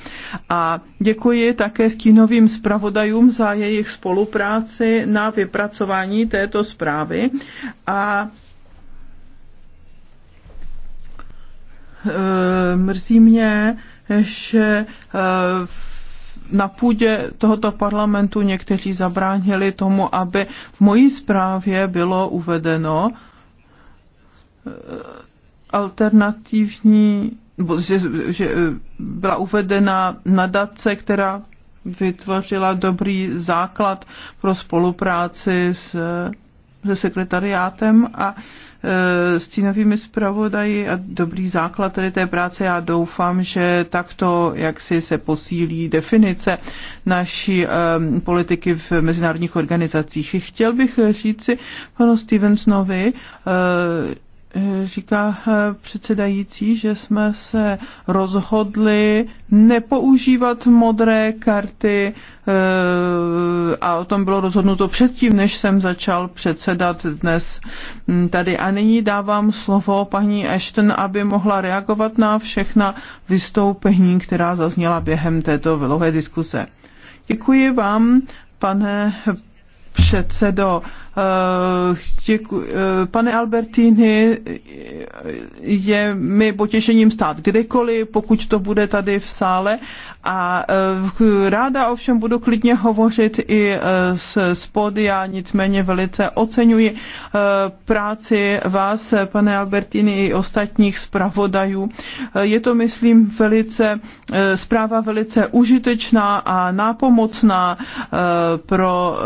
A děkuji také stínovým zpravodajům za jejich spolupráci na vypracování této zprávy. A mrzí mě, že eh, na půdě tohoto parlamentu někteří zabránili tomu, aby v mojí zprávě bylo uvedeno eh, alternativní, že, že eh, byla uvedena nadace, která vytvořila dobrý základ pro spolupráci s se sekretariátem a e, stínovými zpravodaji a dobrý základ tedy té práce. Já doufám, že takto jaksi se posílí definice naší e, politiky v mezinárodních organizacích. Chtěl bych říci panu Stevensonovi, e, říká eh, předsedající, že jsme se rozhodli nepoužívat modré karty eh, a o tom bylo rozhodnuto předtím, než jsem začal předsedat dnes mm, tady. A nyní dávám slovo paní Ashton, aby mohla reagovat na všechna vystoupení, která zazněla během této dlouhé diskuse. Děkuji vám, pane předsedo Eh, Děkuji. Eh, pane Albertini, je mi potěšením stát kdekoliv, pokud to bude tady v sále. A eh, ráda ovšem budu klidně hovořit i z, spody, Já nicméně velice oceňuji práci vás, pane Albertini, i ostatních zpravodajů. Je to, myslím, velice, zpráva velice užitečná a nápomocná pro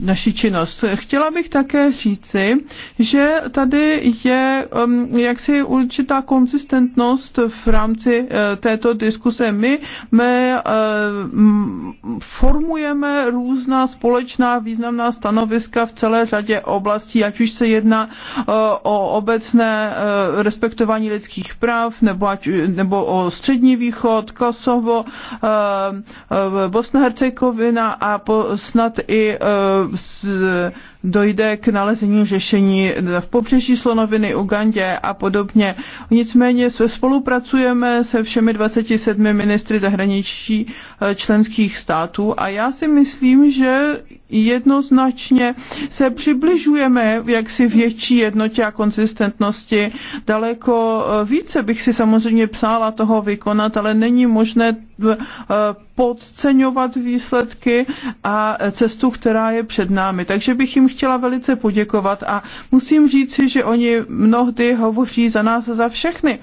naši činnost. Chtěl chtěla bych také říci, že tady je um, jaksi určitá konzistentnost v rámci uh, této diskuse. My, my uh, eh, formujeme různá společná významná stanoviska v celé řadě oblastí, ať už se jedná uh, o obecné uh, respektování lidských práv, nebo, ať, nebo o Střední východ, Kosovo, uh, Bosna-Hercegovina a po, snad i s dojde k nalezení řešení v pobřeží slonoviny, Ugandě a podobně. Nicméně spolupracujeme se všemi 27 ministry zahraničí eh, členských států a já si myslím, že jednoznačně se přibližujeme jaksi větší jednotě a konzistentnosti. Daleko eh, více bych si samozřejmě přála toho vykonat, ale není možné eh, podceňovat výsledky a cestu, která je před námi. Takže bych jim chtěla velice poděkovat a musím říci, že oni mnohdy hovoří za nás a za všechny.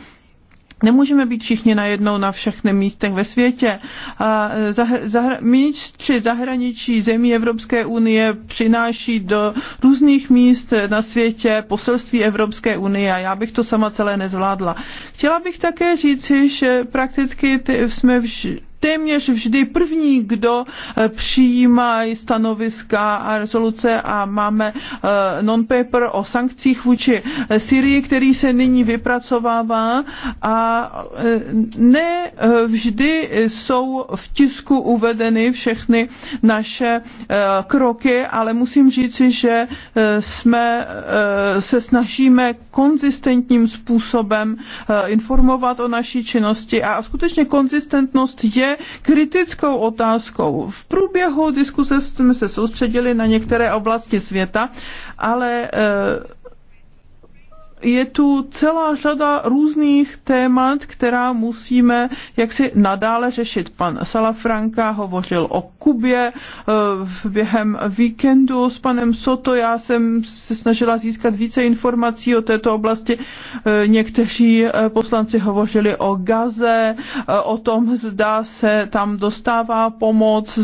Nemůžeme být všichni najednou na všech místech ve světě. A zahr- zahr- ministři zahraničí zemí Evropské unie přináší do různých míst na světě poselství Evropské unie a já bych to sama celé nezvládla. Chtěla bych také říci, že prakticky ty jsme vž- téměř vždy první, kdo eh, přijímá stanoviska a rezoluce a máme eh, non-paper o sankcích vůči eh, Syrii, který se nyní vypracovává a ne vždy jsou v tisku uvedeny všechny naše kroky, ale musím říci, že jsme se snažíme konzistentním způsobem informovat o naší činnosti a skutečně konzistentnost je kritickou otázkou. V průběhu diskuse jsme se soustředili na některé oblasti světa, ale eh, je tu celá řada různých témat, která musíme jaksi nadále řešit. Pan Salafranka hovořil o Kubě eh, během víkendu s panem Soto. Já jsem se snažila získat více informací o této oblasti. Eh, někteří eh, poslanci hovořili o Gaze, o tom, zda se tam dostává pomoc.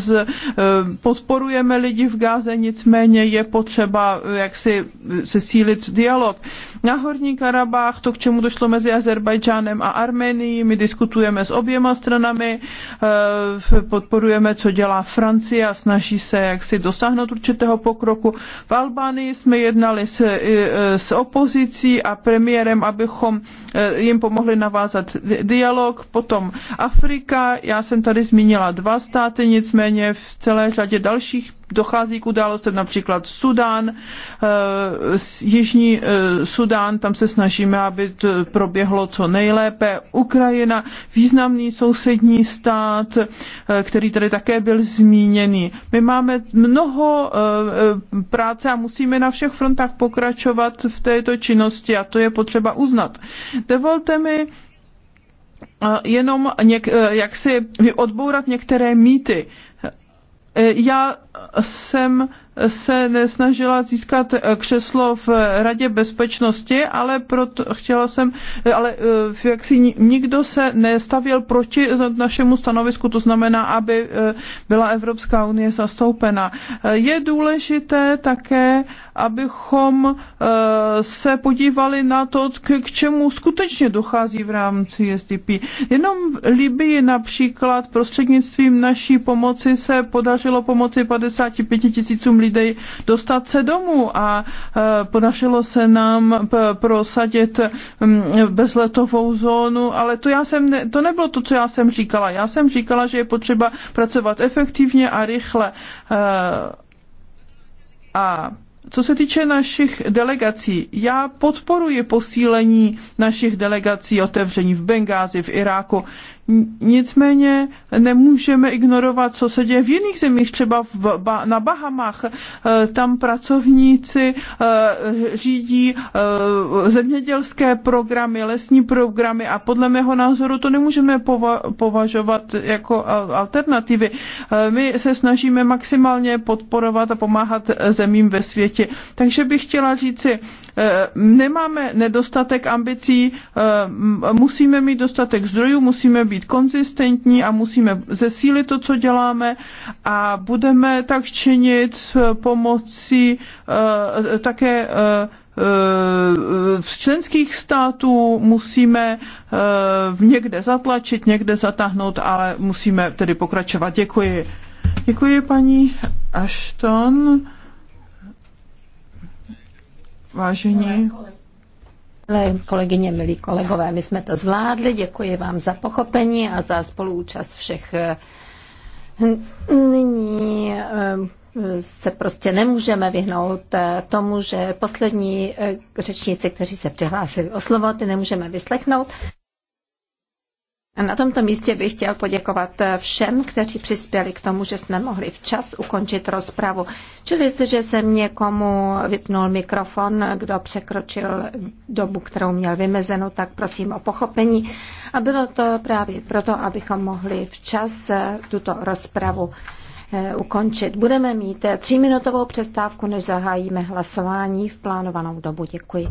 Podporujeme lidi v Gaze, nicméně je potřeba jaksi sesílit dialog. Já Náhorní Karabách, to, k čemu došlo mezi Azerbajdžánem a Armenií, my diskutujeme s oběma stranami, eh, podporujeme, co dělá Francie a snaží se jaksi dosáhnout určitého pokroku. V Albánii jsme jednali s, eh, s opozicí a premiérem, abychom eh, jim pomohli navázat dialog. Potom Afrika, já jsem tady zmínila dva státy, nicméně v celé řadě dalších dochází k událostem, například Sudán, eh, Jižní eh, Sudán, tam se snažíme, aby to proběhlo co nejlépe. Ukrajina, významný sousední stát, eh, který tady také byl zmíněný. My máme mnoho práce a musíme na všech frontách pokračovat v této činnosti a to je potřeba uznat. Dovolte mi jenom něk, jak si odbourat některé mýty. Eh, já jsem se nesnažila získat eh, křeslo v Radě bezpečnosti, ale proto chtěla jsem, eh, ale eh, jak si nikdo se nestavil proti našemu stanovisku, to znamená, aby byla Evropská unie zastoupena. Je důležité také, abychom se podívali na to, k čemu skutečně dochází v rámci SDP. Jenom v Libii například prostřednictvím naší pomoci se podařilo pomoci 55 tisícům lidé dostat se domů a e, podařilo se nám prosadit mm, bezletovou zónu, ale to, já jsem ne, to nebylo to, co já jsem říkala. Já jsem říkala, že je potřeba pracovat efektivně a rychle. E, a co se týče našich delegací, já podporuji posílení našich delegací otevření v Bengázi, v Iráku. Nicméně nemůžeme ignorovat, co se děje v jiných zemích, třeba v, ba, na Bahamách. E, tam pracovníci e, řídí e, zemědělské programy, lesní programy a podle mého názoru to nemůžeme pova, považovat jako alternativy. My se snažíme maximálně podporovat a pomáhat zemím ve světě. Takže bych chtěla říci, Eh, nemáme nedostatek ambicí, eh, musíme mít dostatek zdrojů, musíme být konzistentní a musíme zesílit to, co děláme a budeme tak činit s pomocí eh, také v členských států musíme někde zatlačit, někde zatáhnout, ale musíme tedy pokračovat. Děkuji. Děkuji paní Ashton. Vážení Milé kolegyně, milí kolegové, my jsme to zvládli. Děkuji vám za pochopení a za spoluúčast všech. Nyní eh, se prostě nemůžeme vyhnout eh, tomu, že poslední eh, řečníci, kteří se přihlásili o slovo, ty nemůžeme vyslechnout. Na tomto místě bych chtěl poděkovat eh, všem, kteří přispěli k tomu, že jsme mohli včas ukončit rozpravu. Čili se, že jsem někomu vypnul mikrofon, kdo překročil dobu, kterou měl vymezenou, tak prosím o pochopení. A bylo to právě proto, abychom mohli včas eh, tuto rozpravu eh, ukončit. Budeme mít tříminutovou přestávku, než zahájíme hlasování v plánovanou dobu. Děkuji.